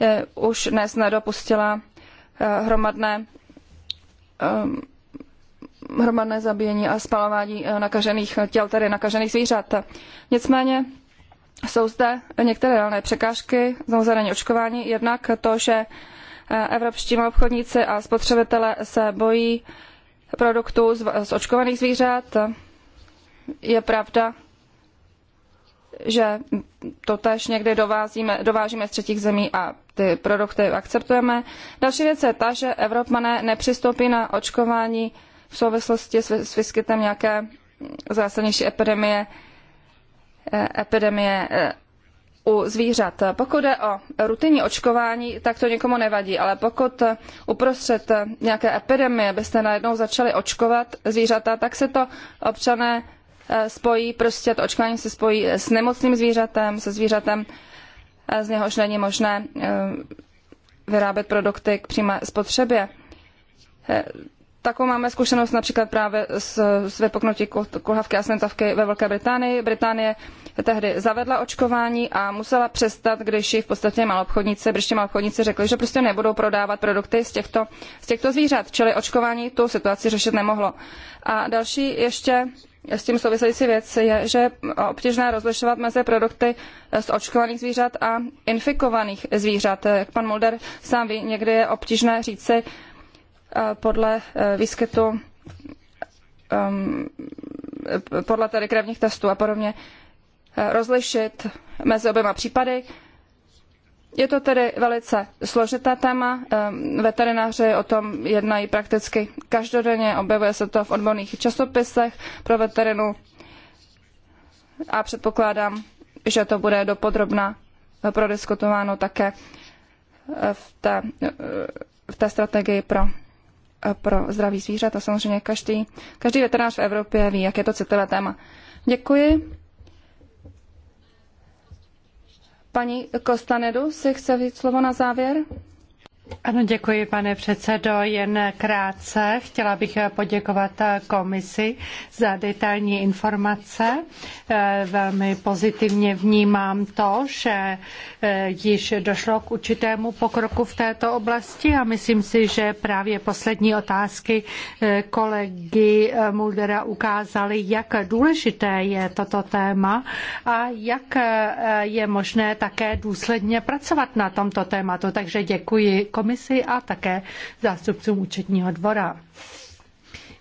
eh, už dnes nedopustila eh, hromadné hromadné zabíjení a spalování nakažených těl, tedy nakažených zvířat. Nicméně jsou zde některé reálné překážky, samozřejmě očkování, jednak to, že evropští obchodníci a spotřebitelé se bojí produktů z, z očkovaných zvířat. Je pravda, že to tež někdy dovázíme, dovážíme z třetích zemí a ty produkty akceptujeme. Další věc je ta, že Evropané nepřistoupí na očkování v souvislosti s, s vyskytem nějaké zásadnější epidemie, eh, epidemie eh, u zvířat. Pokud jde o rutinní očkování, tak to nikomu nevadí, ale pokud uprostřed nějaké epidemie byste najednou začali očkovat zvířata, tak se to občané eh, spojí, prostě to očkování se spojí s nemocným zvířatem, se zvířatem, eh, z něhož není možné eh, vyrábět produkty k přímé spotřebě. Takovou máme zkušenost například právě s, s vypuknutí kulhavky a smentavky ve Velké Británii. Británie tehdy zavedla očkování a musela přestat, když ji v podstatě malobchodníci, brští malobchodníci řekli, že prostě nebudou prodávat produkty z těchto, z těchto zvířat, čili očkování tu situaci řešit nemohlo. A další ještě s tím související věc je, že je obtížné rozlišovat mezi produkty z očkovaných zvířat a infikovaných zvířat. Jak pan Mulder sám ví, někdy je obtížné říci, Eh, podle eh, výskytu ehm, podle tedy krevních testů a podobně eh, rozlišit mezi oběma případy. Je to tedy velice složitá téma. Ehm, veterináři o tom jednají prakticky každodenně, objevuje se to v odborných časopisech pro veterinu a předpokládám, že to bude dopodrobna prodiskutováno také v té, v té strategii pro pro zdraví zvířat a samozřejmě každý, každý veterinář v Evropě ví, jak je to citlivé téma. Děkuji. Paní Kostanedu si chce vzít slovo na závěr. Ano, děkuji, pane předsedo. Jen krátce chtěla bych poděkovat komisi za detailní informace. Velmi pozitivně vnímám to, že eh, již došlo k určitému pokroku v této oblasti a myslím si, že právě poslední otázky eh, kolegy eh, Muldera ukázaly, jak důležité je toto téma a jak je možné také důsledně pracovat na tomto tématu. Takže děkuji komisi komisi a také zástupcům účetního dvora.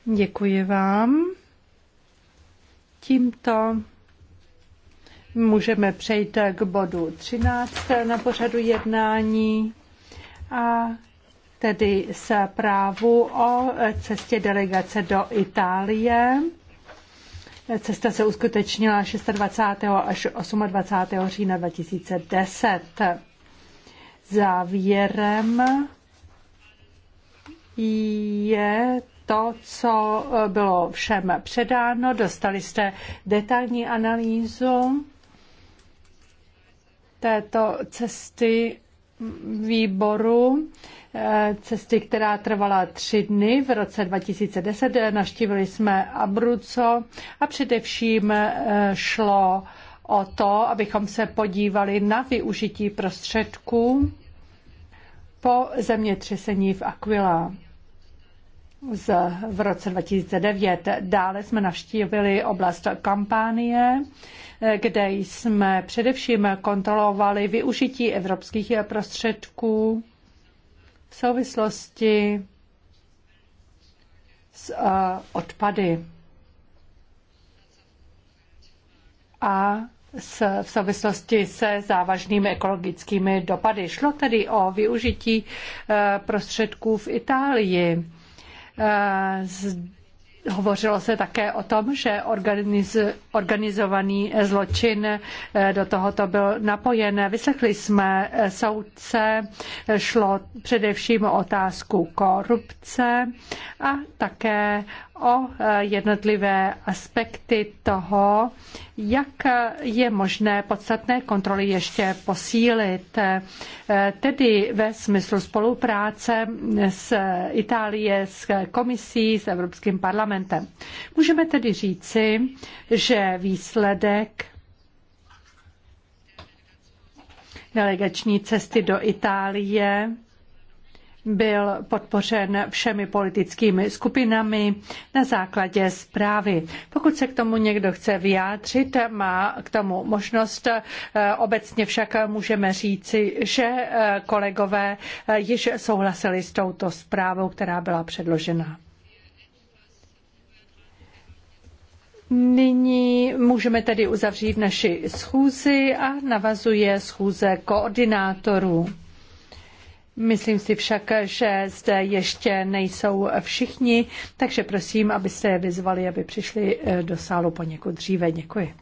Děkuji vám. Tímto můžeme přejít k bodu 13 na pořadu jednání a tedy zprávu o cestě delegace do Itálie. Cesta se uskutečnila 26. až 28. října 2010. Závěrem je to, co bylo všem předáno. Dostali jste detailní analýzu této cesty výboru, cesty, která trvala tři dny v roce 2010. Naštívili jsme Abruco a především eh, šlo o to, abychom se podívali na využití prostředků po zemětřesení v Aquila z, v roce 2009. Dále jsme navštívili oblast kampánie, eh, kde jsme především kontrolovali využití evropských prostředků v souvislosti s eh, odpady. A v souvislosti se závažnými ekologickými dopady. Šlo tedy o využití eh, prostředků v Itálii. Eh, hovořilo se také o tom, že organiz, organizovaný zločin eh, do tohoto byl napojen. Vyslechli jsme soudce, šlo především o otázku korupce a také o eh, jednotlivé aspekty toho, jak je možné podstatné kontroly ještě posílit, eh, tedy ve smyslu spolupráce s Itálie, s komisí, s Evropským parlamentem. Můžeme tedy říci, že výsledek delegační cesty do Itálie byl podpořen všemi politickými skupinami na základě zprávy. Pokud se k tomu někdo chce vyjádřit, má k tomu možnost. Obecně však můžeme říci, že kolegové již souhlasili s touto zprávou, která byla předložena. Nyní můžeme tedy uzavřít naši schůzi a navazuje schůze koordinátorů. Myslím si však, že zde ještě nejsou všichni, takže prosím, abyste je vyzvali, aby přišli eh, do sálu poněkud dříve. Děkuji.